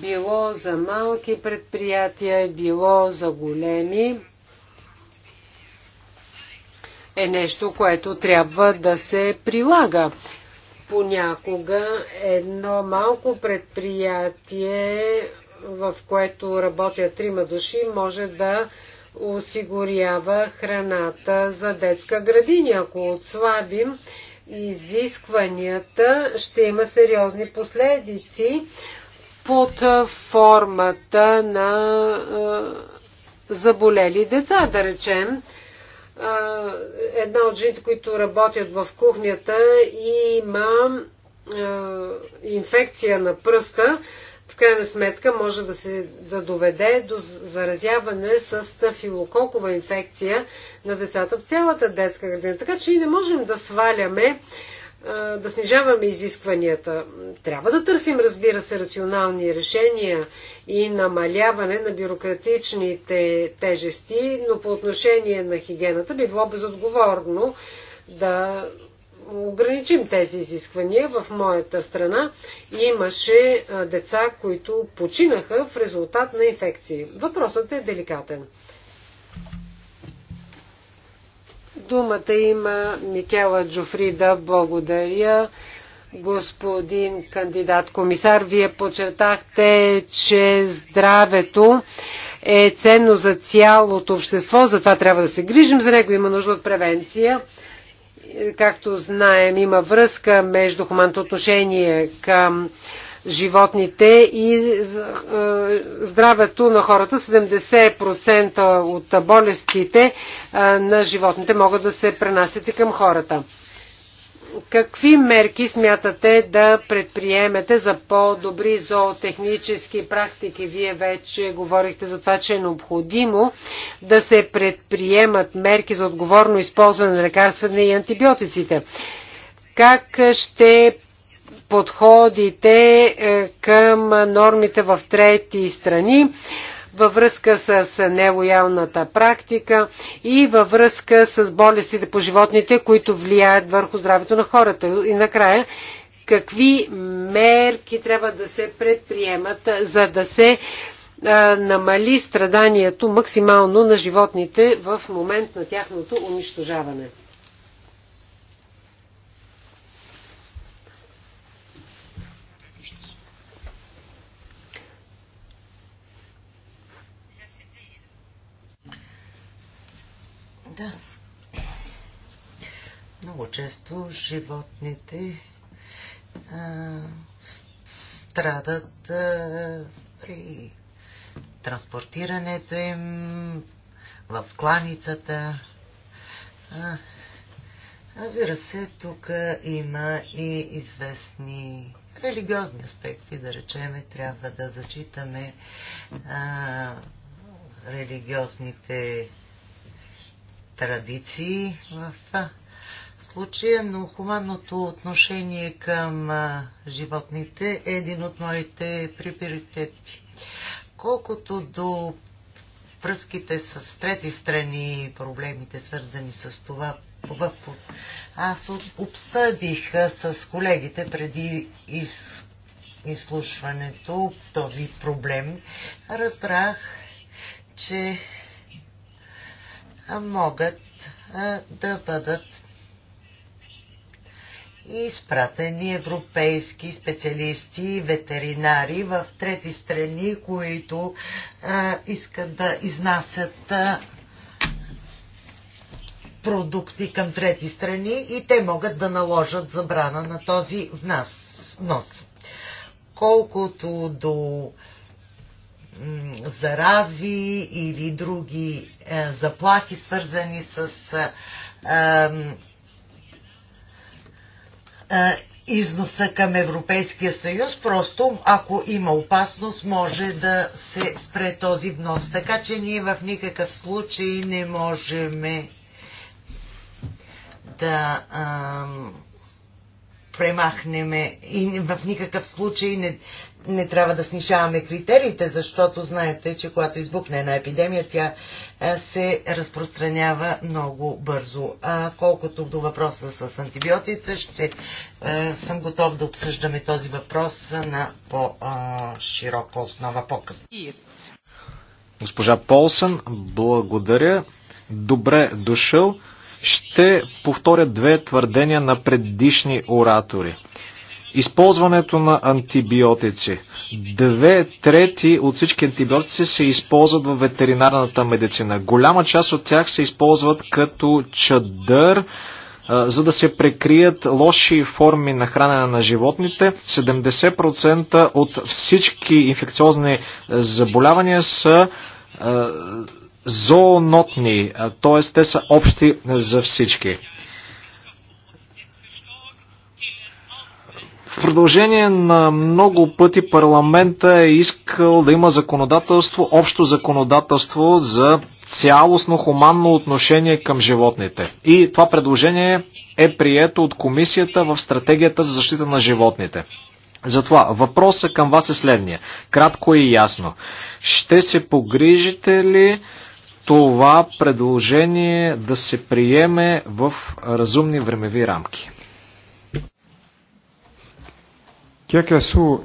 било за малки предприятия, било за големи, е нещо, което трябва да се прилага понякога едно малко предприятие, в което работят трима души, може да осигурява храната за детска градина. Ако отслабим изискванията, ще има сериозни последици под формата на заболели деца, да речем една от жените, които работят в кухнята, има инфекция на пръста, в крайна сметка може да се да доведе до заразяване с стафилококова инфекция на децата в цялата детска градина. Така че и не можем да сваляме да снижаваме изискванията. Трябва да търсим, разбира се, рационални решения и намаляване на бюрократичните тежести, но по отношение на хигиената би било безотговорно да ограничим тези изисквания. В моята страна имаше деца, които починаха в резултат на инфекции. Въпросът е деликатен. Думата има Микела Джофрида. Благодаря. Господин кандидат комисар, вие подчертахте, че здравето е ценно за цялото общество, затова трябва да се грижим за него, има нужда от превенция. Както знаем, има връзка между хуманното отношение към животните и здравето на хората. 70% от болестите на животните могат да се пренасят и към хората. Какви мерки смятате да предприемете за по-добри зоотехнически практики? Вие вече говорихте за това, че е необходимо да се предприемат мерки за отговорно използване на лекарствата и антибиотиците. Как ще подходите е, към нормите в трети страни във връзка с нелоялната практика и във връзка с болестите по животните, които влияят върху здравето на хората. И накрая, какви мерки трябва да се предприемат, за да се е, намали страданието максимално на животните в момент на тяхното унищожаване. много често животните а, страдат а, при транспортирането им в кланицата. А, разбира се, тук има и известни религиозни аспекти, да речеме, трябва да зачитаме а, религиозните традиции в случая, но хуманното отношение към животните е един от моите приоритети. Колкото до връзките с трети страни и проблемите, свързани с това, аз обсъдих с колегите преди из изслушването този проблем, разбрах, че могат да бъдат изпратени европейски специалисти, ветеринари в трети страни, които а, искат да изнасят а, продукти към трети страни и те могат да наложат забрана на този внас, внос. Колкото до зарази или други е, заплахи, свързани с е, е, износа към Европейския съюз, просто ако има опасност, може да се спре този внос. Така че ние в никакъв случай не можем да а, е, премахнем и в никакъв случай не, не трябва да снишаваме критериите, защото знаете, че когато избукне една епидемия, тя се разпространява много бързо. А колкото до въпроса с антибиотици, ще съм готов да обсъждаме този въпрос на по-широка основа по-късно. Госпожа Полсън, благодаря. Добре дошъл. Ще повторя две твърдения на предишни оратори. Използването на антибиотици. Две трети от всички антибиотици се използват в ветеринарната медицина. Голяма част от тях се използват като чадър, за да се прекрият лоши форми на хранене на животните. 70% от всички инфекциозни е, заболявания са е, зоонотни, т.е. те са общи за всички. В продължение на много пъти парламента е искал да има законодателство, общо законодателство за цялостно хуманно отношение към животните. И това предложение е прието от комисията в стратегията за защита на животните. Затова въпросът към вас е следния. Кратко и ясно. Ще се погрижите ли това предложение да се приеме в разумни времеви рамки? kiek esu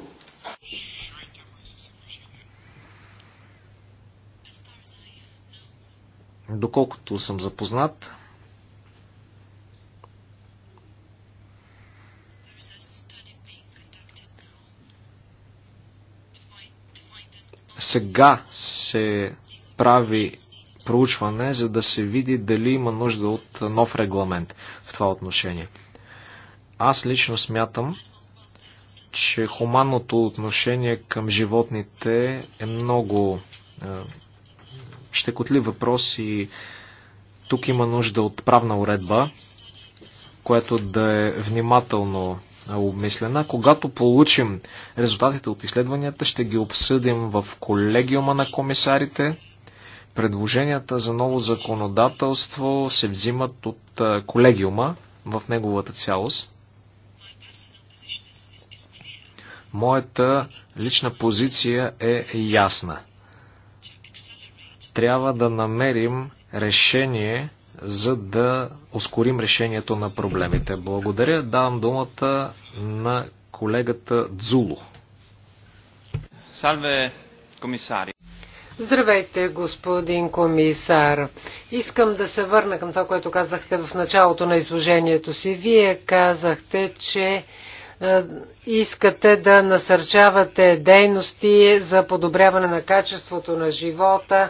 доколкото съм запознат, сега се прави проучване, за да се види дали има нужда от нов регламент в това отношение. Аз лично смятам, че хуманното отношение към животните е много е, щекотлив въпрос и тук има нужда от правна уредба, която да е внимателно е, обмислена. Когато получим резултатите от изследванията, ще ги обсъдим в колегиума на комисарите. Предложенията за ново законодателство се взимат от е, колегиума в неговата цялост. Моята лична позиция е ясна. Трябва да намерим решение, за да ускорим решението на проблемите. Благодаря. Давам думата на колегата Дзуло. Салве, комисари. Здравейте, господин комисар. Искам да се върна към това, което казахте в началото на изложението си. Вие казахте, че е, искате да насърчавате дейности за подобряване на качеството на живота,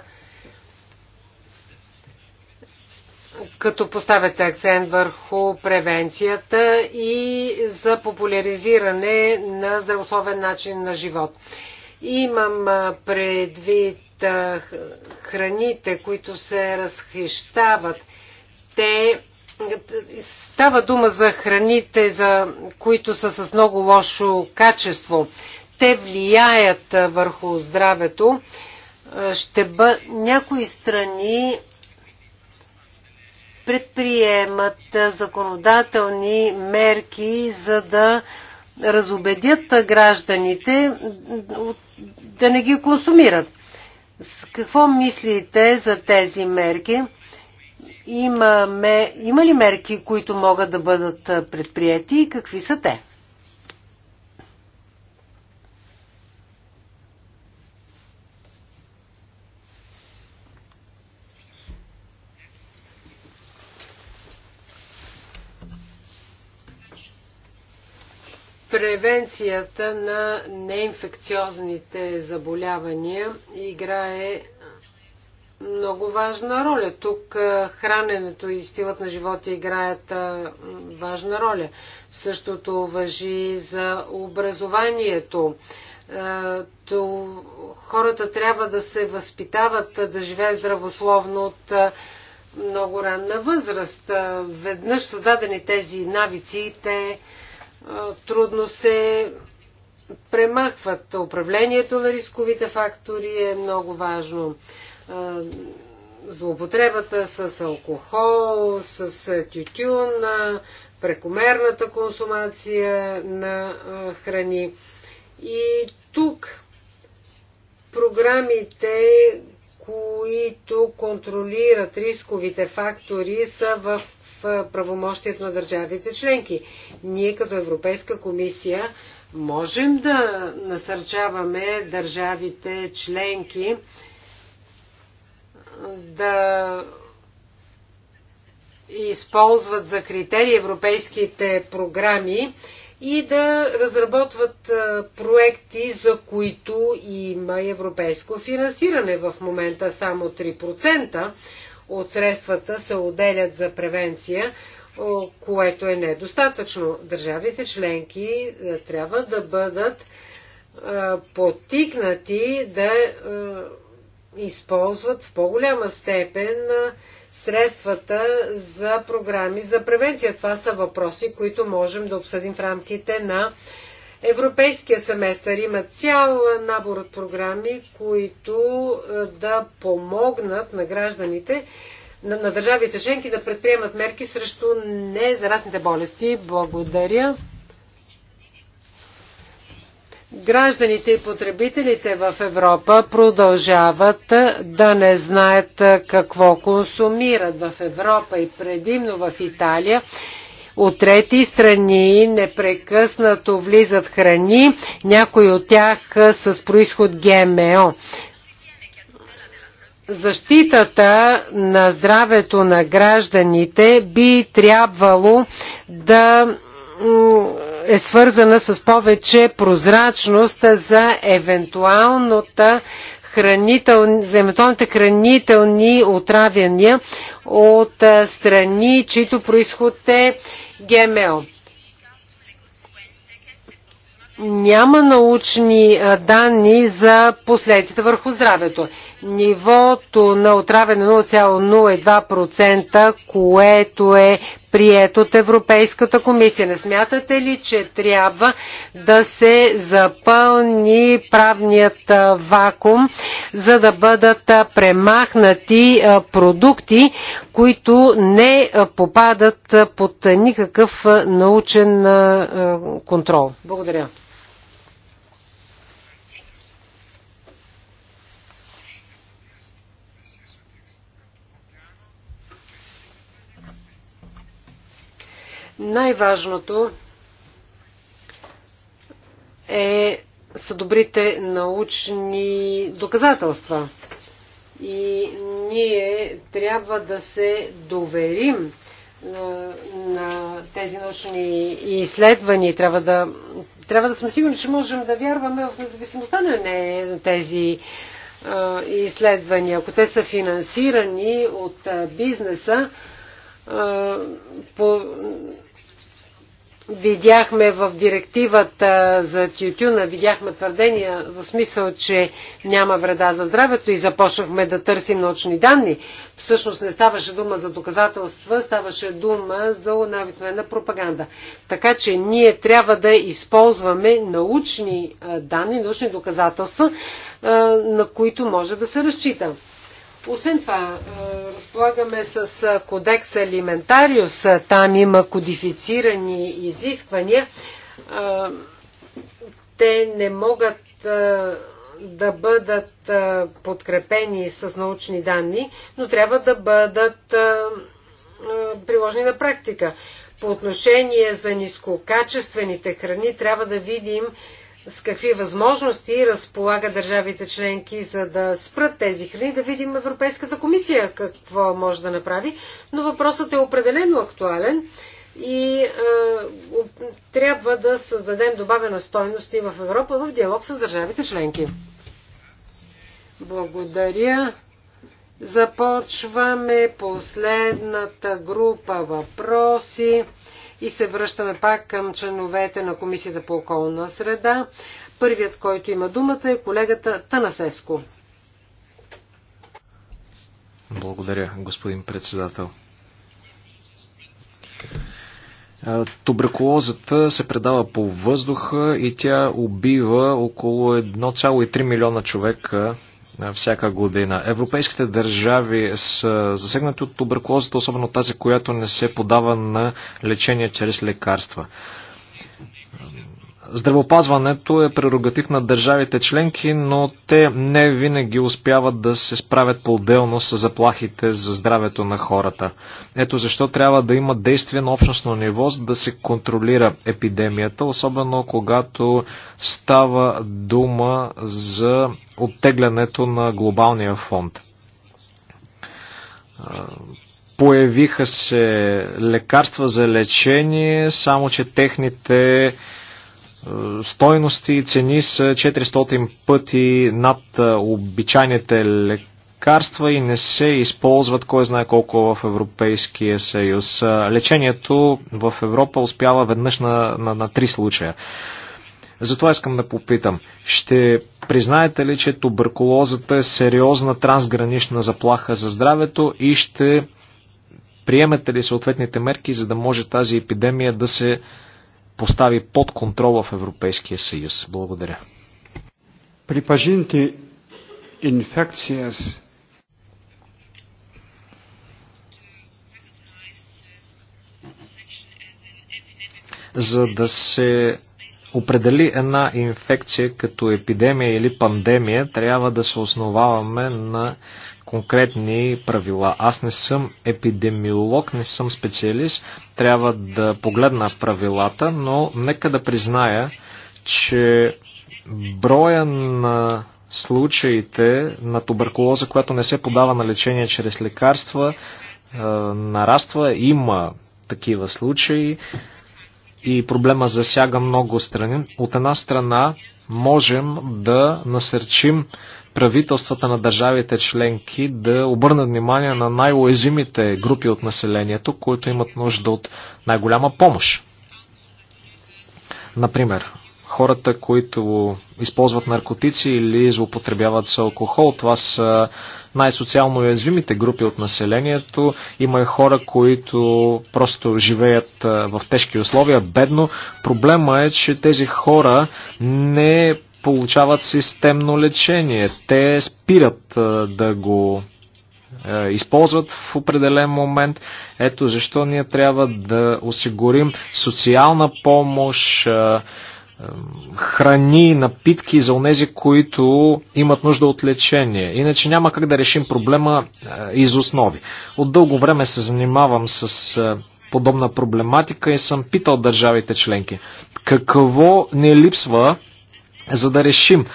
като поставяте акцент върху превенцията и за популяризиране на здравословен начин на живот. Имам предвид храните, които се разхищават. Те Става дума за храните, за които са с много лошо качество. Те влияят върху здравето. Ще бъ... Някои страни предприемат законодателни мерки, за да разобедят гражданите да не ги консумират. Какво мислите за тези мерки? имаме, има ли мерки, които могат да бъдат предприяти и какви са те? превенцията на неинфекциозните заболявания играе много важна роля. Тук храненето и стилът на живота играят важна роля. Същото въжи за образованието. То, хората трябва да се възпитават да живеят здравословно от много ранна възраст. Веднъж създадени тези навици, те трудно се премахват. Управлението на рисковите фактори е много важно злоупотребата с алкохол, с е, тютюн, прекомерната консумация на храни. И тук програмите, които контролират рисковите фактори, са в правомощието на държавите членки. Ние като Европейска комисия можем да насърчаваме държавите членки да използват за критерии европейските програми и да разработват проекти, за които има европейско финансиране. В момента само 3% от средствата се отделят за превенция, което е недостатъчно. Държавите членки трябва да бъдат потикнати да използват в по-голяма степен средствата за програми за превенция. Това са въпроси, които можем да обсъдим в рамките на Европейския семестър. Има цял набор от програми, които да помогнат на гражданите, на, на държавите членки да предприемат мерки срещу незаразните болести. Благодаря. Гражданите и потребителите в Европа продължават да не знаят какво консумират в Европа и предимно в Италия. От трети страни непрекъснато влизат храни, някои от тях с происход ГМО. Защитата на здравето на гражданите би трябвало да е свързана с повече прозрачност за евентуалната хранител, за евентуалните хранителни отравяния от страни, чието происход е ГМО. Няма научни данни за последствията върху здравето. Нивото на отравяне 0,02%, което е прието от Европейската комисия. Не смятате ли, че трябва да се запълни правният вакуум, за да бъдат премахнати продукти, които не попадат под никакъв научен контрол? Благодаря. Най-важното е, са добрите научни доказателства. И ние трябва да се доверим на, е, на тези научни изследвания. Трябва да, трябва да сме сигурни, че можем да вярваме в независимостта на, не, тези а, е, изследвания. Ако те са финансирани от а, е, бизнеса, а, по, Видяхме в директивата за тютюна, видяхме твърдения в смисъл, че няма вреда за здравето и започнахме да търсим научни данни. Всъщност не ставаше дума за доказателства, ставаше дума за навикновена пропаганда. Така че ние трябва да използваме научни данни, научни доказателства, на които може да се разчитам. Освен това, е, разполагаме с е, кодекс Алиментариус. Там има кодифицирани изисквания. Е, те не могат да бъдат подкрепени с научни данни, но трябва да бъдат приложени на практика. По отношение за нискокачествените храни трябва да видим с какви възможности разполага държавите членки, за да спрат тези храни, да видим Европейската комисия какво може да направи. Но въпросът е определено актуален и е, трябва да създадем добавена стойност и в Европа в диалог с държавите членки. Благодаря. Започваме последната група въпроси. И се връщаме пак към членовете на Комисията по околна среда. Първият, който има думата е колегата Танасеско. Благодаря, господин председател. Туберкулозата се предава по въздуха и тя убива около 1,3 милиона човека е, всяка година. Европейските държави са засегнати от туберкулозата, особено тази, която не се подава на лечение чрез лекарства. Здравопазването е прерогатив на държавите членки, но те не винаги успяват да се справят по-отделно с заплахите за здравето на хората. Ето защо трябва да има действие на общностно ниво, за да се контролира епидемията, особено когато става дума за оттеглянето на глобалния фонд. Появиха се лекарства за лечение, само че техните стойности и цени са 400 пъти над обичайните лекарства и не се използват кой знае колко в Европейския съюз. Лечението в Европа успява веднъж на, на, на три случая. Затова искам да попитам. Ще признаете ли, че туберкулозата е сериозна трансгранична заплаха за здравето и ще приемете ли съответните мерки, за да може тази епидемия да се постави под контрол в Европейския съюз. Благодаря. При пажинте инфекция с за да се определи една инфекция като епидемия или пандемия, трябва да се основаваме на конкретни правила. Аз не съм епидемиолог, не съм специалист, трябва да погледна правилата, но нека да призная, че броя на случаите на туберкулоза, която не се подава на лечение чрез лекарства, е, нараства. Има такива случаи и проблема засяга много страни. От една страна можем да насърчим правителствата на държавите членки да обърнат внимание на най-уязвимите групи от населението, които имат нужда от най-голяма помощ. Например, хората, които използват наркотици или злоупотребяват с алкохол. Това са най-социално уязвимите групи от населението. Има и хора, които просто живеят в тежки условия, бедно. Проблема е, че тези хора не получават системно лечение. Те спират да го използват в определен момент. Ето защо ние трябва да осигурим социална помощ, храни, напитки за онези, които имат нужда от лечение. Иначе няма как да решим проблема из основи. От дълго време се занимавам с подобна проблематика и съм питал държавите членки. Какво не липсва за да решим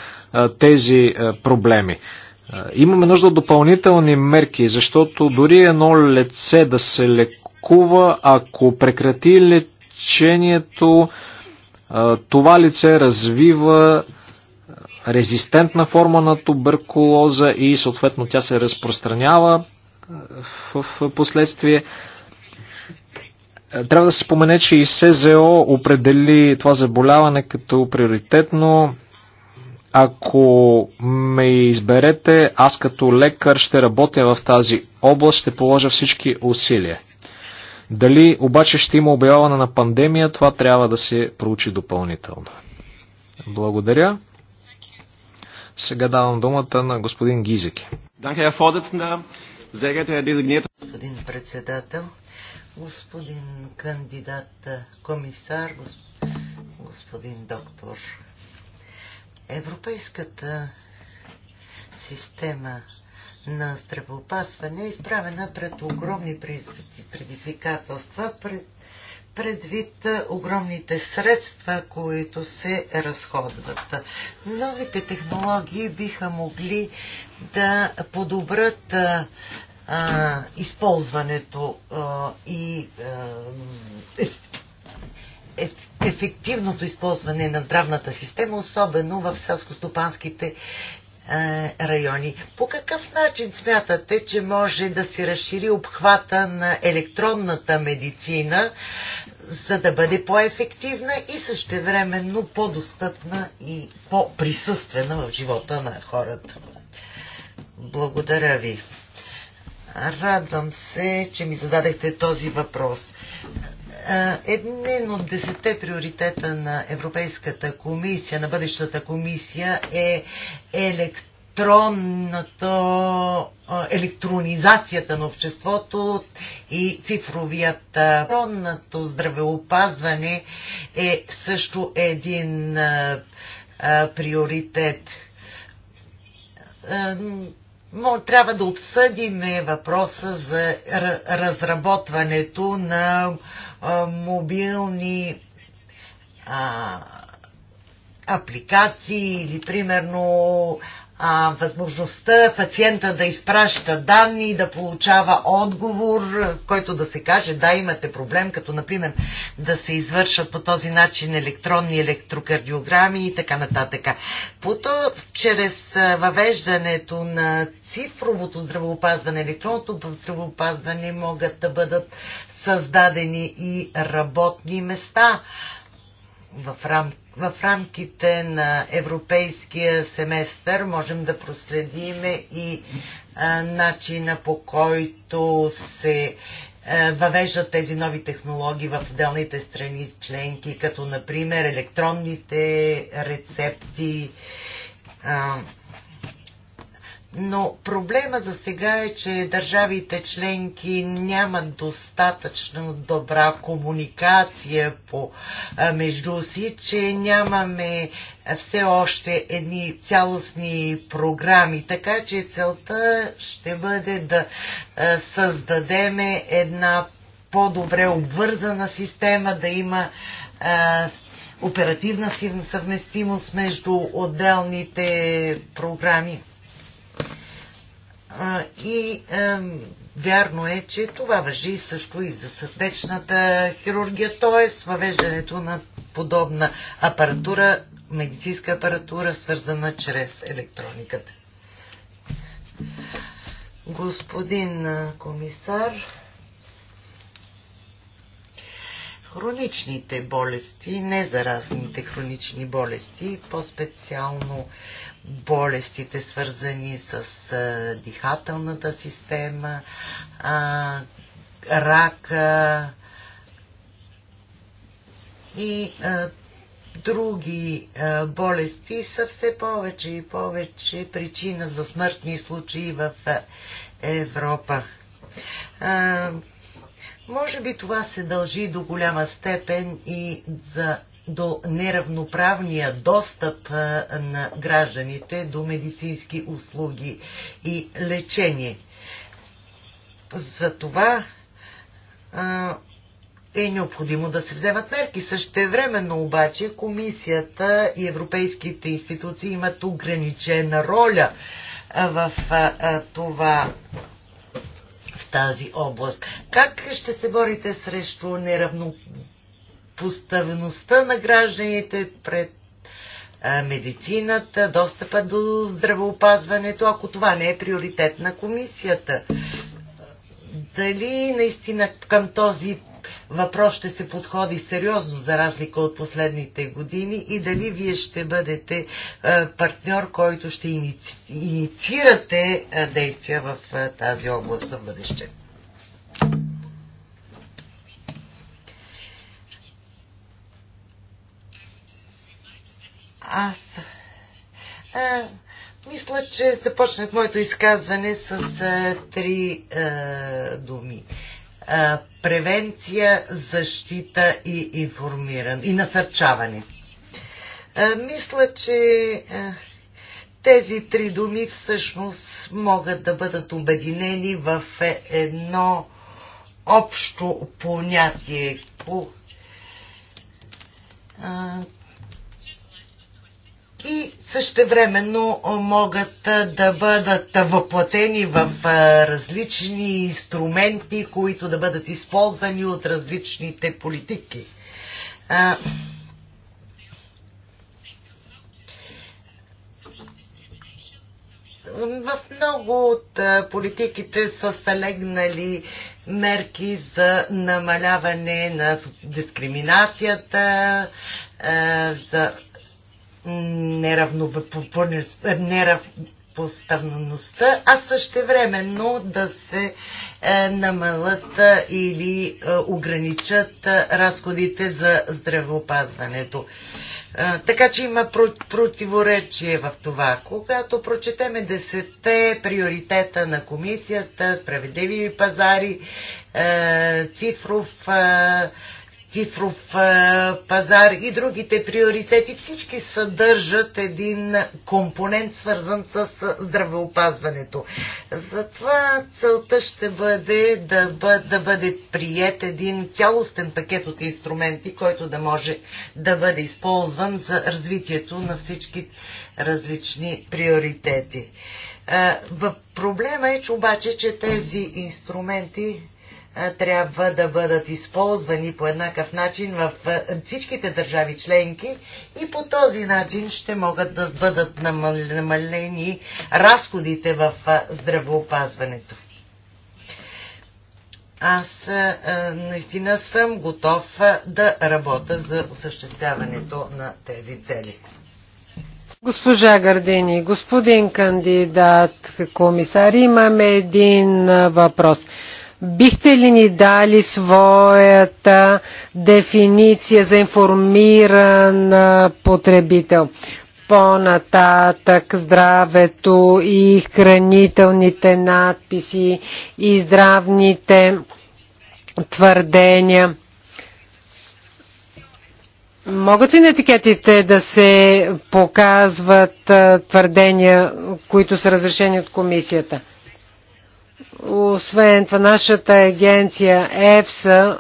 тези проблеми. Имаме нужда от допълнителни мерки, защото дори едно лице да се лекува, ако прекрати лечението, това лице развива резистентна форма на туберкулоза и съответно тя се разпространява в последствие. Е, трябва да се спомене, че и СЗО определи това заболяване като приоритетно. Ако ме изберете, аз като лекар ще работя в тази област, ще положа всички усилия. Дали обаче ще има обявяване на пандемия, това трябва да се проучи допълнително. Благодаря. Сега давам думата на господин Гизеки. Господин председател, господин кандидат комисар, господин доктор. Европейската система на здравеопасване е изправена пред огромни предизвикателства, пред, предвид огромните средства, които се разходват. Новите технологии биха могли да подобрат а, използването а, и а, еф, ефективното използване на здравната система, особено в селскостопанските райони. По какъв начин смятате, че може да се разшири обхвата на електронната медицина, за да бъде по-ефективна и същевременно по-достъпна и по-присъствена в живота на хората? Благодаря ви. Радвам се, че ми зададехте този въпрос. Един от десетте приоритета на Европейската комисия, на бъдещата комисия е електронната електронизацията на обществото и цифровият електронното здравеопазване е също един приоритет трябва да обсъдим въпроса за разработването на мобилни апликации или примерно а, възможността пациента да изпраща данни, да получава отговор, в който да се каже да имате проблем, като например да се извършат по този начин електронни електрокардиограми и така нататък. Пото чрез въвеждането на цифровото здравеопазване, електронното здравеопазване могат да бъдат създадени и работни места в рамките в рамките на европейския семестър можем да проследиме и а, начина по който се а, въвеждат тези нови технологии в отделните страни членки, като например електронните рецепти, а, но проблема за сега е, че държавите членки нямат достатъчно добра комуникация по, а, между си, че нямаме все още едни цялостни програми. Така че целта ще бъде да а, създадеме една по-добре обвързана система, да има а, оперативна съвместимост между отделните програми и вярно е, че това въжи също и за сърдечната хирургия, т.е. въвеждането на подобна апаратура, медицинска апаратура, свързана чрез електрониката. Господин комисар, хроничните болести, незаразните хронични болести, по-специално болестите, свързани с дихателната система, рака и други а, болести са все повече и повече причина за смъртни случаи в а, Европа. А, може би това се дължи до голяма степен и за до неравноправния достъп на гражданите до медицински услуги и лечение. Затова е необходимо да се вземат мерки. Същевременно обаче комисията и европейските институции имат ограничена роля в това в тази област. Как ще се борите срещу неравноправния поставеността на гражданите пред медицината, достъпа до здравеопазването, ако това не е приоритет на комисията. Дали наистина към този въпрос ще се подходи сериозно за разлика от последните години и дали вие ще бъдете партньор, който ще инициирате действия в тази област в бъдеще? Аз а, мисля, че започнах моето изказване с а, три а, думи. А, превенция, защита и информиране и насърчаване. А, мисля, че а, тези три думи всъщност могат да бъдат обединени в едно общо понятие по и същевременно могат да бъдат въплатени в различни инструменти, които да бъдат използвани от различните политики. В много от политиките са залегнали мерки за намаляване на дискриминацията, за Неравнопоставността, а същевременно да се е, намалят е, или е, ограничат разходите за здравеопазването. Така че има противоречие в това. Когато прочетеме десетте приоритета на комисията, справедливи пазари, цифров цифров пазар и другите приоритети, всички съдържат един компонент, свързан с здравеопазването. Затова целта ще бъде да, бъде да бъде прият един цялостен пакет от инструменти, който да може да бъде използван за развитието на всички различни приоритети. Проблема е, че обаче, че тези инструменти трябва да бъдат използвани по еднакъв начин в всичките държави членки и по този начин ще могат да бъдат намалени разходите в здравеопазването. Аз наистина съм готов да работя за осъществяването на тези цели. Госпожа Гардени, господин кандидат комисар, имаме един въпрос. Бихте ли ни дали своята дефиниция за информиран потребител? По-нататък здравето и хранителните надписи и здравните твърдения. Могат ли на етикетите да се показват твърдения, които са разрешени от комисията? Освен това, нашата агенция ЕФСА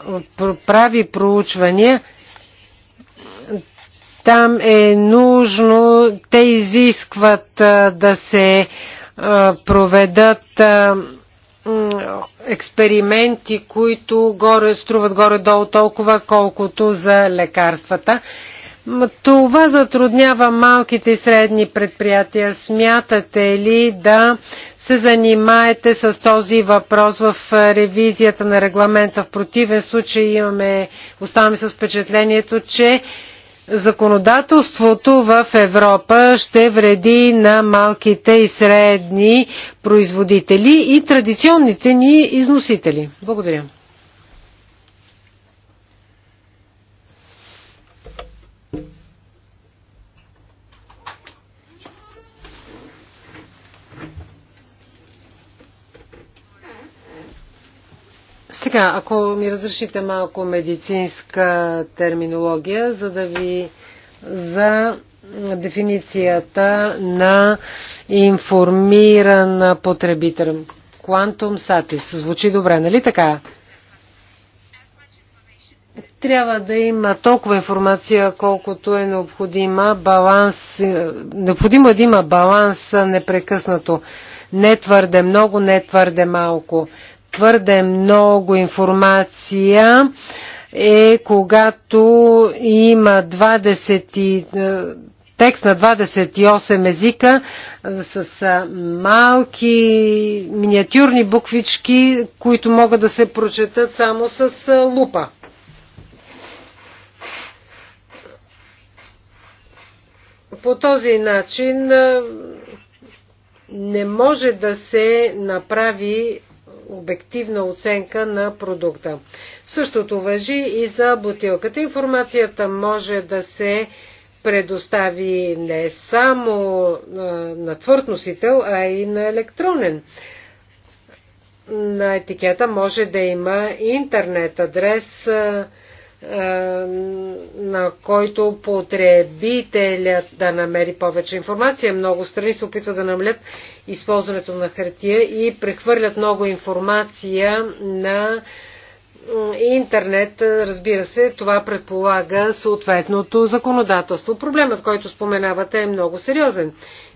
прави проучвания. Там е нужно, те изискват да се проведат експерименти, които горе, струват горе-долу толкова, колкото за лекарствата. Това затруднява малките и средни предприятия. Смятате ли да се занимаете с този въпрос в е, ревизията на регламента. В противен случай имаме, оставаме с впечатлението, че законодателството в Европа ще вреди на малките и средни производители и традиционните ни износители. Благодаря. Сега, ако ми разрешите малко медицинска терминология, за да ви за дефиницията на информиран потребител. Quantum Satis. Звучи добре, нали така? Трябва да има толкова информация, колкото е необходима. Баланс, необходимо е да има баланс непрекъснато. Не твърде много, не твърде малко твърде много информация е когато има 20, е, текст на 28 езика е, с е, малки миниатюрни буквички, които могат да се прочетат само с лупа. По този начин не може да се направи обективна оценка на продукта. Същото въжи и за бутилката. Информацията може да се предостави не само на твърд носител, а и на електронен. На етикета може да има интернет адрес, на който потребителят да намери повече информация. Много страни се опитват да намалят използването на хартия и прехвърлят много информация на интернет. Разбира се, това предполага съответното законодателство. Проблемът, който споменавате, е много сериозен.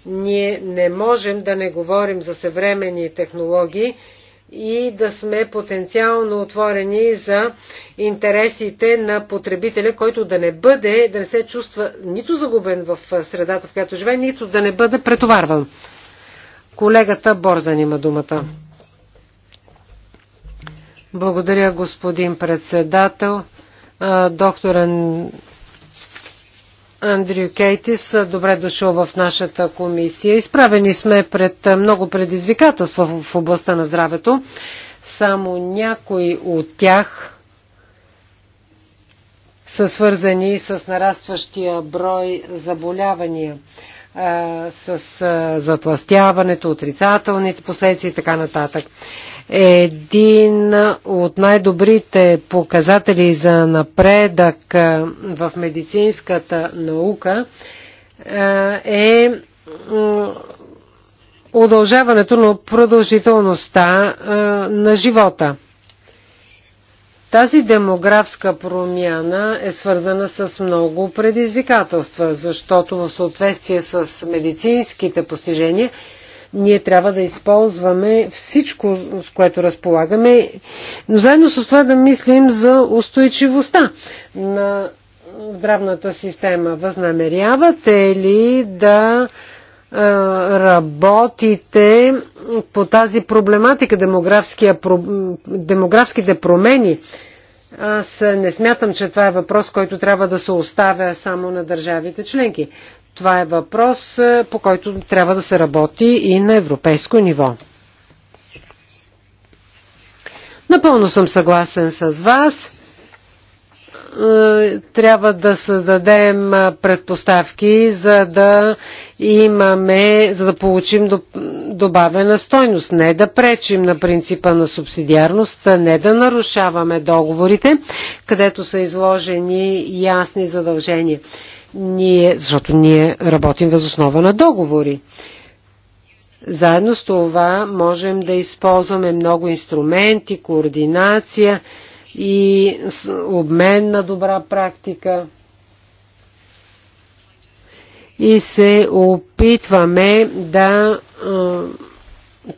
Ние не можем да не говорим за съвременни технологии и да сме потенциално отворени за интересите на потребителя, който да не бъде, да не се чувства нито загубен в средата, в която живее, нито да не бъде претоварван. Колегата Борзан има думата. Благодаря, господин председател. Доктор Андрю Кейтис. Добре дошъл в нашата комисия. Изправени сме пред много предизвикателства в областта на здравето. Само някои от тях са свързани с нарастващия брой заболявания, с затластяването, отрицателните последици и така нататък един от най-добрите показатели за напредък в медицинската наука е удължаването на продължителността на живота. Тази демографска промяна е свързана с много предизвикателства, защото в съответствие с медицинските постижения ние трябва да използваме всичко, с което разполагаме, но заедно с това да мислим за устойчивостта на здравната система. Възнамерявате ли да работите по тази проблематика, демографските промени. Аз не смятам, че това е въпрос, който трябва да се оставя само на държавите членки. Това е въпрос, е, по който трябва да се работи и на европейско ниво. Напълно съм съгласен с вас. Е, трябва да създадем е, предпоставки, за да имаме, за да получим добавена стойност. Не да пречим на принципа на субсидиарност, не да нарушаваме договорите, където са изложени ясни задължения ние, защото ние работим въз основа на договори. Заедно с това можем да използваме много инструменти, координация и обмен на добра практика. И се опитваме да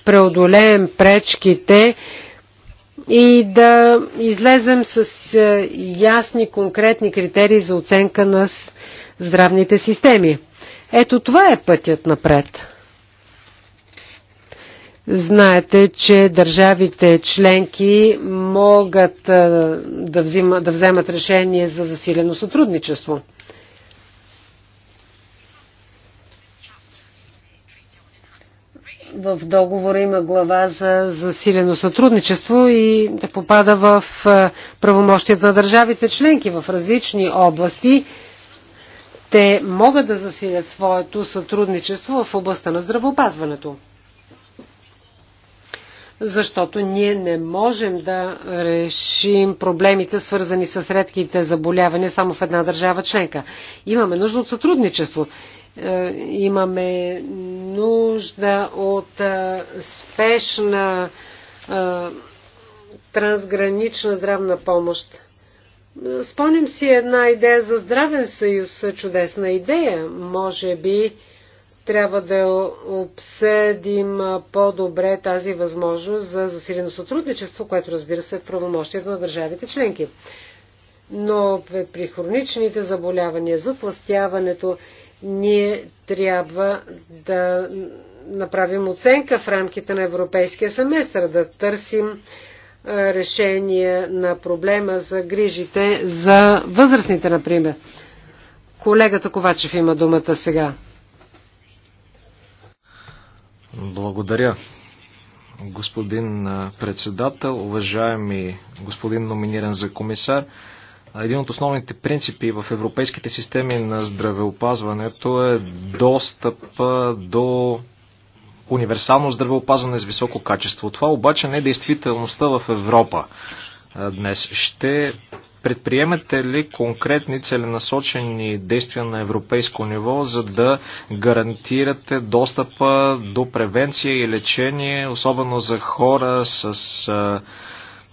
преодолеем пречките и да излезем с ясни, конкретни критерии за оценка на здравните системи. Ето това е пътят напред. Знаете, че държавите членки могат да, взима, да вземат решение за засилено сътрудничество. В договора има глава за засилено сътрудничество и да попада в правомощията на държавите членки в различни области те могат да засилят своето сътрудничество в областта на здравопазването. Защото ние не можем да решим проблемите, свързани с редките заболявания, само в една държава членка. Имаме нужда от сътрудничество е, имаме нужда от е, спешна е, трансгранична здравна помощ. Спомням си една идея за здравен съюз, чудесна идея. Може би трябва да обсъдим по-добре тази възможност за засилено сътрудничество, което разбира се е в правомощията на държавите членки. Но при хроничните заболявания, затластяването, ние трябва да направим оценка в рамките на европейския семестър, да търсим решение на проблема за грижите за възрастните, например. Колегата Ковачев има думата сега. Благодаря. Господин председател, уважаеми господин номиниран за комисар, един от основните принципи в европейските системи на здравеопазването е достъп до универсално здравеопазване с високо качество. Това обаче не е действителността в Европа днес. Ще предприемете ли конкретни целенасочени действия на европейско ниво, за да гарантирате достъпа до превенция и лечение, особено за хора с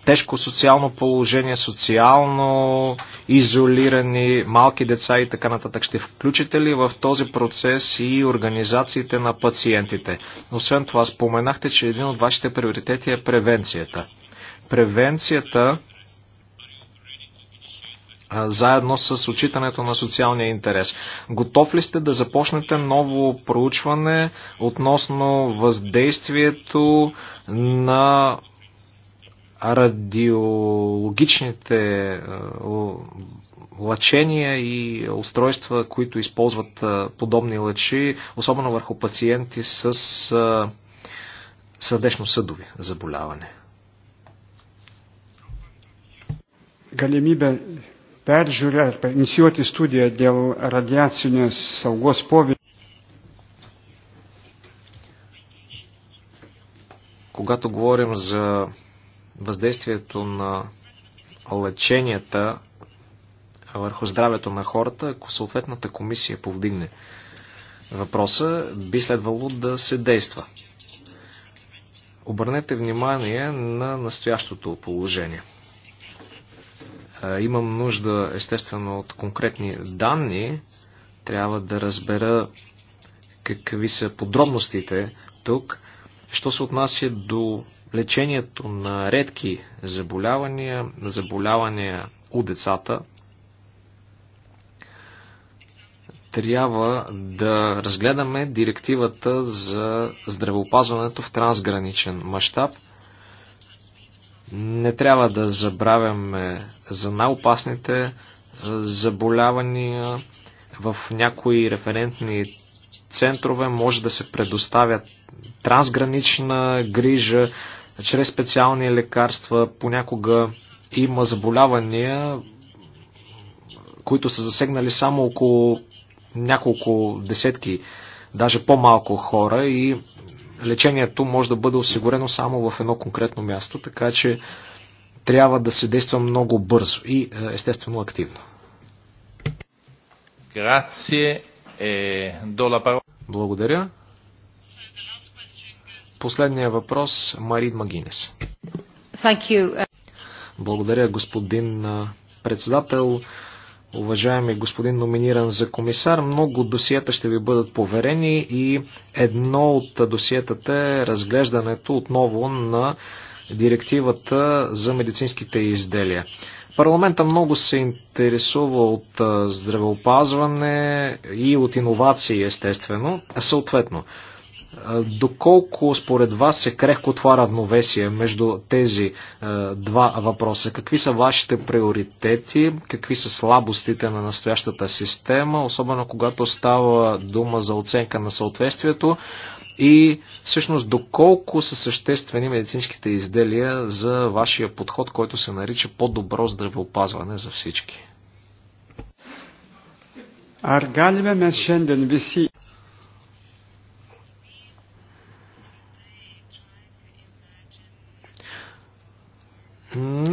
тежко социално положение, социално изолирани, малки деца и така нататък. Ще включите ли в този процес и организациите на пациентите? Освен това, споменахте, че един от вашите приоритети е превенцията. Превенцията заедно с отчитането на социалния интерес. Готов ли сте да започнете ново проучване относно въздействието на радиологичните лъчения и устройства, които използват подобни лъчи, особено върху пациенти с сърдечно-съдови заболяване. Galimybė peržiūrėti arba inicijuoti studiją dėl radiacinės saugos poveikio. Когато говорим за въздействието на леченията върху здравето на хората, ако съответната комисия повдигне въпроса, би следвало да се действа. Обърнете внимание на настоящото положение. Имам нужда, естествено, от конкретни данни. Трябва да разбера какви са подробностите тук. Що се отнася до лечението на редки заболявания, заболявания у децата, трябва да разгледаме директивата за здравеопазването в трансграничен мащаб. Не трябва да забравяме за най-опасните заболявания. В някои референтни центрове може да се предоставят трансгранична грижа, чрез специални лекарства. Понякога има заболявания, които са засегнали само около няколко десетки, даже по-малко хора и лечението може да бъде осигурено само в едно конкретно място, така че трябва да се действа много бързо и е, естествено активно. Е, Благодаря. Последния въпрос Марид Магинес. Благодаря, господин председател. Уважаеми господин номиниран за комисар, много досиета ще ви бъдат поверени и едно от досиетата е разглеждането отново на директивата за медицинските изделия. Парламента много се интересува от здравеопазване и от иновации, естествено, съответно. Доколко според вас се крехко това равновесие между тези два въпроса? Какви са вашите приоритети? Какви са слабостите на настоящата система, особено когато става дума за оценка на съответствието? И всъщност доколко са съществени медицинските изделия за вашия подход, който се нарича по-добро здравеопазване за всички? Ar galime mes šiandien visi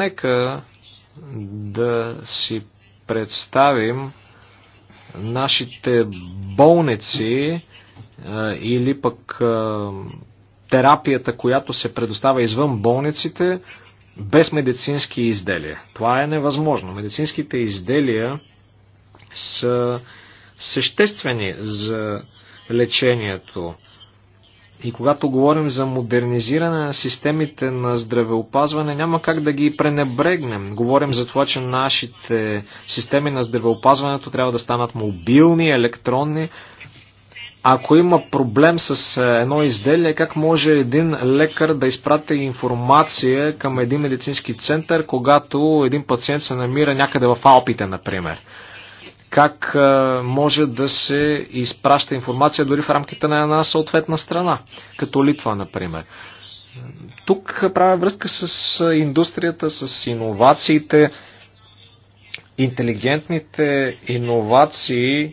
Нека да си представим нашите болници или пък терапията, която се предоставя извън болниците, без медицински изделия. Това е невъзможно. Медицинските изделия са съществени за лечението. И когато говорим за модернизиране на системите на здравеопазване, няма как да ги пренебрегнем. Говорим за това, че нашите системи на здравеопазването трябва да станат мобилни, електронни. Ако има проблем с е, едно изделие, как може един лекар да изпрати информация към един медицински център, когато един пациент се намира някъде в Алпите, например? как може да се изпраща информация дори в рамките на една съответна страна, като Литва, например. Тук правя връзка с индустрията, с иновациите. Интелигентните иновации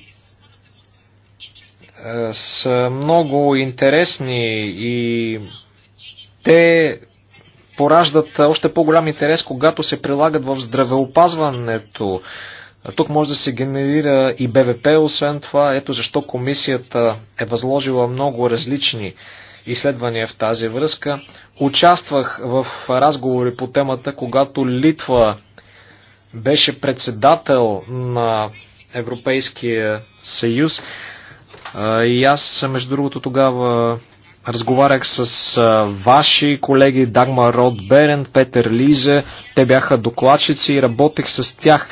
са много интересни и те пораждат още по-голям интерес, когато се прилагат в здравеопазването, тук може да се генерира и БВП, освен това, ето защо комисията е възложила много различни изследвания в тази връзка. Участвах в разговори по темата, когато Литва беше председател на Европейския съюз. И аз, между другото, тогава разговарях с ваши колеги Дагма Род Берен, Петър Лизе. Те бяха докладчици и работех с тях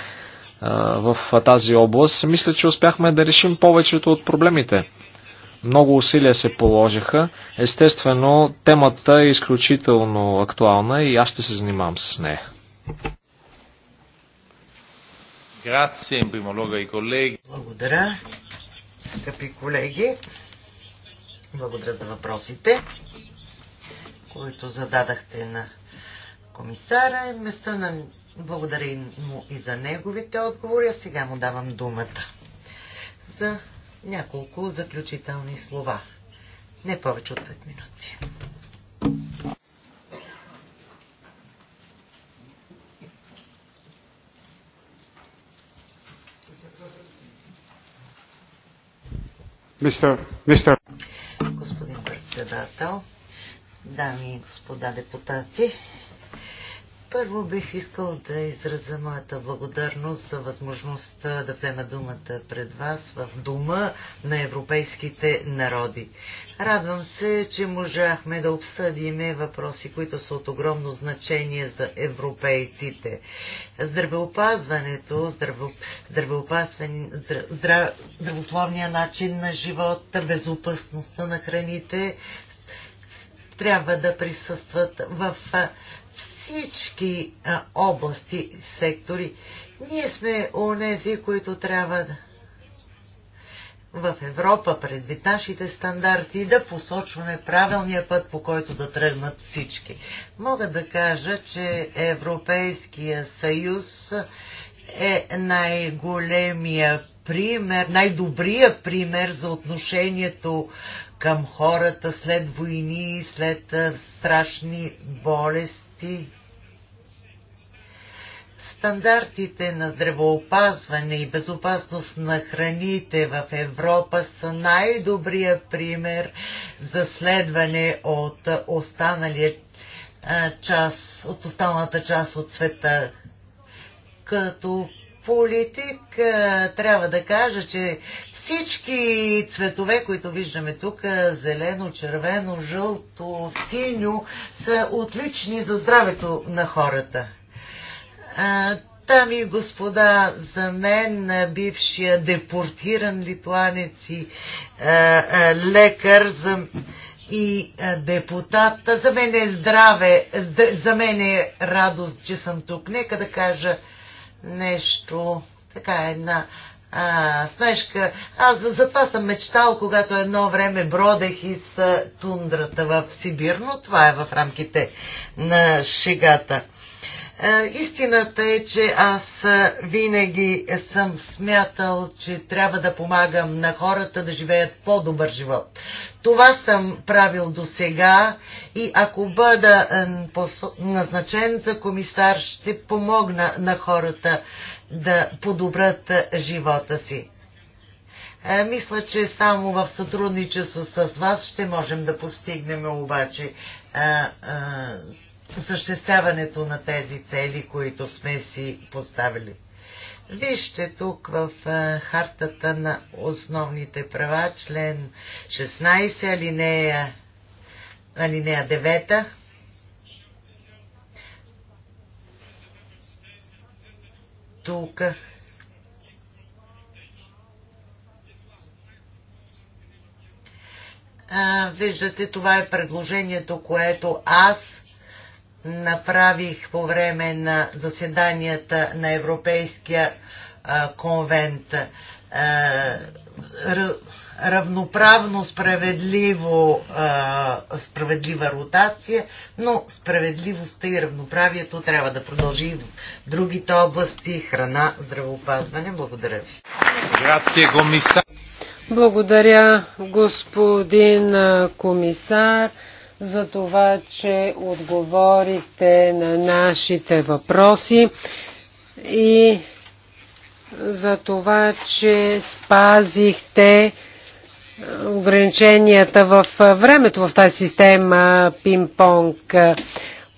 в тази област, мисля, че успяхме да решим повечето от проблемите. Много усилия се положиха. Естествено, темата е изключително актуална и аз ще се занимавам с нея. Благодаря, скъпи колеги. Благодаря за въпросите, които зададахте на комисара. Места на благодаря му и за неговите отговори, а сега му давам думата за няколко заключителни слова. Не повече от 5 минути. Мистер, мистер. Господин председател, дами и господа депутати, първо бих искал да изразя моята благодарност за възможността да взема думата пред вас в Дума на европейските народи. Радвам се, че можахме да обсъдим въпроси, които са от огромно значение за европейците. Здравеопазването, здраво, здравословния начин на живота, безопасността на храните трябва да присъстват в всички а, области, сектори. Ние сме онези, които трябва да в Европа, предвид нашите стандарти, да посочваме правилния път, по който да тръгнат всички. Мога да кажа, че Европейския съюз е най-големия пример, най-добрия пример за отношението към хората след войни, след страшни болести стандарти стандартите на здравеопазване и безопасност на храните в Европа са най-добрия пример за следване от останалия част, от останалата част от света. Като политик трябва да кажа, че всички цветове, които виждаме тук, зелено, червено, жълто, синьо, са отлични за здравето на хората. Там и господа, за мен бившия депортиран литуанец и лекар за, и депутата. депутат, за мен е здраве, за мен е радост, че съм тук. Нека да кажа нещо, така една а, смешка. Аз за, за това съм мечтал, когато едно време бродех из тундрата в Сибир, но това е в рамките на шегата. А, истината е, че аз винаги съм смятал, че трябва да помагам на хората да живеят по-добър живот. Това съм правил до сега и ако бъда е, назначен за комисар, ще помогна на хората да подобрат е, живота си. Е, мисля, че само в сътрудничество с вас ще можем да постигнем обаче съществяването на тези цели, които сме си поставили. Вижте тук в хартата на основните права, член 16, алинея, алинея 9. Тук виждате, това е предложението, което аз направих по време на заседанията на Европейския конвент. Равноправно справедливо, справедлива ротация, но справедливостта и равноправието трябва да продължи и в другите области храна, здравеопазване. Благодаря ви. Благодаря, господин комисар за това, че отговорихте на нашите въпроси и за това, че спазихте ограниченията в времето в тази система пинг-понг.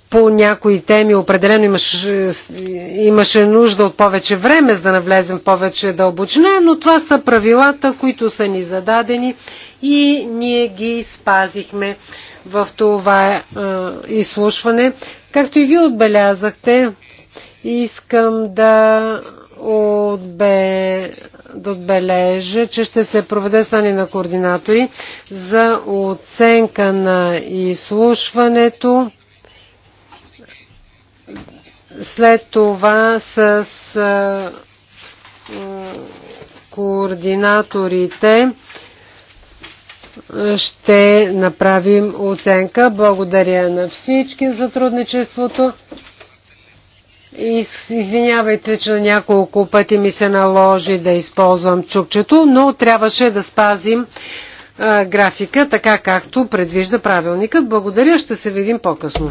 По някои теми определено имаше, имаше нужда от повече време, за да навлезем повече дълбочина, но това са правилата, които са ни зададени и ние ги спазихме в това е, изслушване. Както и вие отбелязахте, искам да, отбе, да отбележа, че ще се проведе стане на координатори за оценка на изслушването. След това с е, координаторите ще направим оценка. Благодаря на всички за трудничеството. Извинявайте, че няколко пъти ми се наложи да използвам чукчето, но трябваше да спазим графика, така както предвижда правилникът. Благодаря, ще се видим по-късно.